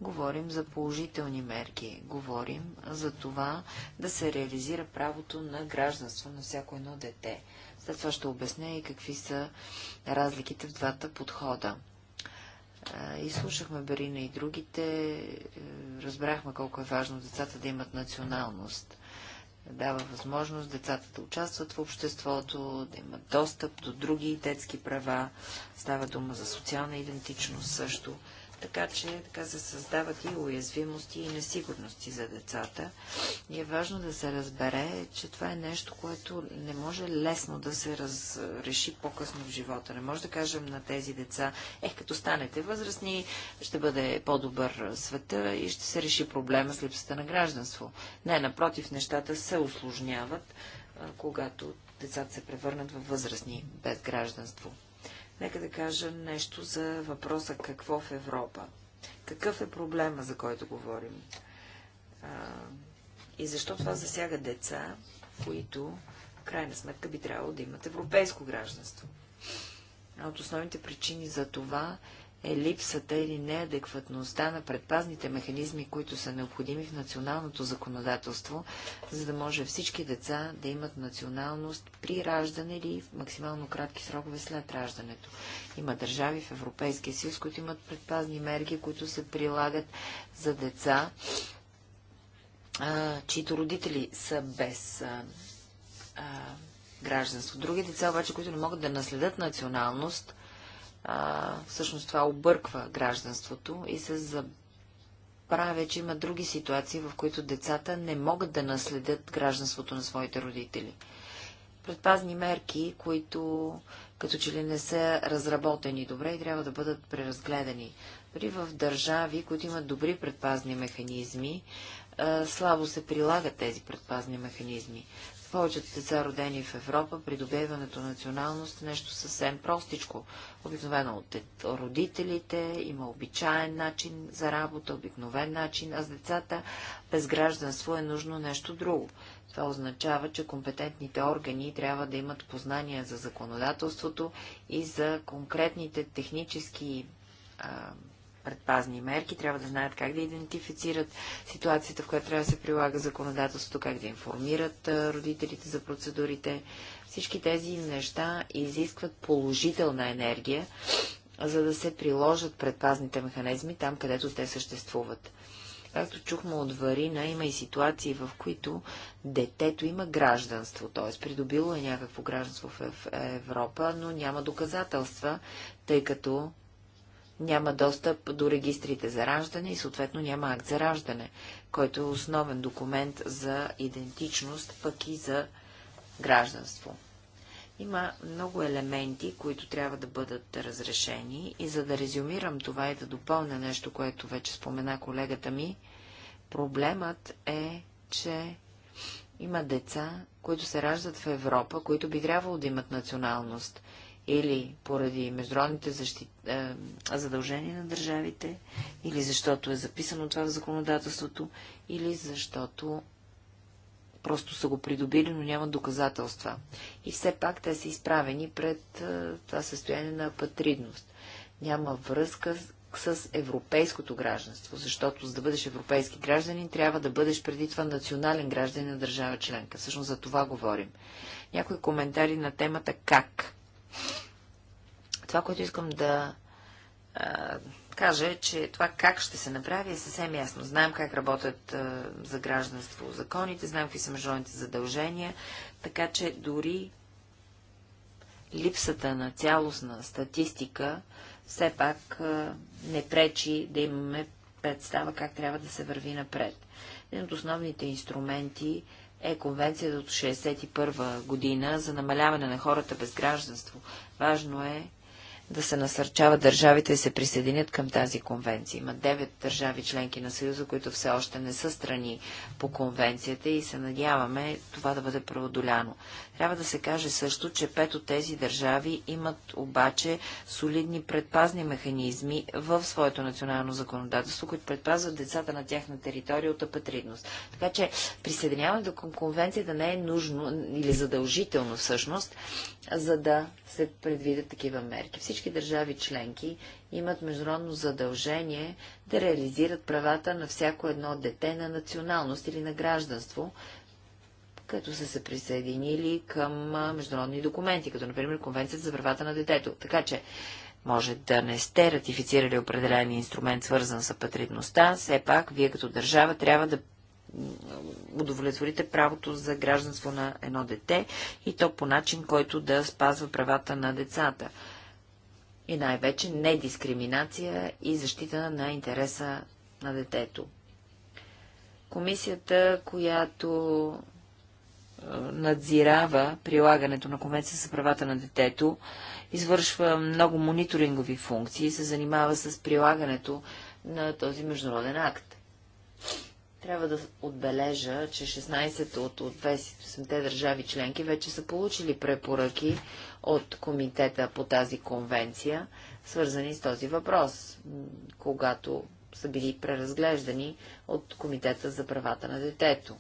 говорим за положителни мерки, говорим за това да се реализира правото на гражданство на всяко едно дете. След това ще обясня и какви са разликите в двата подхода. Изслушахме Берина и другите, е, разбрахме колко е важно децата да имат националност дава възможност децата да участват в обществото, да имат достъп до други детски права. Става дума за социална идентичност също така че така се създават и уязвимости и несигурности за децата. И е важно да се разбере, че това е нещо, което не може лесно да се разреши по-късно в живота. Не може да кажем на тези деца, ех, като станете възрастни, ще бъде по-добър света и ще се реши проблема с липсата на гражданство. Не, напротив, нещата се осложняват, когато децата се превърнат във възрастни без гражданство. Нека да кажа нещо за въпроса какво в Европа. Какъв е проблема, за който говорим? А, и защо това засяга деца, които в крайна сметка би трябвало да имат европейско гражданство? Една от основните причини за това е липсата или неадекватността на предпазните механизми, които са необходими в националното законодателство, за да може всички деца да имат националност при раждане или в максимално кратки срокове след раждането. Има държави в Европейския съюз, които имат предпазни мерки, които се прилагат за деца, чието родители са без гражданство. Други деца обаче, които не могат да наследат националност, а, всъщност това обърква гражданството и се забравя, че има други ситуации, в които децата не могат да наследят гражданството на своите родители. Предпазни мерки, които като че ли не са разработени добре и трябва да бъдат преразгледани. Дори в държави, които имат добри предпазни механизми, слабо се прилагат тези предпазни механизми повечето деца, родени в Европа, придобиването на националност е нещо съвсем простичко. Обикновено от родителите има обичаен начин за работа, обикновен начин, а с децата без гражданство е нужно нещо друго. Това означава, че компетентните органи трябва да имат познания за законодателството и за конкретните технически а, предпазни мерки, трябва да знаят как да идентифицират ситуацията, в която трябва да се прилага законодателството, как да информират родителите за процедурите. Всички тези неща изискват положителна енергия, за да се приложат предпазните механизми там, където те съществуват. Както чухме от Варина, има и ситуации, в които детето има гражданство, т.е. придобило е някакво гражданство в Европа, но няма доказателства, тъй като няма достъп до регистрите за раждане и съответно няма акт за раждане, който е основен документ за идентичност, пък и за гражданство. Има много елементи, които трябва да бъдат разрешени и за да резюмирам това и да допълня нещо, което вече спомена колегата ми, проблемът е, че има деца, които се раждат в Европа, които би трябвало да имат националност или поради международните защит... Е, задължения на държавите, или защото е записано това в законодателството, или защото просто са го придобили, но няма доказателства. И все пак те са изправени пред е, това състояние на патридност. Няма връзка с европейското гражданство, защото за да бъдеш европейски гражданин, трябва да бъдеш преди това национален гражданин на държава членка. Всъщност за това говорим. Някои коментари на темата как това, което искам да а, кажа, е, че това как ще се направи е съвсем ясно. Знаем как работят а, за гражданство законите, знаем какви са международните задължения, така че дори липсата на цялостна статистика все пак а, не пречи да имаме представа как трябва да се върви напред. Един от основните инструменти е конвенцията от 61 година за намаляване на хората без гражданство. Важно е да се насърчават държавите и се присъединят към тази конвенция. Има девет държави членки на Съюза, които все още не са страни по конвенцията и се надяваме това да бъде преодоляно. Трябва да се каже също, че пет от тези държави имат обаче солидни предпазни механизми в своето национално законодателство, които предпазват децата на тяхна територия от апатридност. Така че присъединяването към конвенцията не е нужно или задължително всъщност, за да се предвидят такива мерки. Всички държави членки имат международно задължение да реализират правата на всяко едно дете на националност или на гражданство, като са се присъединили към международни документи, като например Конвенцията за правата на детето. Така че може да не сте ратифицирали определен инструмент, свързан с апатридността, все пак вие като държава трябва да удовлетворите правото за гражданство на едно дете и то по начин, който да спазва правата на децата. И най-вече не дискриминация и защита на интереса на детето. Комисията, която надзирава прилагането на Конвенция за правата на детето, извършва много мониторингови функции и се занимава с прилагането на този международен акт. Трябва да отбележа, че 16 от, от 28-те държави членки вече са получили препоръки от комитета по тази конвенция, свързани с този въпрос, когато са били преразглеждани от Комитета за правата на детето.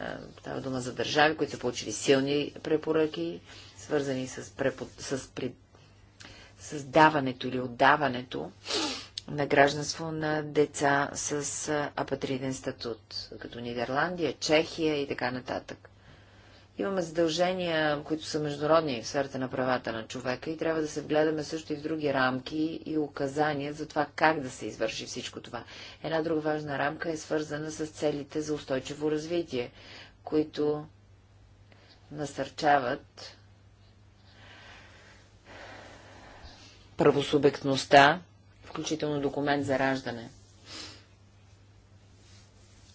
Е, става дума за държави, които са получили силни препоръки, свързани с, препо... с при... създаването или отдаването на гражданство на деца с е, апатриден статут, като Нидерландия, Чехия и така нататък. Имаме задължения, които са международни в сферата на правата на човека и трябва да се вгледаме също и в други рамки и указания за това как да се извърши всичко това. Една друга важна рамка е свързана с целите за устойчиво развитие, които насърчават правосубектността, включително документ за раждане.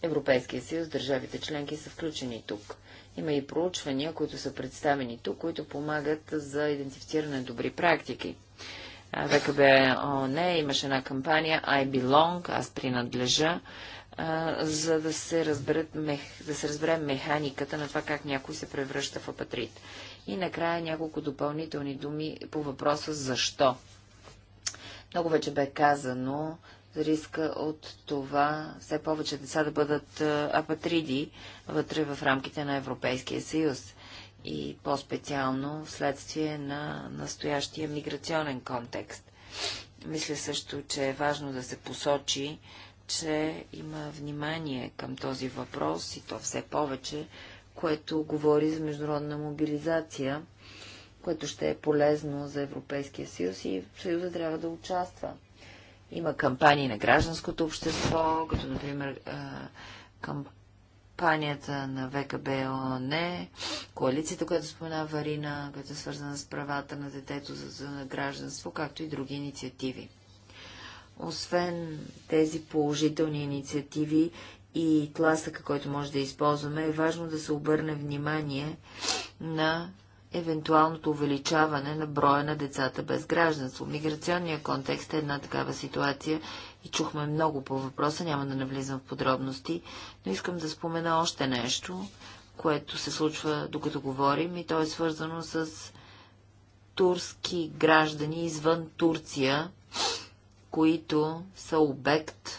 Европейския съюз, държавите членки са включени тук. Има и проучвания, които са представени тук, които помагат за идентифициране на добри практики. ВКБ ООН имаше една кампания I belong, аз принадлежа, за да се, разберат, да се разбере механиката на това как някой се превръща в апатрит. И накрая няколко допълнителни думи по въпроса защо. Много вече бе казано риска от това все повече деца да бъдат апатриди вътре в рамките на Европейския съюз и по-специално вследствие на настоящия миграционен контекст. Мисля също, че е важно да се посочи, че има внимание към този въпрос и то все повече, което говори за международна мобилизация, което ще е полезно за Европейския съюз и Съюза трябва да участва. Има кампании на гражданското общество, като например кампанията на ВКБ ООН, коалицията, която спомена Варина, която е свързана с правата на детето за гражданство, както и други инициативи. Освен тези положителни инициативи и тласъка, който може да използваме, е важно да се обърне внимание на евентуалното увеличаване на броя на децата без гражданство. Миграционния контекст е една такава ситуация и чухме много по въпроса, няма да навлизам в подробности, но искам да спомена още нещо, което се случва докато говорим и то е свързано с турски граждани извън Турция, които са обект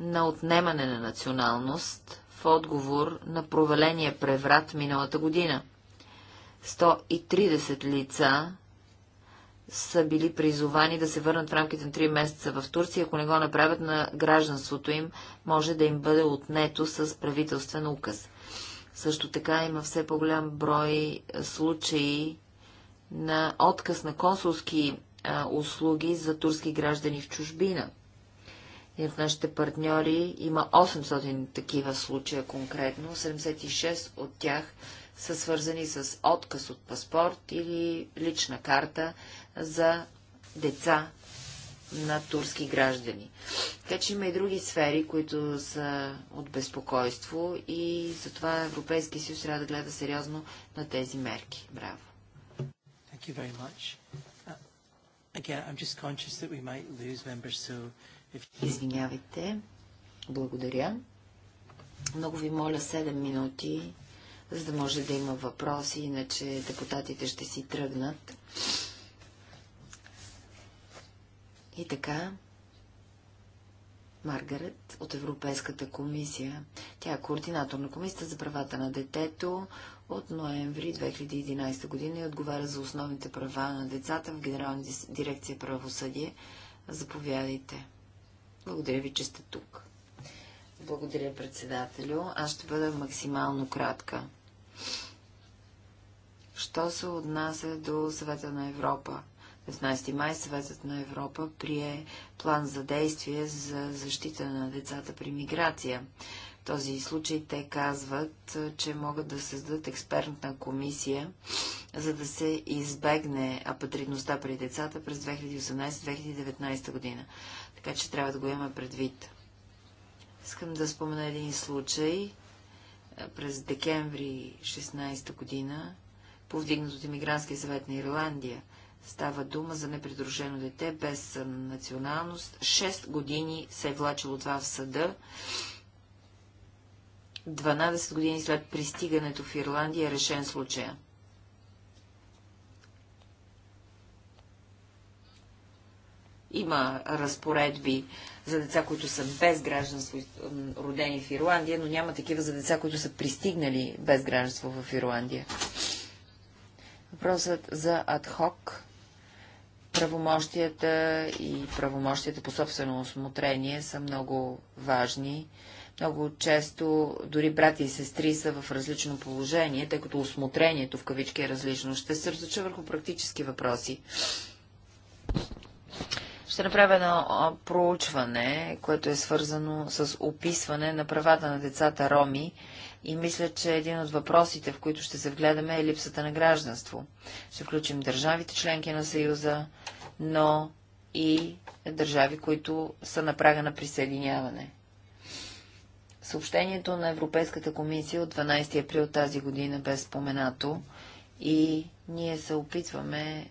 на отнемане на националност в отговор на проваления преврат миналата година. 130 лица са били призовани да се върнат в рамките на 3 месеца в Турция. Ако не го направят на гражданството им, може да им бъде отнето с правителствен указ. Също така има все по-голям брой случаи на отказ на консулски а, услуги за турски граждани в чужбина. И в нашите партньори има 800 такива случая конкретно, 76 от тях са свързани с отказ от паспорт или лична карта за деца на турски граждани. Така че има и други сфери, които са от безпокойство и затова Европейския съюз трябва да гледа сериозно на тези мерки. Браво! Thank you very much. Uh, again, I'm just conscious that we might lose members, so if... Извинявайте. Благодаря. Много ви моля 7 минути за да може да има въпроси, иначе депутатите ще си тръгнат. И така, Маргарет от Европейската комисия. Тя е координатор на Комисията за правата на детето от ноември 2011 година и отговаря за основните права на децата в Генерална дирекция правосъдие. Заповядайте. Благодаря ви, че сте тук. Благодаря, председателю. Аз ще бъда максимално кратка. Що се отнася до Съвета на Европа? 15 май Съветът на Европа прие план за действие за защита на децата при миграция. В този случай те казват, че могат да създадат експертна комисия, за да се избегне апатридността при децата през 2018-2019 година. Така че трябва да го имаме предвид. Искам да спомена един случай, през декември 16 година, повдигнат от Имигрантския съвет на Ирландия. Става дума за непридружено дете без националност. 6 години се е влачило това в съда. 12 години след пристигането в Ирландия е решен случая. Има разпоредби за деца, които са без гражданство, родени в Ирландия, но няма такива за деца, които са пристигнали без гражданство в Ирландия. Въпросът за адхок правомощията и правомощията по собствено осмотрение са много важни. Много често дори брати и сестри са в различно положение, тъй като осмотрението в кавички е различно. Ще се разуча върху практически въпроси. Ще направя едно проучване, което е свързано с описване на правата на децата роми и мисля, че един от въпросите, в които ще се вгледаме, е липсата на гражданство. Ще включим държавите членки на Съюза, но и държави, които са на прага на присъединяване. Съобщението на Европейската комисия от 12 април тази година бе споменато и ние се опитваме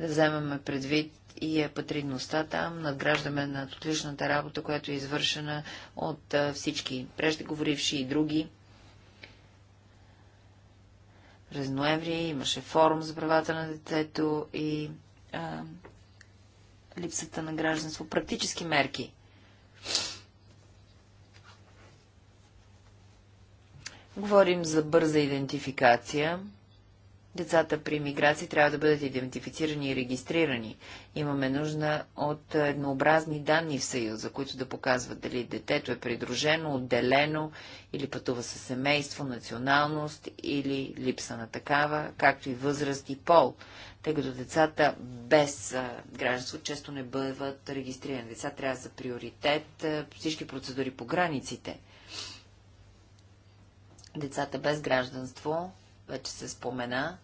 да вземаме предвид и е патридността там, надграждаме над отличната работа, която е извършена от всички преждеговоривши и други. През ноември имаше форум за правата на детето и а, липсата на гражданство. Практически мерки. Говорим за бърза идентификация. Децата при миграция трябва да бъдат идентифицирани и регистрирани. Имаме нужда от еднообразни данни в Съюза, които да показват дали детето е придружено, отделено или пътува със семейство, националност или липса на такава, както и възраст и пол, тъй като децата без гражданство често не бъдат регистрирани. Деца трябва за приоритет всички процедури по границите. Децата без гражданство вече се спомена.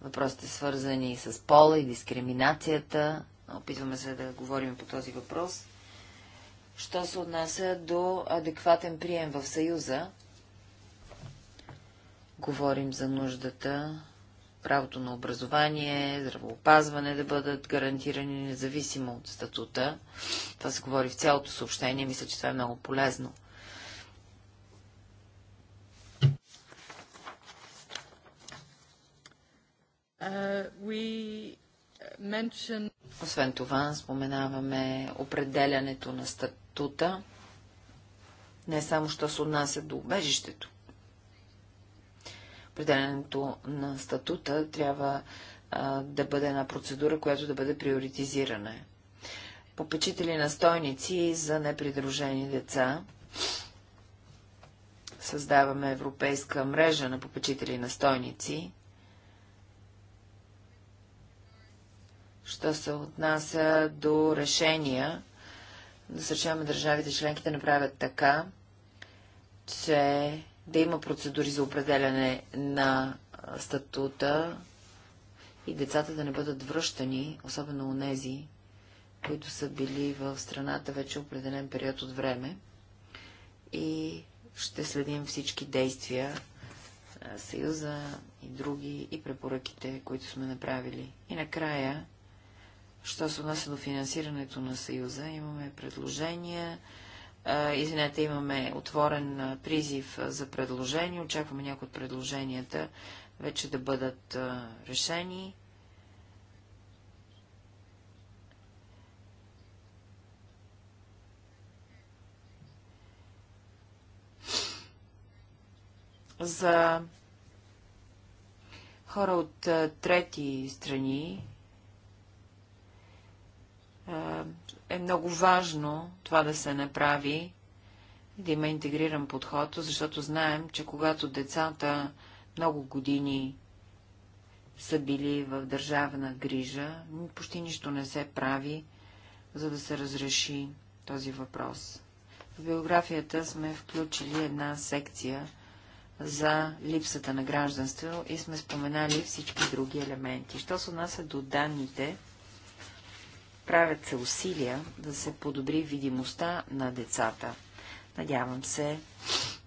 Въпросите свързани с пола и дискриминацията. Опитваме се да говорим по този въпрос. Що се отнася до адекватен прием в Съюза, говорим за нуждата правото на образование, здравеопазване да бъдат гарантирани независимо от статута. Това се говори в цялото съобщение. Мисля, че това е много полезно. Uh, uh, Освен това, споменаваме определянето на статута, не само, що се отнася до убежището. Определянето на статута трябва а, да бъде една процедура, която да бъде приоритизирана. Попечители на стойници за непридружени деца. Създаваме европейска мрежа на попечители на стойници що се отнася до решения, насърчаваме държавите членки да направят така, че да има процедури за определяне на статута и децата да не бъдат връщани, особено у нези, които са били в страната вече определен период от време. И ще следим всички действия Съюза и други, и препоръките, които сме направили. И накрая Що се отнася до финансирането на Съюза, имаме предложения. Извинете, имаме отворен призив за предложения. Очакваме някои от предложенията вече да бъдат решени. За хора от трети страни, е много важно това да се направи и да има интегриран подход, защото знаем, че когато децата много години са били в държавна грижа, почти нищо не се прави, за да се разреши този въпрос. В биографията сме включили една секция за липсата на гражданство и сме споменали всички други елементи. Що се отнася до данните, Правят се усилия да се подобри видимостта на децата. Надявам се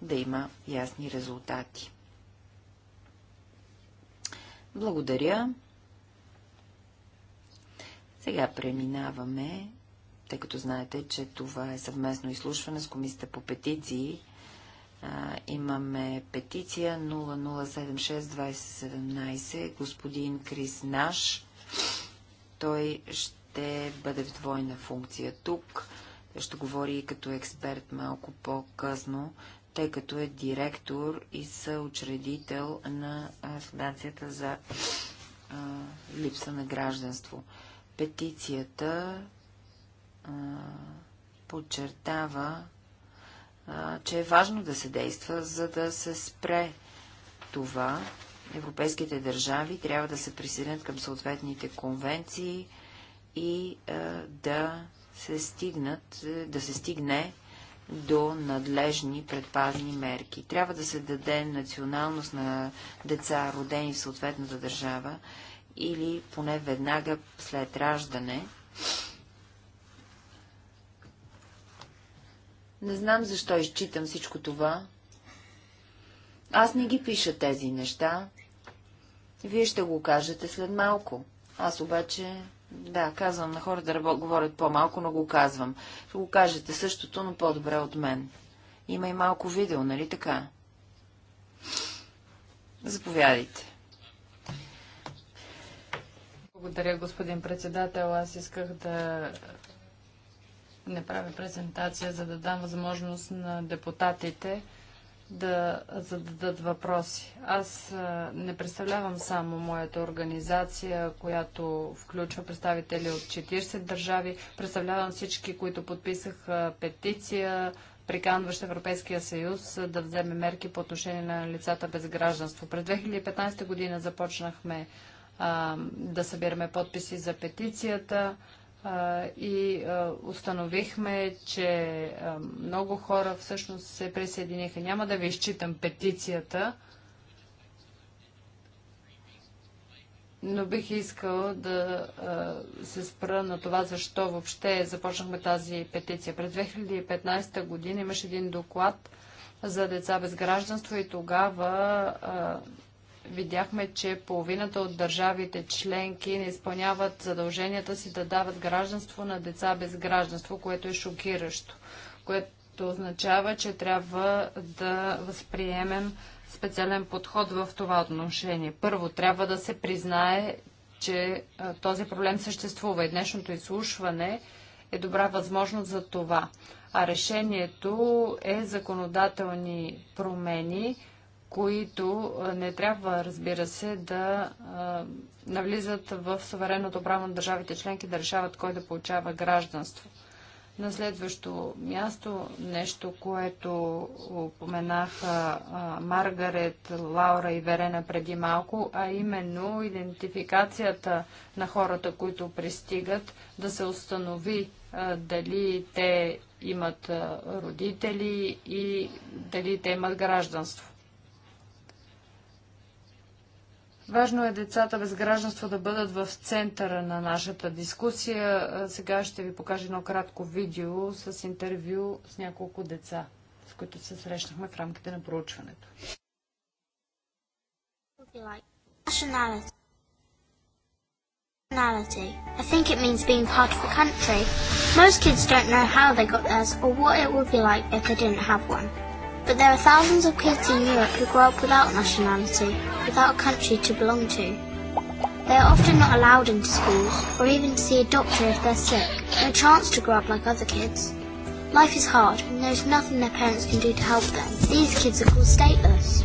да има ясни резултати. Благодаря. Сега преминаваме, тъй като знаете, че това е съвместно изслушване с Комисията по петиции. А, имаме петиция 0076-2017, господин Крис Наш. Той ще ще бъде в двойна функция тук. Той ще говори и като експерт малко по-късно, тъй като е директор и съучредител на Фундацията за а, липса на гражданство. Петицията а, подчертава, а, че е важно да се действа, за да се спре това. Европейските държави трябва да се присъединят към съответните конвенции, и е, да се стигнат, е, да се стигне до надлежни предпазни мерки. Трябва да се даде националност на деца, родени в съответната държава, или поне веднага след раждане. Не знам защо изчитам всичко това. Аз не ги пиша тези неща. Вие ще го кажете след малко. Аз обаче да, казвам на хората да говорят по-малко, но го казвам. Ще го кажете същото, но по-добре от мен. Има и малко видео, нали така? Заповядайте. Благодаря, господин председател. Аз исках да не правя презентация, за да дам възможност на депутатите да зададат въпроси. Аз а, не представлявам само моята организация, която включва представители от 40 държави. Представлявам всички, които подписаха петиция, приканващ Европейския съюз да вземе мерки по отношение на лицата без гражданство. През 2015 година започнахме а, да събираме подписи за петицията и установихме, че много хора всъщност се присъединиха. Няма да ви изчитам петицията, но бих искал да се спра на това, защо въобще започнахме тази петиция. През 2015 година имаше един доклад за деца без гражданство и тогава видяхме, че половината от държавите членки не изпълняват задълженията си да дават гражданство на деца без гражданство, което е шокиращо, което означава, че трябва да възприемем специален подход в това отношение. Първо, трябва да се признае, че този проблем съществува и днешното изслушване е добра възможност за това. А решението е законодателни промени, които не трябва, разбира се, да навлизат в суверенното право на държавите членки да решават кой да получава гражданство. На следващо място, нещо, което упоменаха Маргарет, Лаура и Верена преди малко, а именно идентификацията на хората, които пристигат, да се установи дали те имат родители и дали те имат гражданство. Важно е децата без гражданство да бъдат в центъра на нашата дискусия. Сега ще ви покажа едно кратко видео с интервю с няколко деца, с които се срещнахме в рамките на проучването. Nationality. I think it means being part of the country. Most kids don't know how they got theirs or what it would be like if they didn't have one. But there are thousands of kids in Europe who grow up without nationality, without a country to belong to. They are often not allowed into schools, or even to see a doctor if they're sick, no chance to grow up like other kids. Life is hard, and there is nothing their parents can do to help them. These kids are called stateless.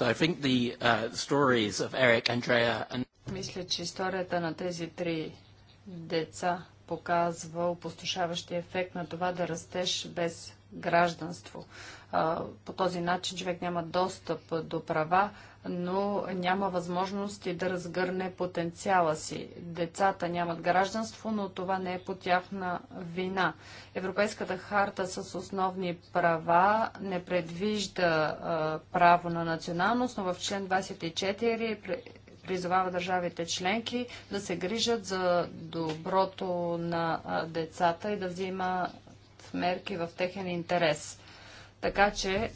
I think the uh, stories of Eric, Andrea and... Мисля, че историята на тези три деца показва опустошаващия ефект на това да растеш без гражданство. По този начин човек няма достъп до права, но няма възможност и да разгърне потенциала си. Децата нямат гражданство, но това не е по тяхна вина. Европейската харта с основни права не предвижда а, право на националност, но в член 24 призовава държавите членки да се грижат за доброто на децата и да взима мерки в техен интерес. Така че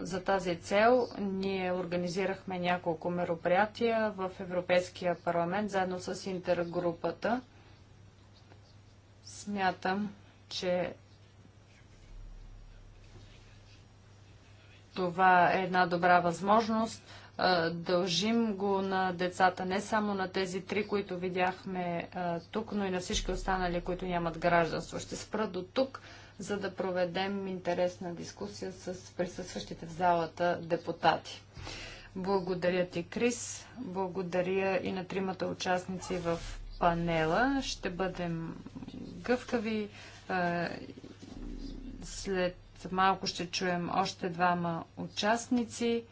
за тази цел ние организирахме няколко мероприятия в Европейския парламент заедно с интергрупата. Смятам, че това е една добра възможност. Дължим го на децата, не само на тези три, които видяхме тук, но и на всички останали, които нямат гражданство. Ще спра до тук за да проведем интересна дискусия с присъстващите в залата депутати. Благодаря ти, Крис. Благодаря и на тримата участници в панела. Ще бъдем гъвкави. Е, след малко ще чуем още двама участници.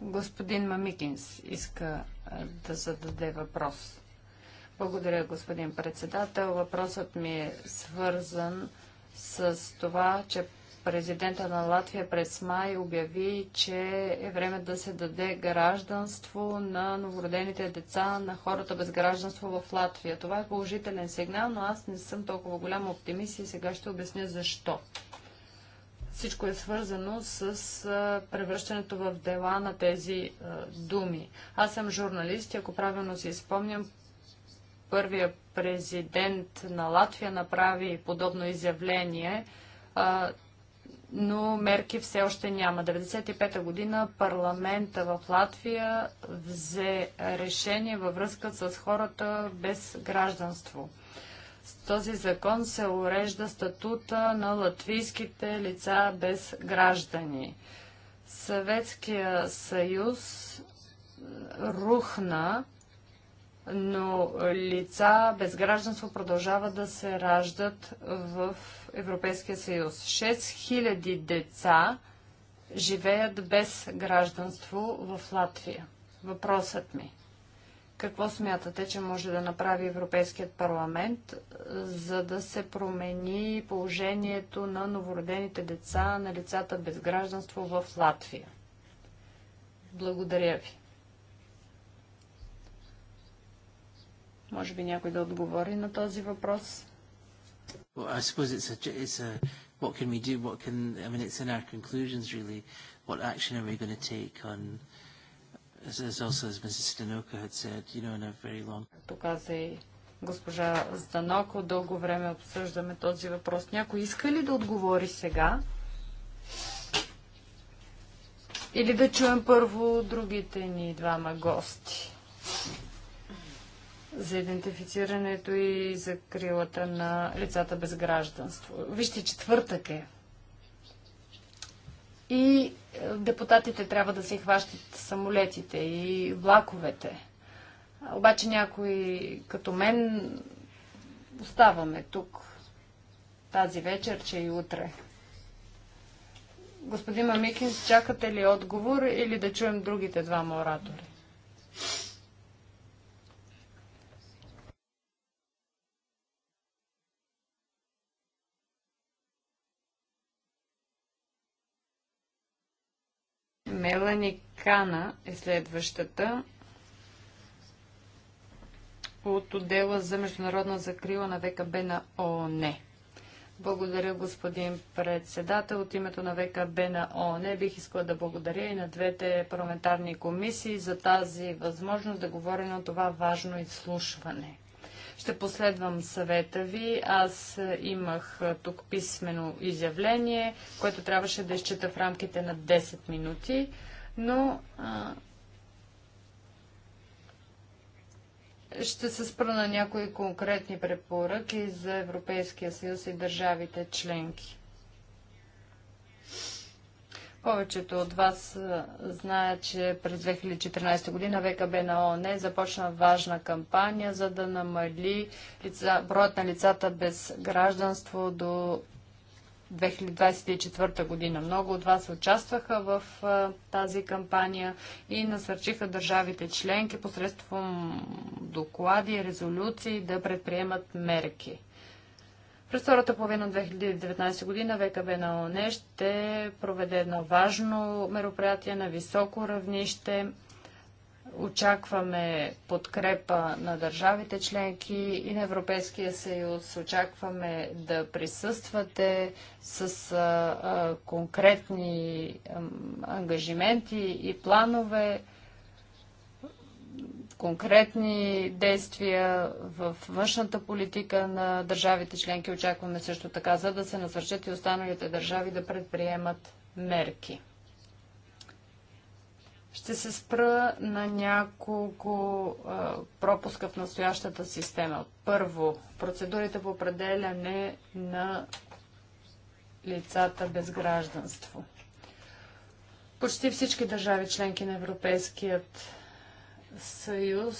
Господин Мамикинс иска е, да зададе въпрос. Благодаря, господин председател. Въпросът ми е свързан с това, че президента на Латвия през май обяви, че е време да се даде гражданство на новородените деца, на хората без гражданство в Латвия. Това е положителен сигнал, но аз не съм толкова голям оптимист и сега ще обясня защо. Всичко е свързано с превръщането в дела на тези думи. Аз съм журналист и ако правилно си спомням първия президент на Латвия направи подобно изявление, но мерки все още няма. 95-та година парламента в Латвия взе решение във връзка с хората без гражданство. С този закон се урежда статута на латвийските лица без граждани. Съветския съюз рухна но лица без гражданство продължават да се раждат в Европейския съюз. 6000 деца живеят без гражданство в Латвия. Въпросът ми. Какво смятате, че може да направи Европейският парламент, за да се промени положението на новородените деца, на лицата без гражданство в Латвия? Благодаря ви. Може би някой да отговори на този въпрос. Well, I suppose it's a, it's a, what can we do? What can, I mean, it's in our conclusions really. What action are we going to take on, as, as also as Mrs. Stanoka had said, you know, in a very long... Както каза и госпожа Станоко, дълго време обсъждаме този въпрос. Някой иска ли да отговори сега? Или да чуем първо другите ни двама гости? за идентифицирането и за крилата на лицата без гражданство. Вижте, четвъртък е. И е, депутатите трябва да се хващат самолетите и влаковете. Обаче някой като мен оставаме тук тази вечер, че и утре. Господин Мамикинс, чакате ли отговор или да чуем другите двама оратори? Мелани Кана е следващата от отдела за международна закрила на ВКБ на ООН. Благодаря, господин председател. От името на ВКБ на ООН бих искала да благодаря и на двете парламентарни комисии за тази възможност да говоря на това важно изслушване. Ще последвам съвета ви. Аз имах тук писмено изявление, което трябваше да изчита в рамките на 10 минути, но а, ще се спра на някои конкретни препоръки за Европейския съюз и държавите членки. Повечето от вас знаят, че през 2014 година ВКБ на ООН започна важна кампания, за да намали лица, броят на лицата без гражданство до 2024 година. Много от вас участваха в тази кампания и насърчиха държавите членки посредством доклади и резолюции да предприемат мерки. През втората половина на 2019 година ВКБ на ОНЕ ще проведе едно важно мероприятие на високо равнище. Очакваме подкрепа на държавите членки и на Европейския съюз. Очакваме да присъствате с а, а, конкретни а, ангажименти и планове конкретни действия в външната политика на държавите членки очакваме също така, за да се насърчат и останалите държави да предприемат мерки. Ще се спра на няколко а, пропуска в настоящата система. Първо, процедурите по определяне на лицата без гражданство. Почти всички държави членки на Европейският съюз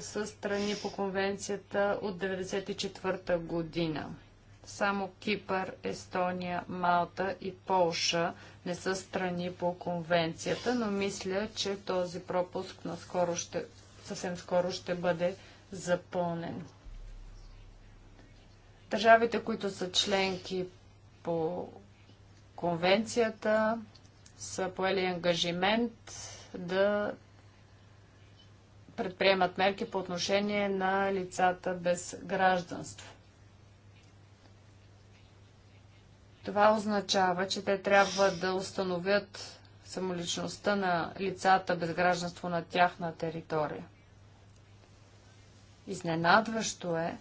със страни по конвенцията от 1994 година. Само Кипър, Естония, Малта и Полша не са страни по конвенцията, но мисля, че този пропуск наскоро ще, съвсем скоро ще бъде запълнен. Държавите, които са членки по конвенцията, са поели ангажимент да предприемат мерки по отношение на лицата без гражданство. Това означава, че те трябва да установят самоличността на лицата без гражданство на тяхна територия. Изненадващо е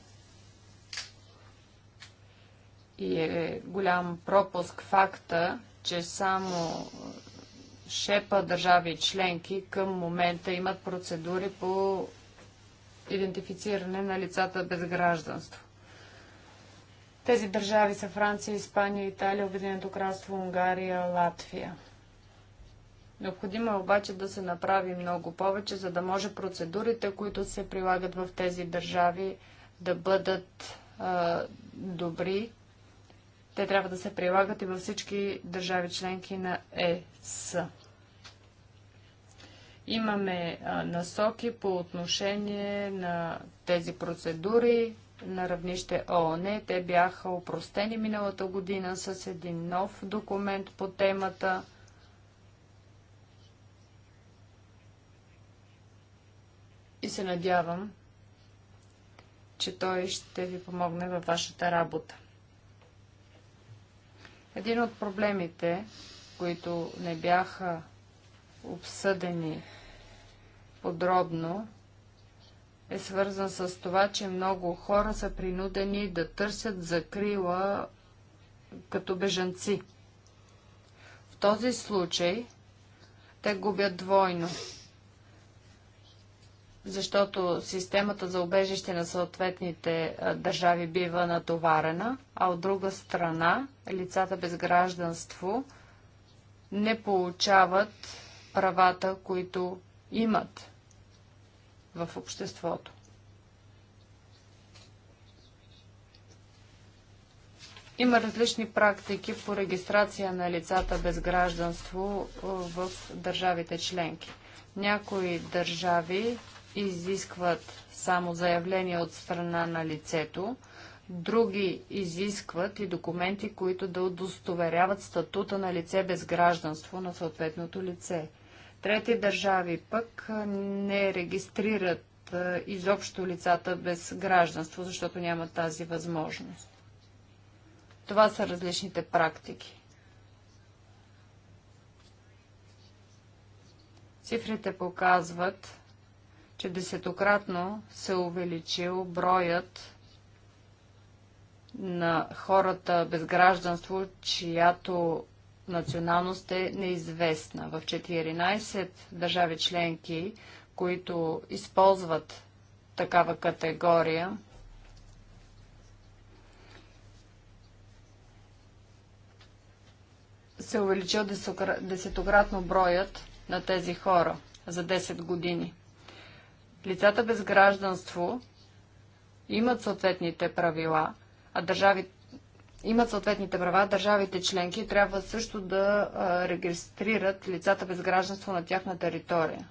и е голям пропуск факта, че само шепа държави членки към момента имат процедури по идентифициране на лицата без гражданство. Тези държави са Франция, Испания, Италия, Обединеното кралство, Унгария, Латвия. Необходимо е обаче да се направи много повече, за да може процедурите, които се прилагат в тези държави, да бъдат а, добри те трябва да се прилагат и във всички държави членки на ЕС. Имаме насоки по отношение на тези процедури на равнище ООН. Е. Те бяха упростени миналата година с един нов документ по темата. И се надявам, че той ще ви помогне във вашата работа. Един от проблемите, които не бяха обсъдени подробно, е свързан с това, че много хора са принудени да търсят закрила като бежанци. В този случай те губят двойно защото системата за убежище на съответните държави бива натоварена, а от друга страна лицата без гражданство не получават правата, които имат в обществото. Има различни практики по регистрация на лицата без гражданство в държавите членки. Някои държави изискват само заявление от страна на лицето, други изискват и документи, които да удостоверяват статута на лице без гражданство на съответното лице. Трети държави пък не регистрират изобщо лицата без гражданство, защото няма тази възможност. Това са различните практики. Цифрите показват, че десетократно се е увеличил броят на хората без гражданство, чиято националност е неизвестна. В 14 държави членки, които използват такава категория, се е увеличил десетократно броят на тези хора за 10 години. Лицата без гражданство имат съответните правила, а държави, имат съответните права, държавите членки трябва също да регистрират лицата без гражданство на тяхна територия.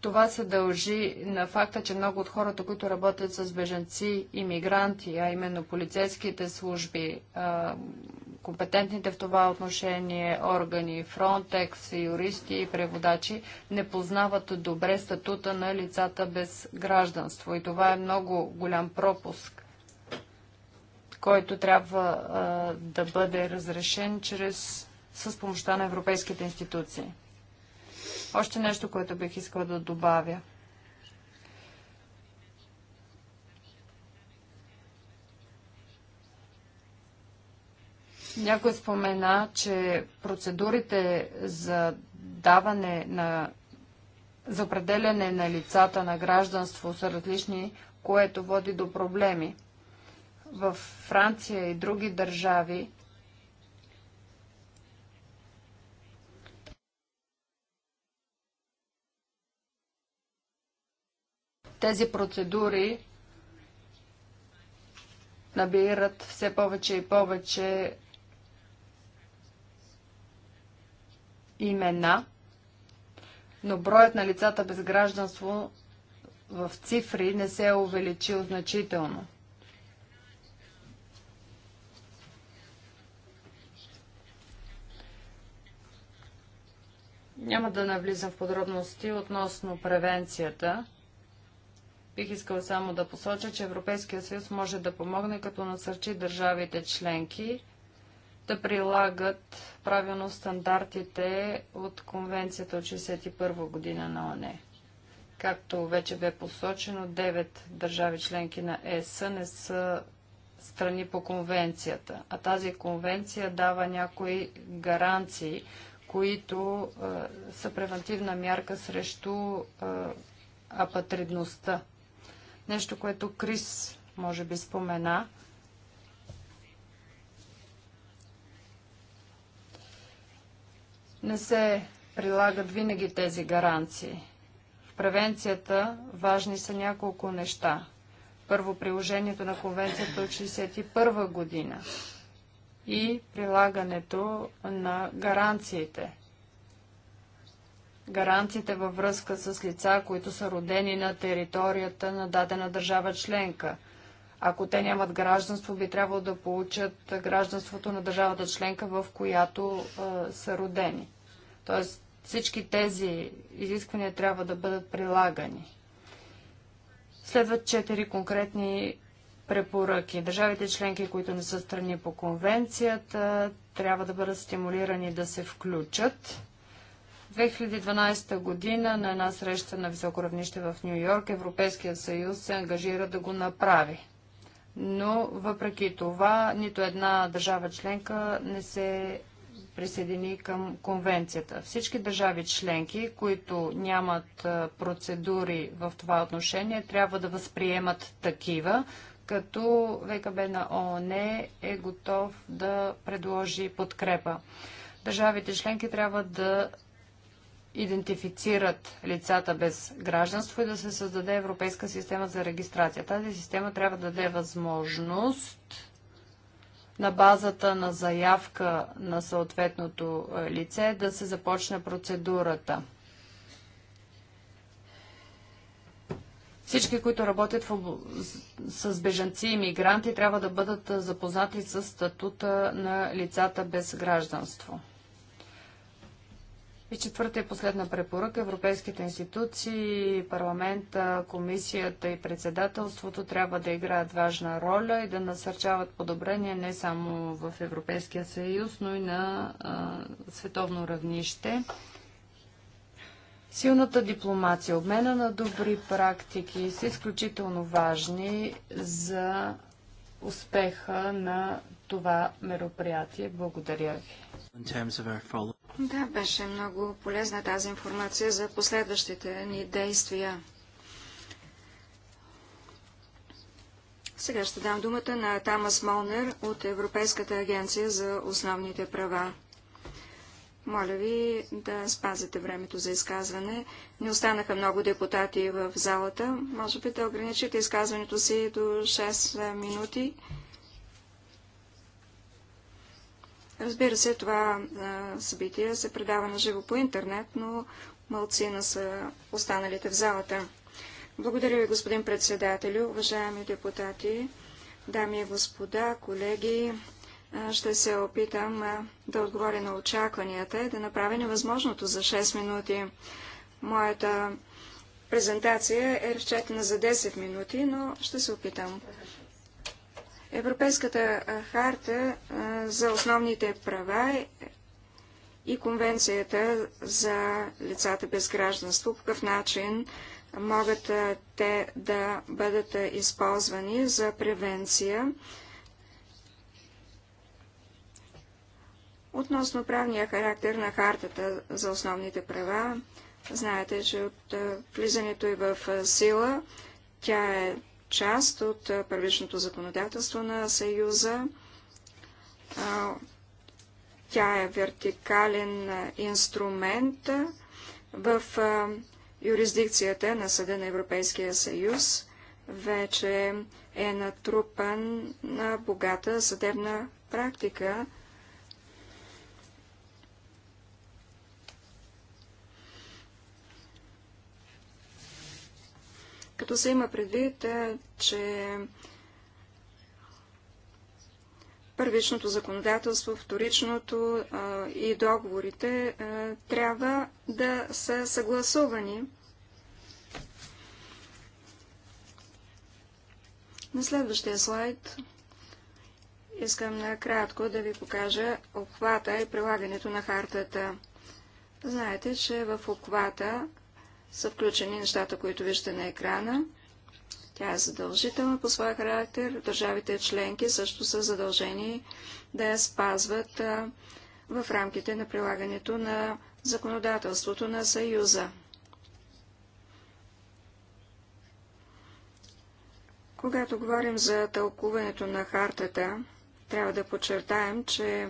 Това се дължи на факта, че много от хората, които работят с беженци и мигранти, а именно полицейските служби, компетентните в това отношение органи, Фронтекс, юристи и преводачи не познават добре статута на лицата без гражданство. И това е много голям пропуск, който трябва а, да бъде разрешен чрез, с помощта на европейските институции. Още нещо, което бих искала да добавя – Някой спомена, че процедурите за даване на за определяне на лицата на гражданство са различни, което води до проблеми. В Франция и други държави тези процедури набират все повече и повече имена, но броят на лицата без гражданство в цифри не се е увеличил значително. Няма да навлизам в подробности относно превенцията. Бих искал само да посоча, че Европейския съюз може да помогне, като насърчи държавите членки да прилагат правилно стандартите от Конвенцията от 61 година на ОНЕ. Както вече бе посочено, 9 държави членки на ЕС не са страни по конвенцията, а тази конвенция дава някои гаранции, които е, са превентивна мярка срещу е, апатридността. Нещо, което Крис може би спомена – не се прилагат винаги тези гаранции. В превенцията важни са няколко неща. Първо приложението на конвенцията от 1961 година и прилагането на гаранциите. Гаранциите във връзка с лица, които са родени на територията на дадена държава членка – ако те нямат гражданство, би трябвало да получат гражданството на държавата членка, в която а, са родени. Тоест всички тези изисквания трябва да бъдат прилагани. Следват четири конкретни препоръки. Държавите членки, които не са страни по конвенцията, трябва да бъдат стимулирани да се включат. 2012 година на една среща на високо равнище в Нью Йорк Европейския съюз се ангажира да го направи но въпреки това нито една държава членка не се присъедини към конвенцията. Всички държави членки, които нямат процедури в това отношение, трябва да възприемат такива, като ВКБ на ООН е готов да предложи подкрепа. Държавите членки трябва да идентифицират лицата без гражданство и да се създаде европейска система за регистрация. Тази система трябва да даде възможност на базата на заявка на съответното е, лице да се започне процедурата. Всички, които работят в... с бежанци и мигранти, трябва да бъдат е, запознати с статута на лицата без гражданство. И четвърта и последна препоръка. Европейските институции, парламента, комисията и председателството трябва да играят важна роля и да насърчават подобрения не само в Европейския съюз, но и на а, световно равнище. Силната дипломация, обмена на добри практики са изключително важни за успеха на това мероприятие. Благодаря ви. Да, беше много полезна тази информация за последващите ни действия. Сега ще дам думата на Тамас Молнер от Европейската агенция за основните права. Моля ви да спазите времето за изказване. Не останаха много депутати в залата. Може би да ограничите изказването си до 6 минути. Разбира се, това събитие се предава на живо по интернет, но на са останалите в залата. Благодаря ви, господин председателю, уважаеми депутати, дами и господа, колеги. Ще се опитам да отговоря на очакванията и да направя невъзможното за 6 минути. Моята презентация е разчетена за 10 минути, но ще се опитам. Европейската харта за основните права и Конвенцията за лицата без гражданство, по какъв начин могат те да бъдат използвани за превенция. Относно правния характер на хартата за основните права, знаете, че от влизането и в сила тя е част от първичното законодателство на Съюза. Тя е вертикален инструмент в юрисдикцията на Съда на Европейския съюз. Вече е натрупан на богата съдебна практика като се има предвид, е, че първичното законодателство, вторичното е, и договорите е, трябва да са съгласувани. На следващия слайд искам накратко да ви покажа обхвата и прилагането на хартата. Знаете, че в обхвата са включени нещата, които виждате на екрана. Тя е задължителна по своя характер. Държавите членки също са задължени да я спазват в рамките на прилагането на законодателството на Съюза. Когато говорим за тълкуването на хартата, трябва да подчертаем, че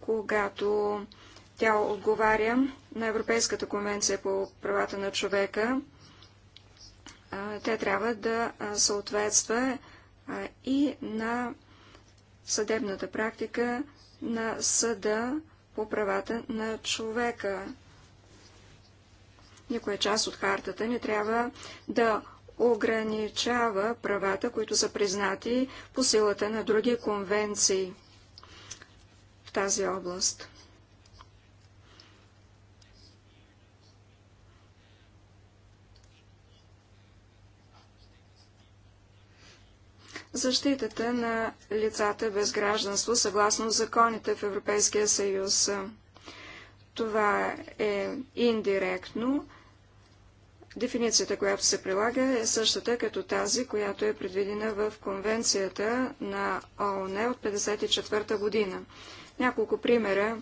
когато тя отговаря на Европейската конвенция по правата на човека, тя трябва да съответства и на съдебната практика на съда по правата на човека. Никоя част от хартата не трябва да ограничава правата, които са признати по силата на други конвенции в тази област. защитата на лицата без гражданство съгласно законите в Европейския съюз. Това е индиректно. Дефиницията, която се прилага, е същата като тази, която е предвидена в Конвенцията на ООН от 1954 година. Няколко примера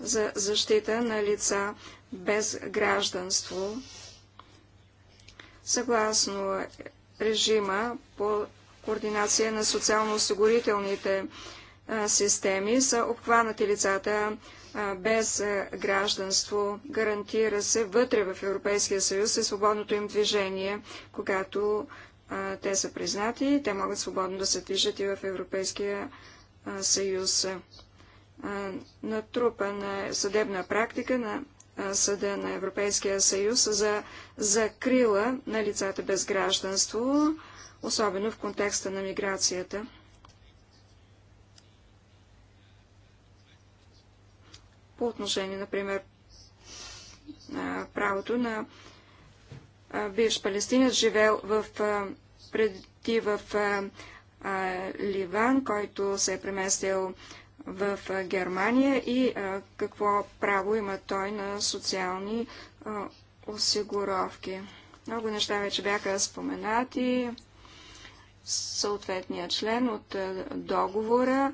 за защита на лица без гражданство. Съгласно режима по координация на социално-осигурителните системи са обхванати лицата без гражданство. Гарантира се вътре в Европейския съюз и е свободното им движение, когато те са признати. и Те могат свободно да се движат и в Европейския съюз. Натрупа на съдебна практика на Съда на Европейския съюз за закрила на лицата без гражданство особено в контекста на миграцията. По отношение, например, на правото на биш палестинец, живел в, преди в Ливан, който се е преместил в Германия и какво право има той на социални осигуровки. Много неща вече бяха споменати съответния член от е, договора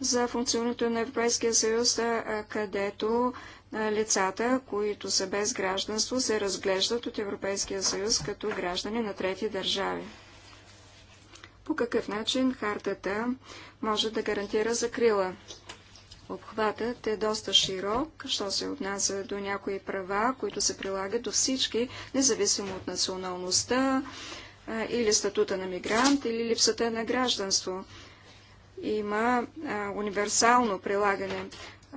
за функционирането на Европейския съюз, е, е, където лицата, които са без гражданство, се разглеждат от Европейския съюз като граждани на трети държави. По какъв начин хартата може да гарантира закрила? Обхватът е доста широк, що се отнася до някои права, които се прилагат до всички, независимо от националността, или статута на мигрант, или липсата на гражданство. Има а, универсално прилагане.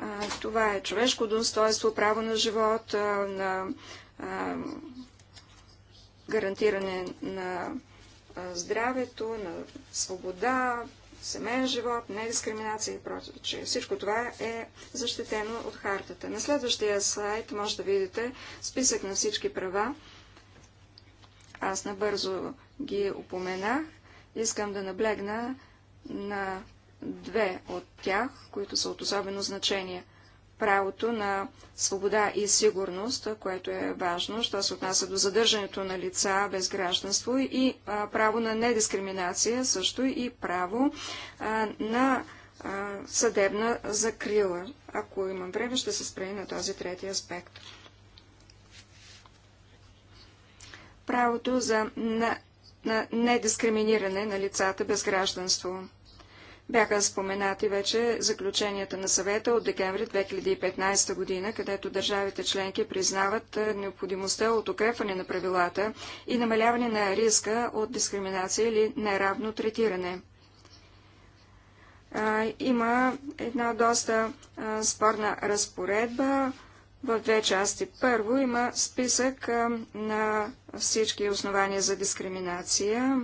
А, това е човешко достоинство, право на живот, а, на гарантиране на здравето, на свобода, семейен живот, недискриминация и прочее. Всичко това е защитено от хартата. На следващия слайд може да видите списък на всички права, аз набързо ги упоменах. Искам да наблегна на две от тях, които са от особено значение. Правото на свобода и сигурност, което е важно, що се отнася до задържането на лица без гражданство и право на недискриминация, също и право на съдебна закрила. Ако имам време, ще се спре на този трети аспект. правото за на, на недискриминиране на лицата без гражданство. Бяха споменати вече заключенията на съвета от декември 2015 година, където държавите членки признават е, необходимостта от укрепване на правилата и намаляване на риска от дискриминация или неравно третиране. има една доста спорна разпоредба в две части. Първо има списък на всички основания за дискриминация.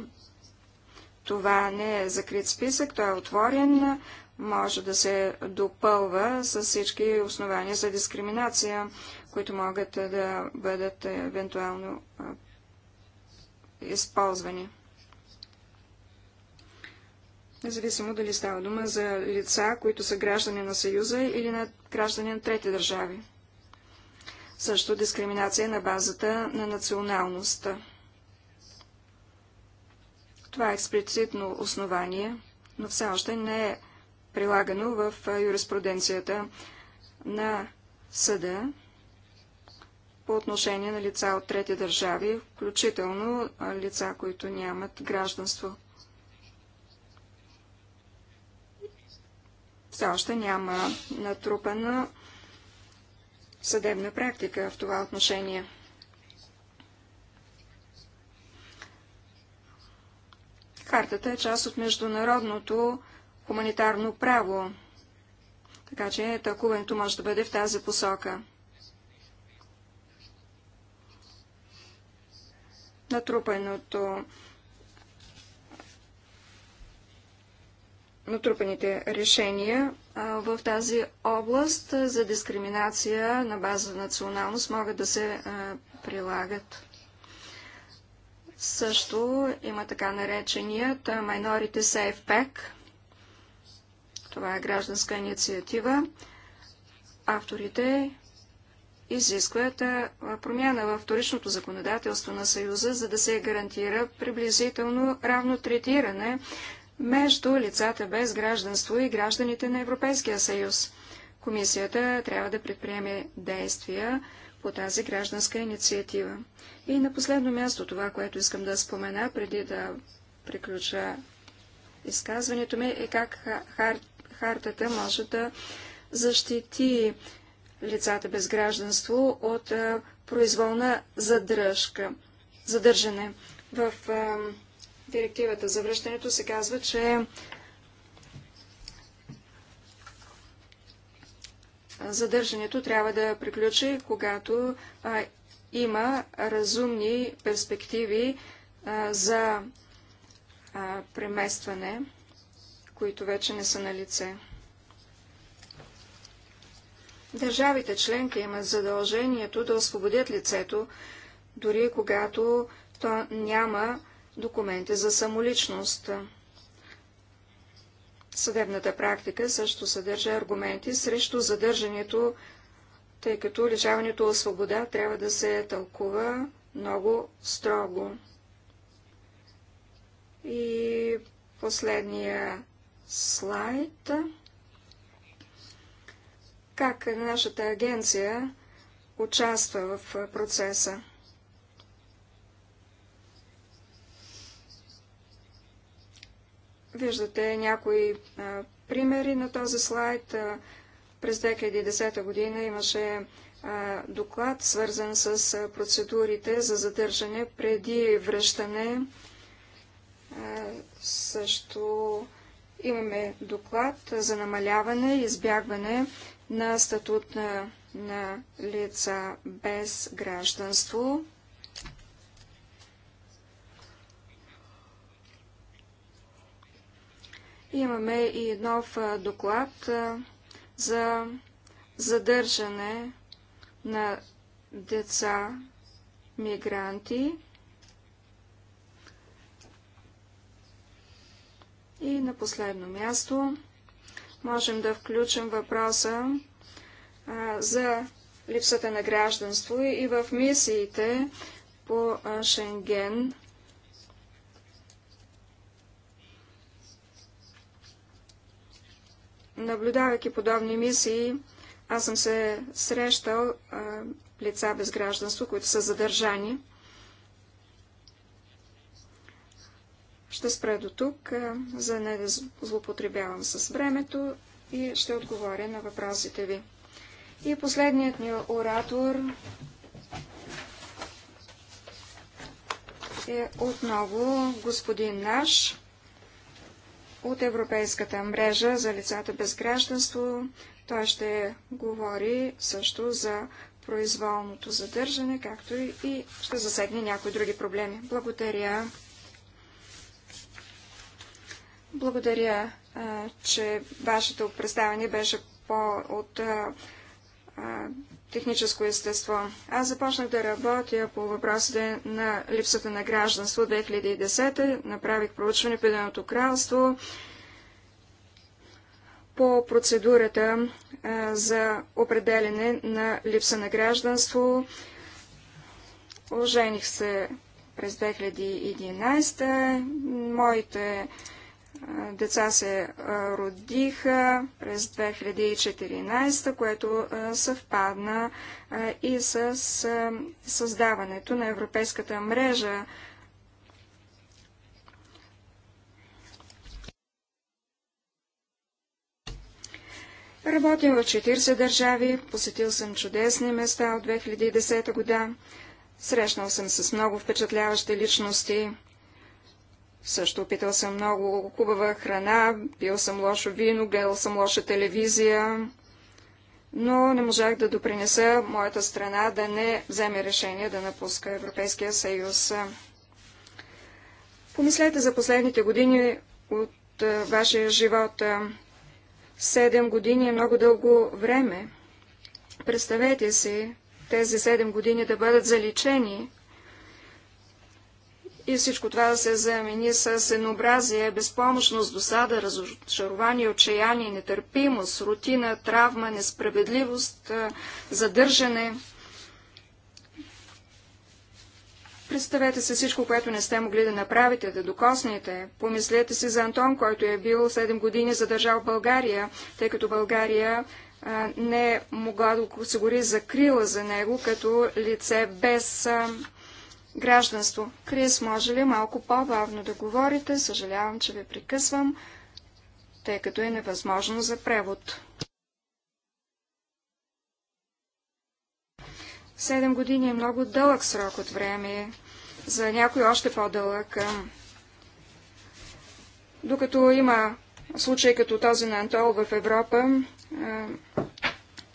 Това не е закрит списък, той е отворен, може да се допълва с всички основания за дискриминация, които могат да бъдат евентуално използвани. Независимо дали става дума за лица, които са граждани на Съюза или на граждани на трети държави също дискриминация на базата на националността. Това е експлицитно основание, но все още не е прилагано в юриспруденцията на съда по отношение на лица от трети държави, включително лица, които нямат гражданство. Все още няма натрупана съдебна практика в това отношение. Картата е част от международното хуманитарно право, така че тълкуването може да бъде в тази посока. Натрупаното натрупаните решения в тази област за дискриминация на база националност могат да се прилагат. Също има така нареченият Minority Safe Pack. Това е гражданска инициатива. Авторите изискват промяна в вторичното законодателство на Съюза, за да се гарантира приблизително равно третиране между лицата без гражданство и гражданите на Европейския съюз. Комисията трябва да предприеме действия по тази гражданска инициатива. И на последно място това, което искам да спомена, преди да приключа изказването ми, е как хар хартата може да защити лицата без гражданство от а, произволна задръжка, задържане. В а, директивата за връщането се казва, че задържането трябва да приключи, когато а, има разумни перспективи а, за а, преместване, които вече не са на лице. Държавите членки имат задължението да освободят лицето, дори когато то няма документи за самоличност. Съдебната практика също съдържа аргументи срещу задържането, тъй като лишаването от свобода трябва да се тълкува много строго. И последния слайд. Как нашата агенция участва в процеса? Виждате някои а, примери на този слайд. А, през 2010 година имаше а, доклад, свързан с процедурите за задържане преди връщане. Също имаме доклад за намаляване и избягване на статут на, на лица без гражданство. Имаме и нов доклад за задържане на деца мигранти. И на последно място можем да включим въпроса за липсата на гражданство и в мисиите по Шенген. Наблюдавайки подобни мисии, аз съм се срещал а, лица без гражданство, които са задържани. Ще спра до тук, а, за не да злоупотребявам с времето и ще отговоря на въпросите ви. И последният ни оратор е отново господин Наш от Европейската мрежа за лицата без гражданство. Той ще говори също за произволното задържане, както и ще засегне някои други проблеми. Благодаря. Благодаря, че вашето представяне беше по от техническо естество. Аз започнах да работя по въпросите на липсата на гражданство 2010. Направих проучване в едното кралство по процедурата а, за определене на липса на гражданство. Ожених се през 2011. Моите деца се родиха през 2014, което съвпадна и с създаването на Европейската мрежа Работим в 40 държави, посетил съм чудесни места от 2010 года, срещнал съм с много впечатляващи личности, също опитал съм много хубава храна, пил съм лошо вино, гледал съм лоша телевизия, но не можах да допринеса моята страна да не вземе решение да напуска Европейския съюз. Помислете за последните години от вашия живот. Седем години е много дълго време. Представете си тези седем години да бъдат заличени и всичко това да се замени с еднообразие, безпомощност, досада, разочарование, отчаяние, нетърпимост, рутина, травма, несправедливост, задържане. Представете се всичко, което не сте могли да направите, да докоснете. Помислете си за Антон, който е бил 7 години задържал България, тъй като България не е могла да осигури закрила за него като лице без а, гражданство. Крис, може ли малко по-бавно да говорите? Съжалявам, че ви прекъсвам, тъй като е невъзможно за превод. Седем години е много дълъг срок от време, за някой още по-дълъг. Докато има случай като този на Антол в Европа,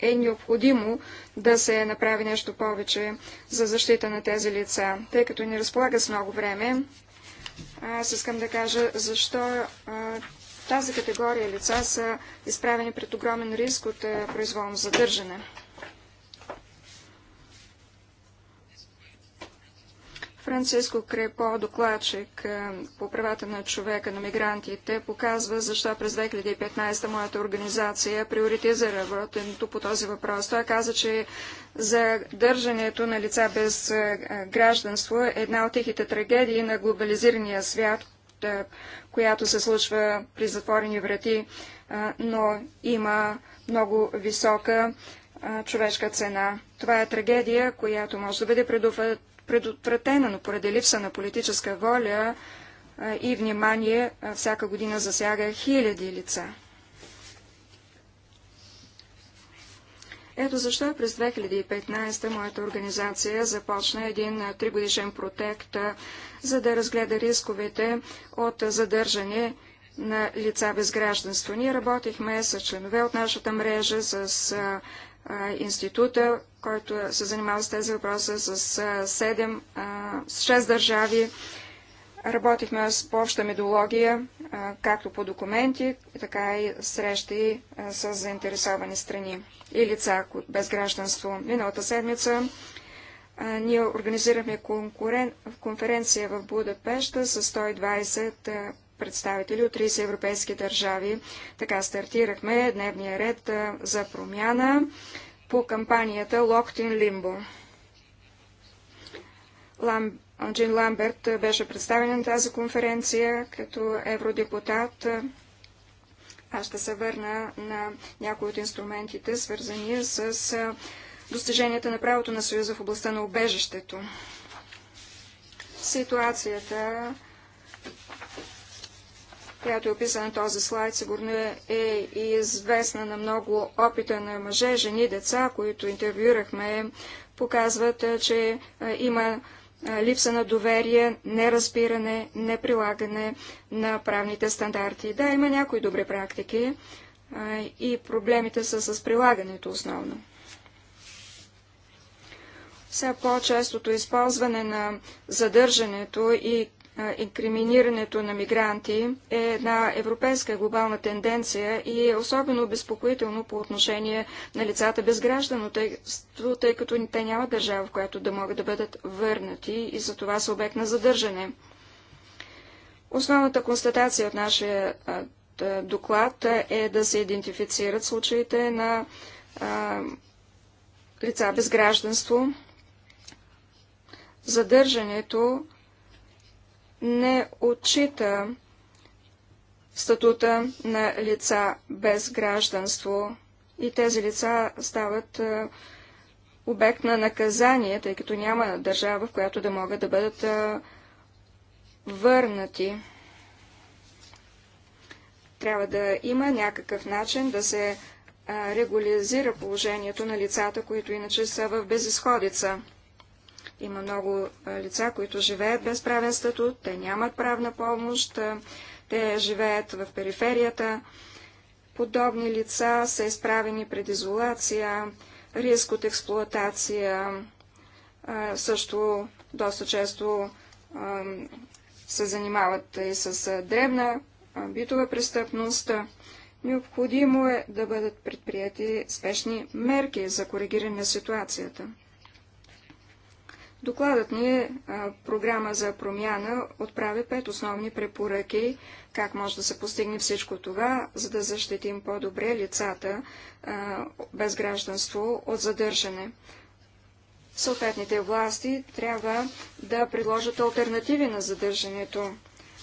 е необходимо да се направи нещо повече за защита на тези лица, тъй като не разполага с много време. Аз искам да кажа защо тази категория лица са изправени пред огромен риск от произволно задържане. Франциско Крепо, докладчик е, по правата на човека на мигрантите, показва защо през 2015 моята организация приоритизира работенето по този въпрос. Той каза, че задържането на лица без е, гражданство е една от тихите трагедии на глобализирания свят, е, която се случва при затворени врати, но има много висока човешка цена. Това е трагедия, която може да бъде предотвратена, но поради липса на политическа воля и внимание всяка година засяга хиляди лица. Ето защо през 2015 моята организация започна един тригодишен протект, за да разгледа рисковете от задържане на лица без гражданство. Ние работихме с членове от нашата мрежа, с института, който се занимава с тези въпроси с, 7, с 6 държави. Работихме с по обща методология, както по документи, така и срещи с заинтересовани страни и лица без гражданство. Миналата седмица ние организирахме конференция в Будапешта с 120 представители от 30 европейски държави. Така стартирахме дневния ред за промяна по кампанията Locked in Limbo. Лам... Джин Ламберт беше представен на тази конференция като евродепутат. Аз ще се върна на някои от инструментите, свързани с достиженията на правото на Съюза в областта на убежището. Ситуацията която е описана на този слайд, сигурно е, е известна на много опита на мъже, жени, деца, които интервюирахме, показват, че има липса на доверие, неразбиране, неприлагане на правните стандарти. Да, има някои добри практики и проблемите са с прилагането основно. Все по-честото използване на задържането и инкриминирането на мигранти е една европейска глобална тенденция и е особено безпокоително по отношение на лицата без гражданство, тъй като те няма държава, в която да могат да бъдат върнати и за това са обект на задържане. Основната констатация от нашия доклад е да се идентифицират случаите на а, лица без гражданство. Задържането не отчита статута на лица без гражданство и тези лица стават е, обект на наказание, тъй като няма държава, в която да могат да бъдат е, върнати. Трябва да има някакъв начин да се е, регулизира положението на лицата, които иначе са в безисходица. Има много лица, които живеят без правен статут, те нямат правна помощ, те живеят в периферията. Подобни лица са изправени пред изолация, риск от експлоатация, също доста често се занимават и с древна битова престъпност. Необходимо е да бъдат предприяти спешни мерки за коригиране на ситуацията. Докладът ни е, програма за промяна отправя пет основни препоръки, как може да се постигне всичко това, за да защитим по-добре лицата без гражданство от задържане. Съответните власти трябва да предложат альтернативи на задържането.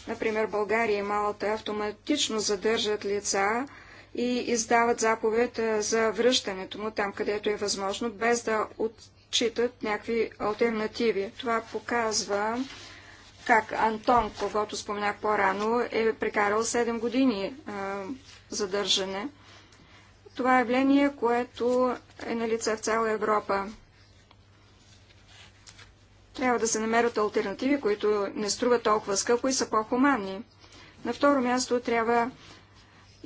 Например, България и Малта автоматично задържат лица и издават заповед за връщането му там, където е възможно, без да от предпочитат някакви альтернативи. Това показва как Антон, когато споменах по-рано, е прекарал 7 години а, задържане. Това е явление, което е на лице в цяла Европа. Трябва да се намерят альтернативи, които не струват толкова скъпо и са по-хуманни. На второ място трябва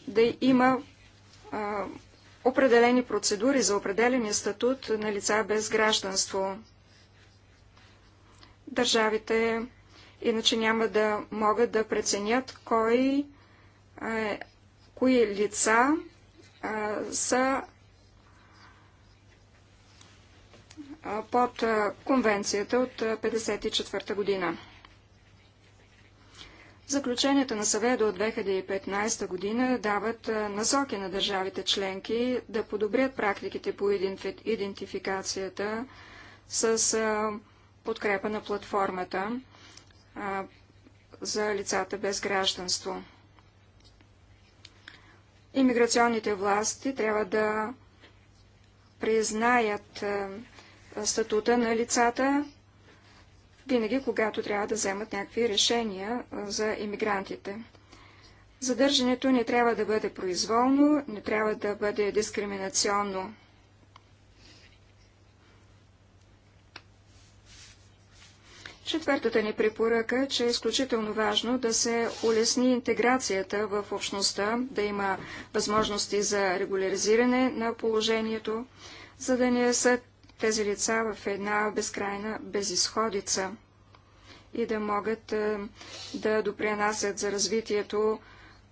да има а, определени процедури за определения статут на лица без гражданство. Държавите иначе няма да могат да преценят кой, е, кои лица е, са под конвенцията от 1954 година. Заключенията на съвета от 2015 година дават насоки на държавите членки да подобрят практиките по идентификацията с подкрепа на платформата за лицата без гражданство. Имиграционните власти трябва да признаят статута на лицата винаги когато трябва да вземат някакви решения за иммигрантите. Задържането не трябва да бъде произволно, не трябва да бъде дискриминационно. Четвъртата ни препоръка, че е изключително важно да се улесни интеграцията в общността, да има възможности за регуляризиране на положението, за да не са тези лица в една безкрайна безисходица и да могат е, да допринасят за развитието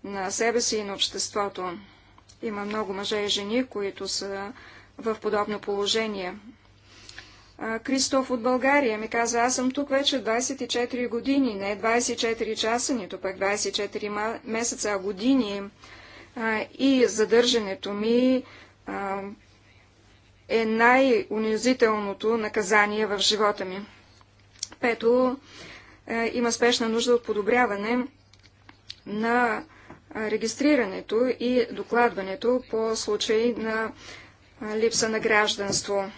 на себе си и на обществото. Има много мъже и жени, които са в подобно положение. Кристоф от България ми каза, аз съм тук вече 24 години, не 24 часа, нито пък 24 месеца, а години. И задържането ми е най-унизителното наказание в живота ми. Пето, е, има спешна нужда от подобряване на е, регистрирането и докладването по случай на е, липса на гражданство.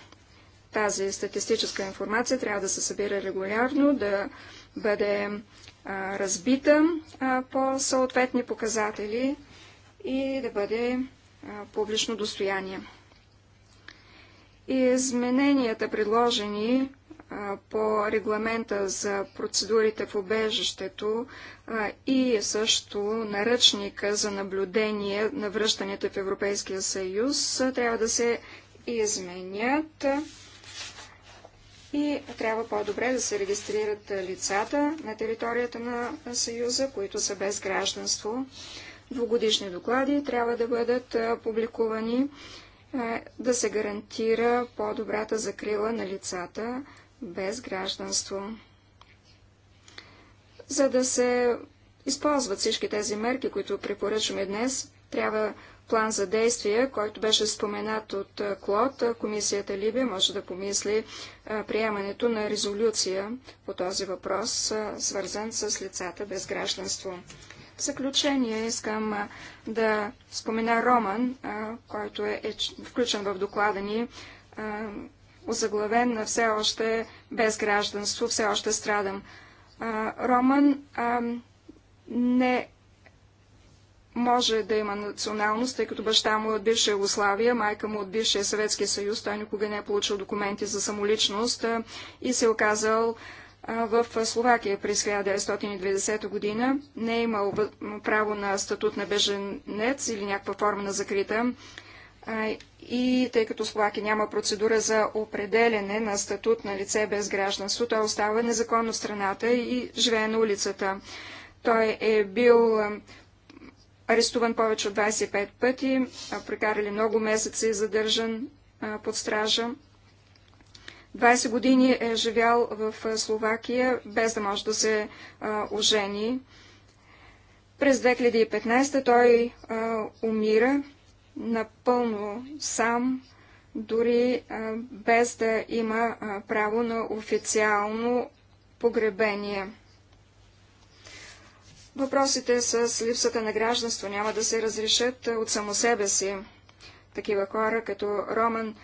Тази статистическа информация трябва да се събира регулярно, да бъде е, разбита по съответни показатели и да бъде публично достояние. Измененията, предложени по регламента за процедурите в обежището и също наръчника за наблюдение на връщането в Европейския съюз, трябва да се изменят и трябва по-добре да се регистрират лицата на територията на Съюза, които са без гражданство. Двугодишни доклади трябва да бъдат публикувани е да се гарантира по-добрата закрила на лицата без гражданство. За да се използват всички тези мерки, които препоръчваме днес, трябва план за действие, който беше споменат от е, Клод. Комисията Либия може да помисли е, приемането на резолюция по този въпрос, свързан с лицата без гражданство. В заключение искам да спомена Роман, който е, е включен в доклада ни, озаглавен на все още без гражданство, все още страдам. Роман не може да има националност, тъй като баща му е от бивша Югославия, майка му от бившия Съветския съюз, той никога не е получил документи за самоличност и се е оказал в Словакия през 1990 година не е имал право на статут на беженец или някаква форма на закрита. И тъй като Словакия няма процедура за определене на статут на лице без гражданство, той остава незаконно в страната и живее на улицата. Той е бил арестуван повече от 25 пъти, прекарали много месеци задържан под стража. 20 години е живял в Словакия, без да може да се а, ожени. През 2015 той а, умира напълно сам, дори а, без да има а, право на официално погребение. Въпросите с липсата на гражданство няма да се разрешат от само себе си такива хора като Роман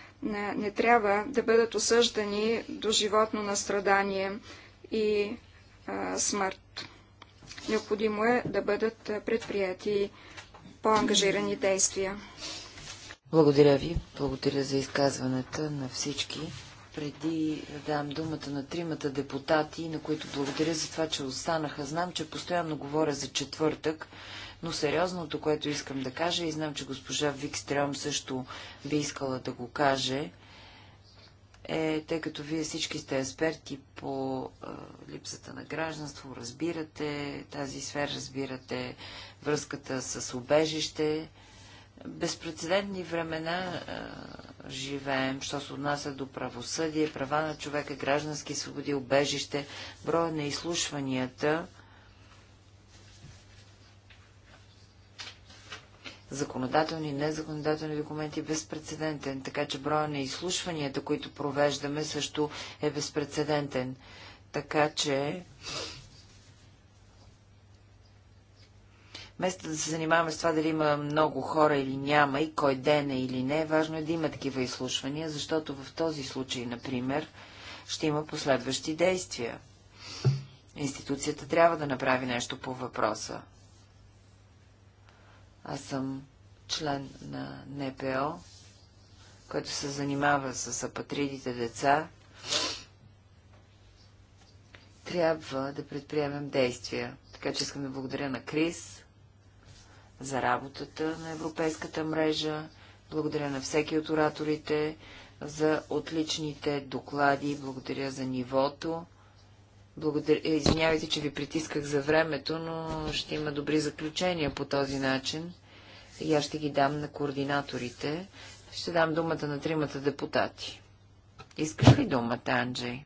не трябва да бъдат осъждани до животно настрадание и а, смърт. Необходимо е да бъдат предприяти по-ангажирани действия. Благодаря ви. Благодаря за изказването на всички. Преди да дам думата на тримата депутати, на които благодаря за това, че останаха. Знам, че постоянно говоря за четвъртък но сериозното, което искам да кажа, и знам, че госпожа Викстрем също би искала да го каже, е, тъй като вие всички сте експерти по е, липсата на гражданство, разбирате тази сфера, разбирате връзката с убежище. Безпредседентни времена е, живеем, що се отнася до правосъдие, права на човека, граждански свободи, убежище, броя на изслушванията законодателни и незаконодателни документи е безпредседентен, така че броя на изслушванията, които провеждаме, също е безпредседентен. Така че Вместо да се занимаваме с това дали има много хора или няма и кой ден е или не, е важно е да има такива изслушвания, защото в този случай, например, ще има последващи действия. Институцията трябва да направи нещо по въпроса. Аз съм член на НПО, който се занимава с апатридите деца. Трябва да предприемем действия. Така че искам да благодаря на Крис за работата на Европейската мрежа. Благодаря на всеки от ораторите за отличните доклади. Благодаря за нивото благодаря. Извинявайте, че ви притисках за времето, но ще има добри заключения по този начин. И аз ще ги дам на координаторите. Ще дам думата на тримата депутати. Искаш ли думата, Анджей?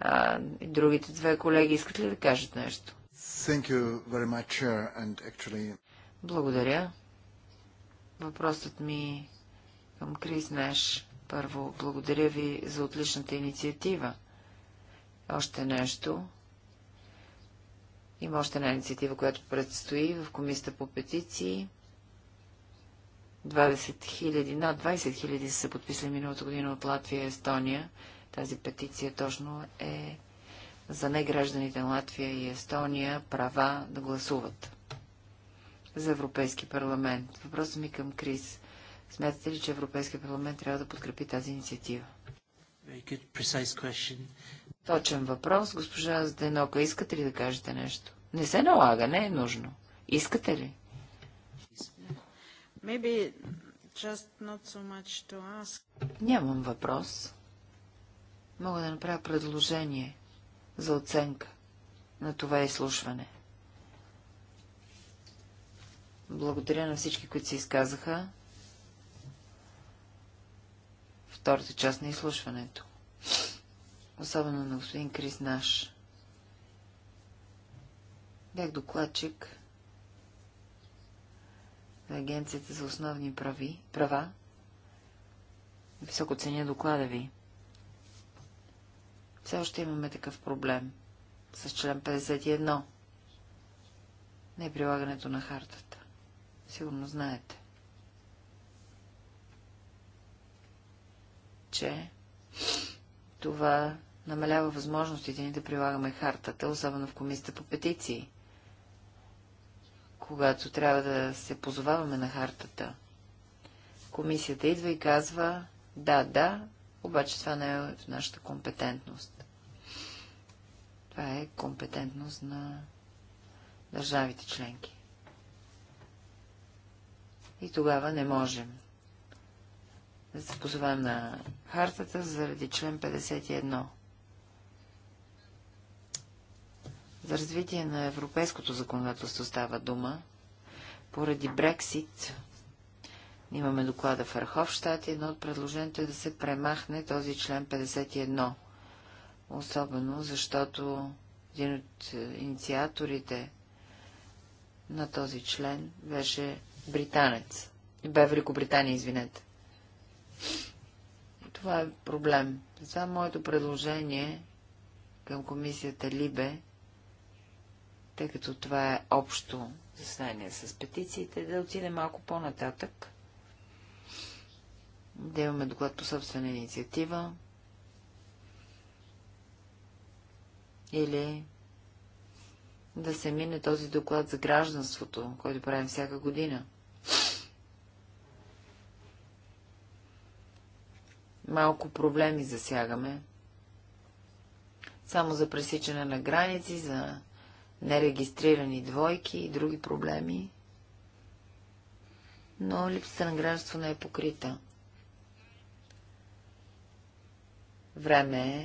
А, другите две колеги искат ли да кажат нещо? Much, actually... Благодаря. Въпросът ми към Крис Неш. Първо, благодаря ви за отличната инициатива. Още нещо. Има още една инициатива, която предстои в Комисията по петиции. 20 хиляди, над 20 хиляди са подписали миналата година от Латвия и Естония. Тази петиция точно е за негражданите на Латвия и Естония права да гласуват за Европейски парламент. Въпросът ми към Крис. Смятате ли, че Европейския парламент трябва да подкрепи тази инициатива? Точен въпрос. Госпожа Зденока, искате ли да кажете нещо? Не се налага, не е нужно. Искате ли? Maybe just not so much to ask. Нямам въпрос. Мога да направя предложение за оценка на това изслушване. Благодаря на всички, които се изказаха. Втората част на изслушването особено на господин Крис Наш. Бях докладчик на Агенцията за основни прави, права. Високо ценя доклада ви. Все още имаме такъв проблем с член 51. Не е прилагането на хартата. Сигурно знаете. че това намалява възможностите ни да прилагаме хартата, особено в комисията по петиции, когато трябва да се позоваваме на хартата. Комисията идва и казва, да, да, обаче това не е в нашата компетентност. Това е компетентност на държавите членки. И тогава не можем да се позоваем на хартата заради член 51. За развитие на европейското законодателство става дума. Поради Брексит имаме доклада в Арховщат едно от предложението е да се премахне този член 51. Особено, защото един от е, инициаторите на този член беше британец. Бе Великобритания, извинете. Това е проблем. За моето предложение към комисията Либе тъй като това е общо заседание с петициите, да отидем малко по-нататък, да имаме доклад по собствена инициатива или да се мине този доклад за гражданството, който правим всяка година. Малко проблеми засягаме. Само за пресичане на граници, за нерегистрирани двойки и други проблеми, но липсата на гражданство не е покрита. Време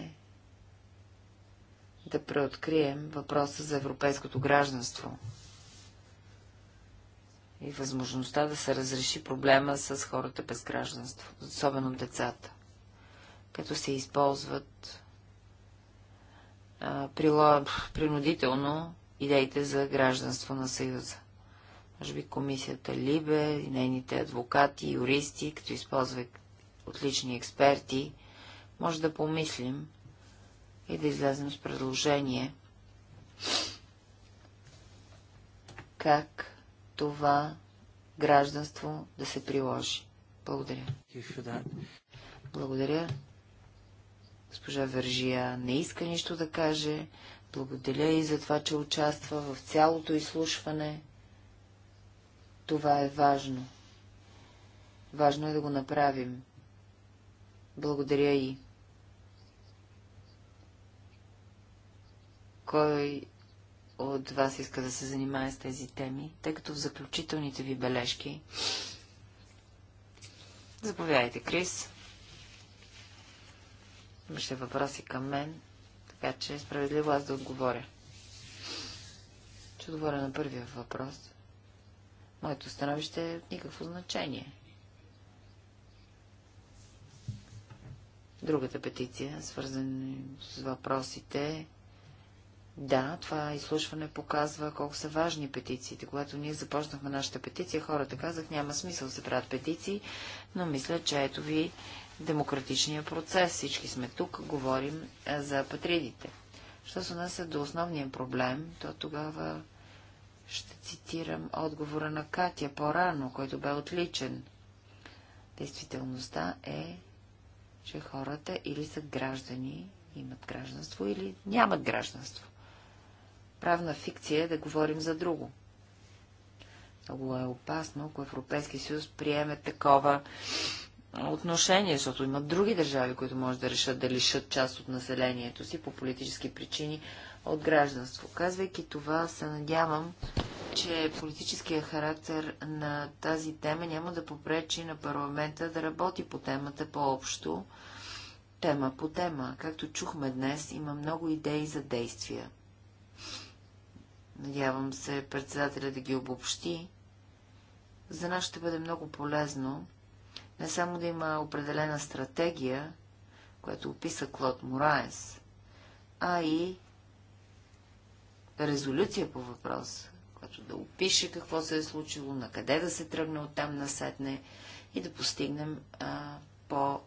е да преоткрием въпроса за европейското гражданство и възможността да се разреши проблема с хората без гражданство, особено децата, като се използват а, прило... принудително идеите за гражданство на Съюза. Може би комисията Либе и нейните адвокати, юристи, като използва отлични експерти, може да помислим и да излезем с предложение как това гражданство да се приложи. Благодаря. Благодаря. Госпожа Вържия не иска нищо да каже. Благодаря и за това, че участва в цялото изслушване. Това е важно. Важно е да го направим. Благодаря и. Кой от вас иска да се занимае с тези теми, тъй като в заключителните ви бележки. Заповядайте, Крис. Имаше въпроси към мен. Така че е справедливо аз да отговоря. Ще отговоря на първия въпрос. Моето становище е от никакво значение. Другата петиция, свързана с въпросите, да, това изслушване показва колко са важни петициите. Когато ние започнахме нашата петиция, хората казах, няма смисъл да се правят петиции, но мисля, че ето ви демократичния процес. Всички сме тук, говорим е, за патридите. Що се е до основния проблем, то тогава ще цитирам отговора на Катя по-рано, който бе отличен. Действителността е, че хората или са граждани, имат гражданство, или нямат гражданство. Правна фикция е да говорим за друго. Много е опасно, ако Европейски съюз приеме такова отношение, защото има други държави, които може да решат да лишат част от населението си по политически причини от гражданство. Казвайки това, се надявам, че политическия характер на тази тема няма да попречи на парламента да работи по темата по-общо, тема по тема. Както чухме днес, има много идеи за действия. Надявам се председателя да ги обобщи. За нас ще бъде много полезно не само да има определена стратегия, която описа Клод Мораес, а и резолюция по въпроса, която да опише какво се е случило, на къде да се тръгне оттам насетне и да постигнем а, по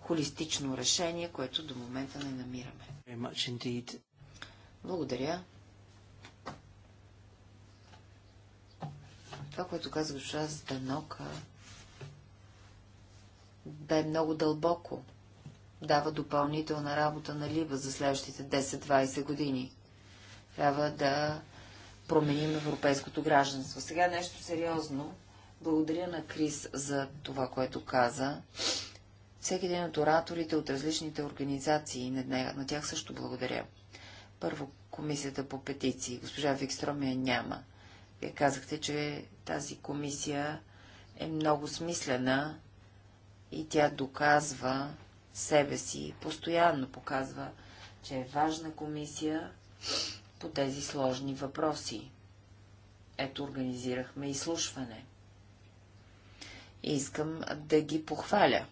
холистично решение, което до момента не намираме. Благодаря. Това, което каза госпожа Зданока, бе много дълбоко. Дава допълнителна работа на Либа за следващите 10-20 години. Трябва да променим европейското гражданство. Сега нещо сериозно. Благодаря на Крис за това, което каза. Всеки един от ораторите от различните организации, на тях също благодаря. Първо, комисията по петиции. Госпожа Викстром я няма. Вие казахте, че тази комисия е много смислена и тя доказва себе си, постоянно показва, че е важна комисия по тези сложни въпроси. Ето организирахме изслушване. И искам да ги похваля.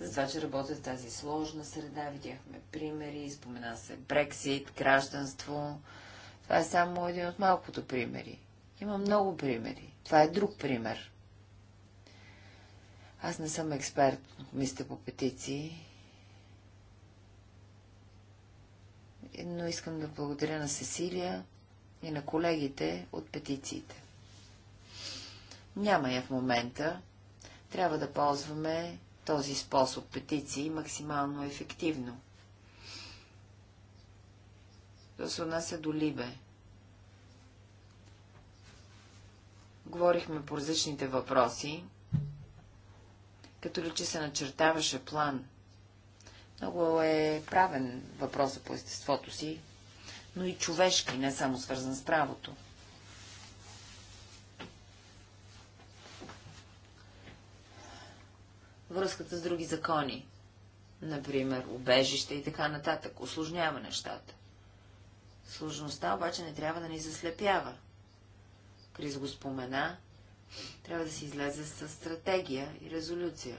За това, че работят в тази сложна среда, видяхме примери, спомена се Брексит, гражданство. Това е само един от малкото примери. Има много примери. Това е друг пример. Аз не съм експерт в комисията по петиции, но искам да благодаря на Сесилия и на колегите от петициите. Няма я в момента. Трябва да ползваме този способ петиции максимално ефективно. То се отнася до Либе. Говорихме по различните въпроси като ли че се начертаваше план. Много е правен въпроса по естеството си, но и човешки, не само свързан с правото. Връзката с други закони, например, убежище и така нататък, осложнява нещата. Сложността обаче не трябва да ни заслепява. Крис го спомена, трябва да се излезе с стратегия и резолюция.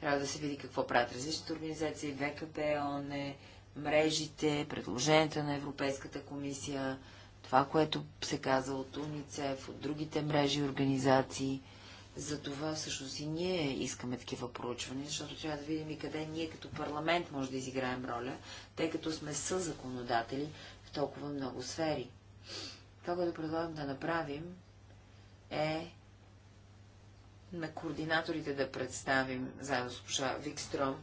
Трябва да се види какво правят различните организации, ВКП, ООН, мрежите, предложенията на Европейската комисия, това, което се каза от УНИЦЕФ, от другите мрежи и организации. За това всъщност и ние искаме такива проучвания, защото трябва да видим и къде ние като парламент може да изиграем роля, тъй като сме съзаконодатели, толкова много сфери. Това, което предлагам да направим, е на координаторите да представим, заедно с госпожа Викстром,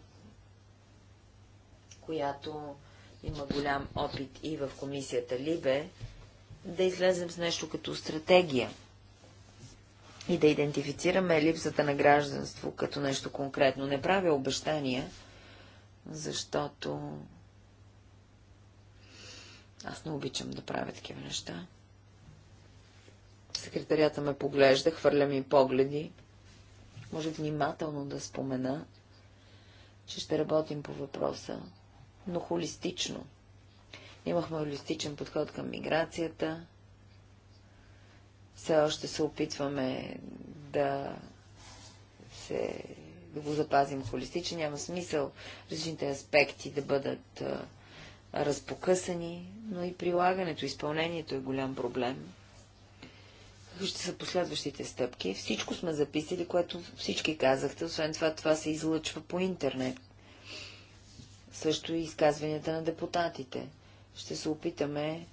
която има голям опит и в комисията Либе, да излезем с нещо като стратегия и да идентифицираме липсата на гражданство като нещо конкретно. Не правя обещания, защото аз не обичам да правя такива неща. Секретарията ме поглежда, хвърля ми погледи. Може внимателно да спомена, че ще работим по въпроса, но холистично. Имахме холистичен подход към миграцията. Все още се опитваме да се да го запазим холистично. Няма смисъл различните аспекти да бъдат разпокъсани, но и прилагането, изпълнението е голям проблем. Какви ще са последващите стъпки? Всичко сме записали, което всички казахте, освен това, това се излъчва по интернет. Също и изказванията на депутатите. Ще се опитаме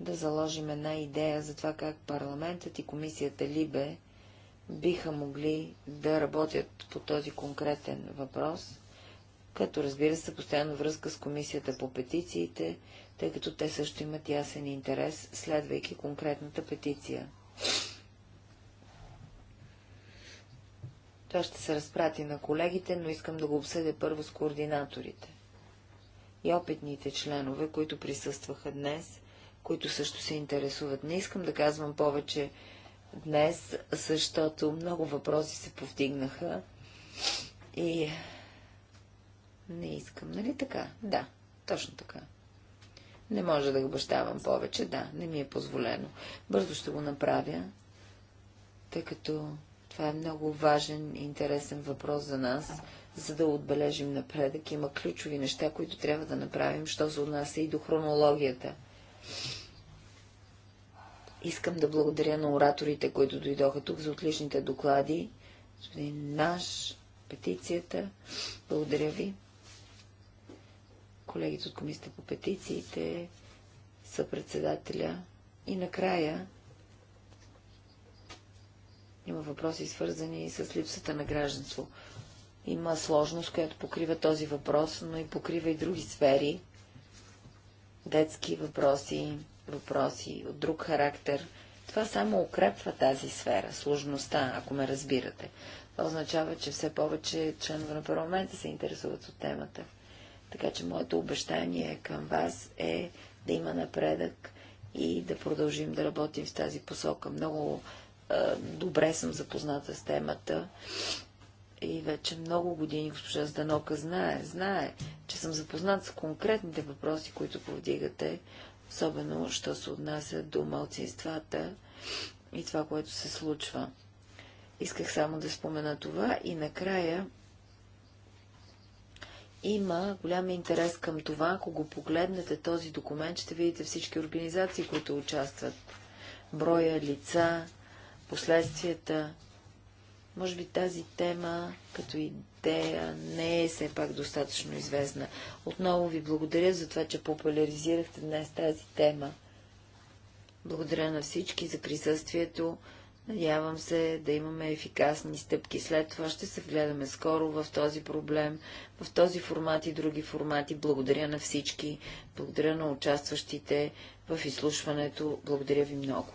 да заложим една идея за това, как парламентът и комисията Либе биха могли да работят по този конкретен въпрос като разбира се постоянно връзка с комисията по петициите, тъй като те също имат ясен интерес, следвайки конкретната петиция. Това ще се разпрати на колегите, но искам да го обсъдя първо с координаторите. И опитните членове, които присъстваха днес, които също се интересуват. Не искам да казвам повече днес, защото много въпроси се повдигнаха и не искам, нали така? Да, точно така. Не може да го бащавам повече, да, не ми е позволено. Бързо ще го направя, тъй като това е много важен и интересен въпрос за нас, за да отбележим напредък. Има ключови неща, които трябва да направим, що за нас е и до хронологията. Искам да благодаря на ораторите, които дойдоха тук за отличните доклади. Господин Наш, петицията. Благодаря ви колегите от комисията по петициите, съпредседателя и накрая има въпроси свързани с липсата на гражданство. Има сложност, която покрива този въпрос, но и покрива и други сфери. Детски въпроси, въпроси от друг характер. Това само укрепва тази сфера, сложността, ако ме разбирате. Това означава, че все повече членове на парламента се интересуват от темата. Така че моето обещание към вас е да има напредък и да продължим да работим в тази посока. Много е, добре съм запозната с темата и вече много години госпожа Зданока знае, знае, че съм запознат с конкретните въпроси, които повдигате, особено, що се отнася до малцинствата и това, което се случва. Исках само да спомена това и накрая има голям интерес към това, ако го погледнете този документ, ще видите всички организации, които участват. Броя лица, последствията. Може би тази тема, като идея, не е все пак достатъчно известна. Отново ви благодаря за това, че популяризирахте днес тази тема. Благодаря на всички за присъствието. Надявам се да имаме ефикасни стъпки. След това ще се вгледаме скоро в този проблем, в този формат и други формати. Благодаря на всички. Благодаря на участващите в изслушването. Благодаря ви много.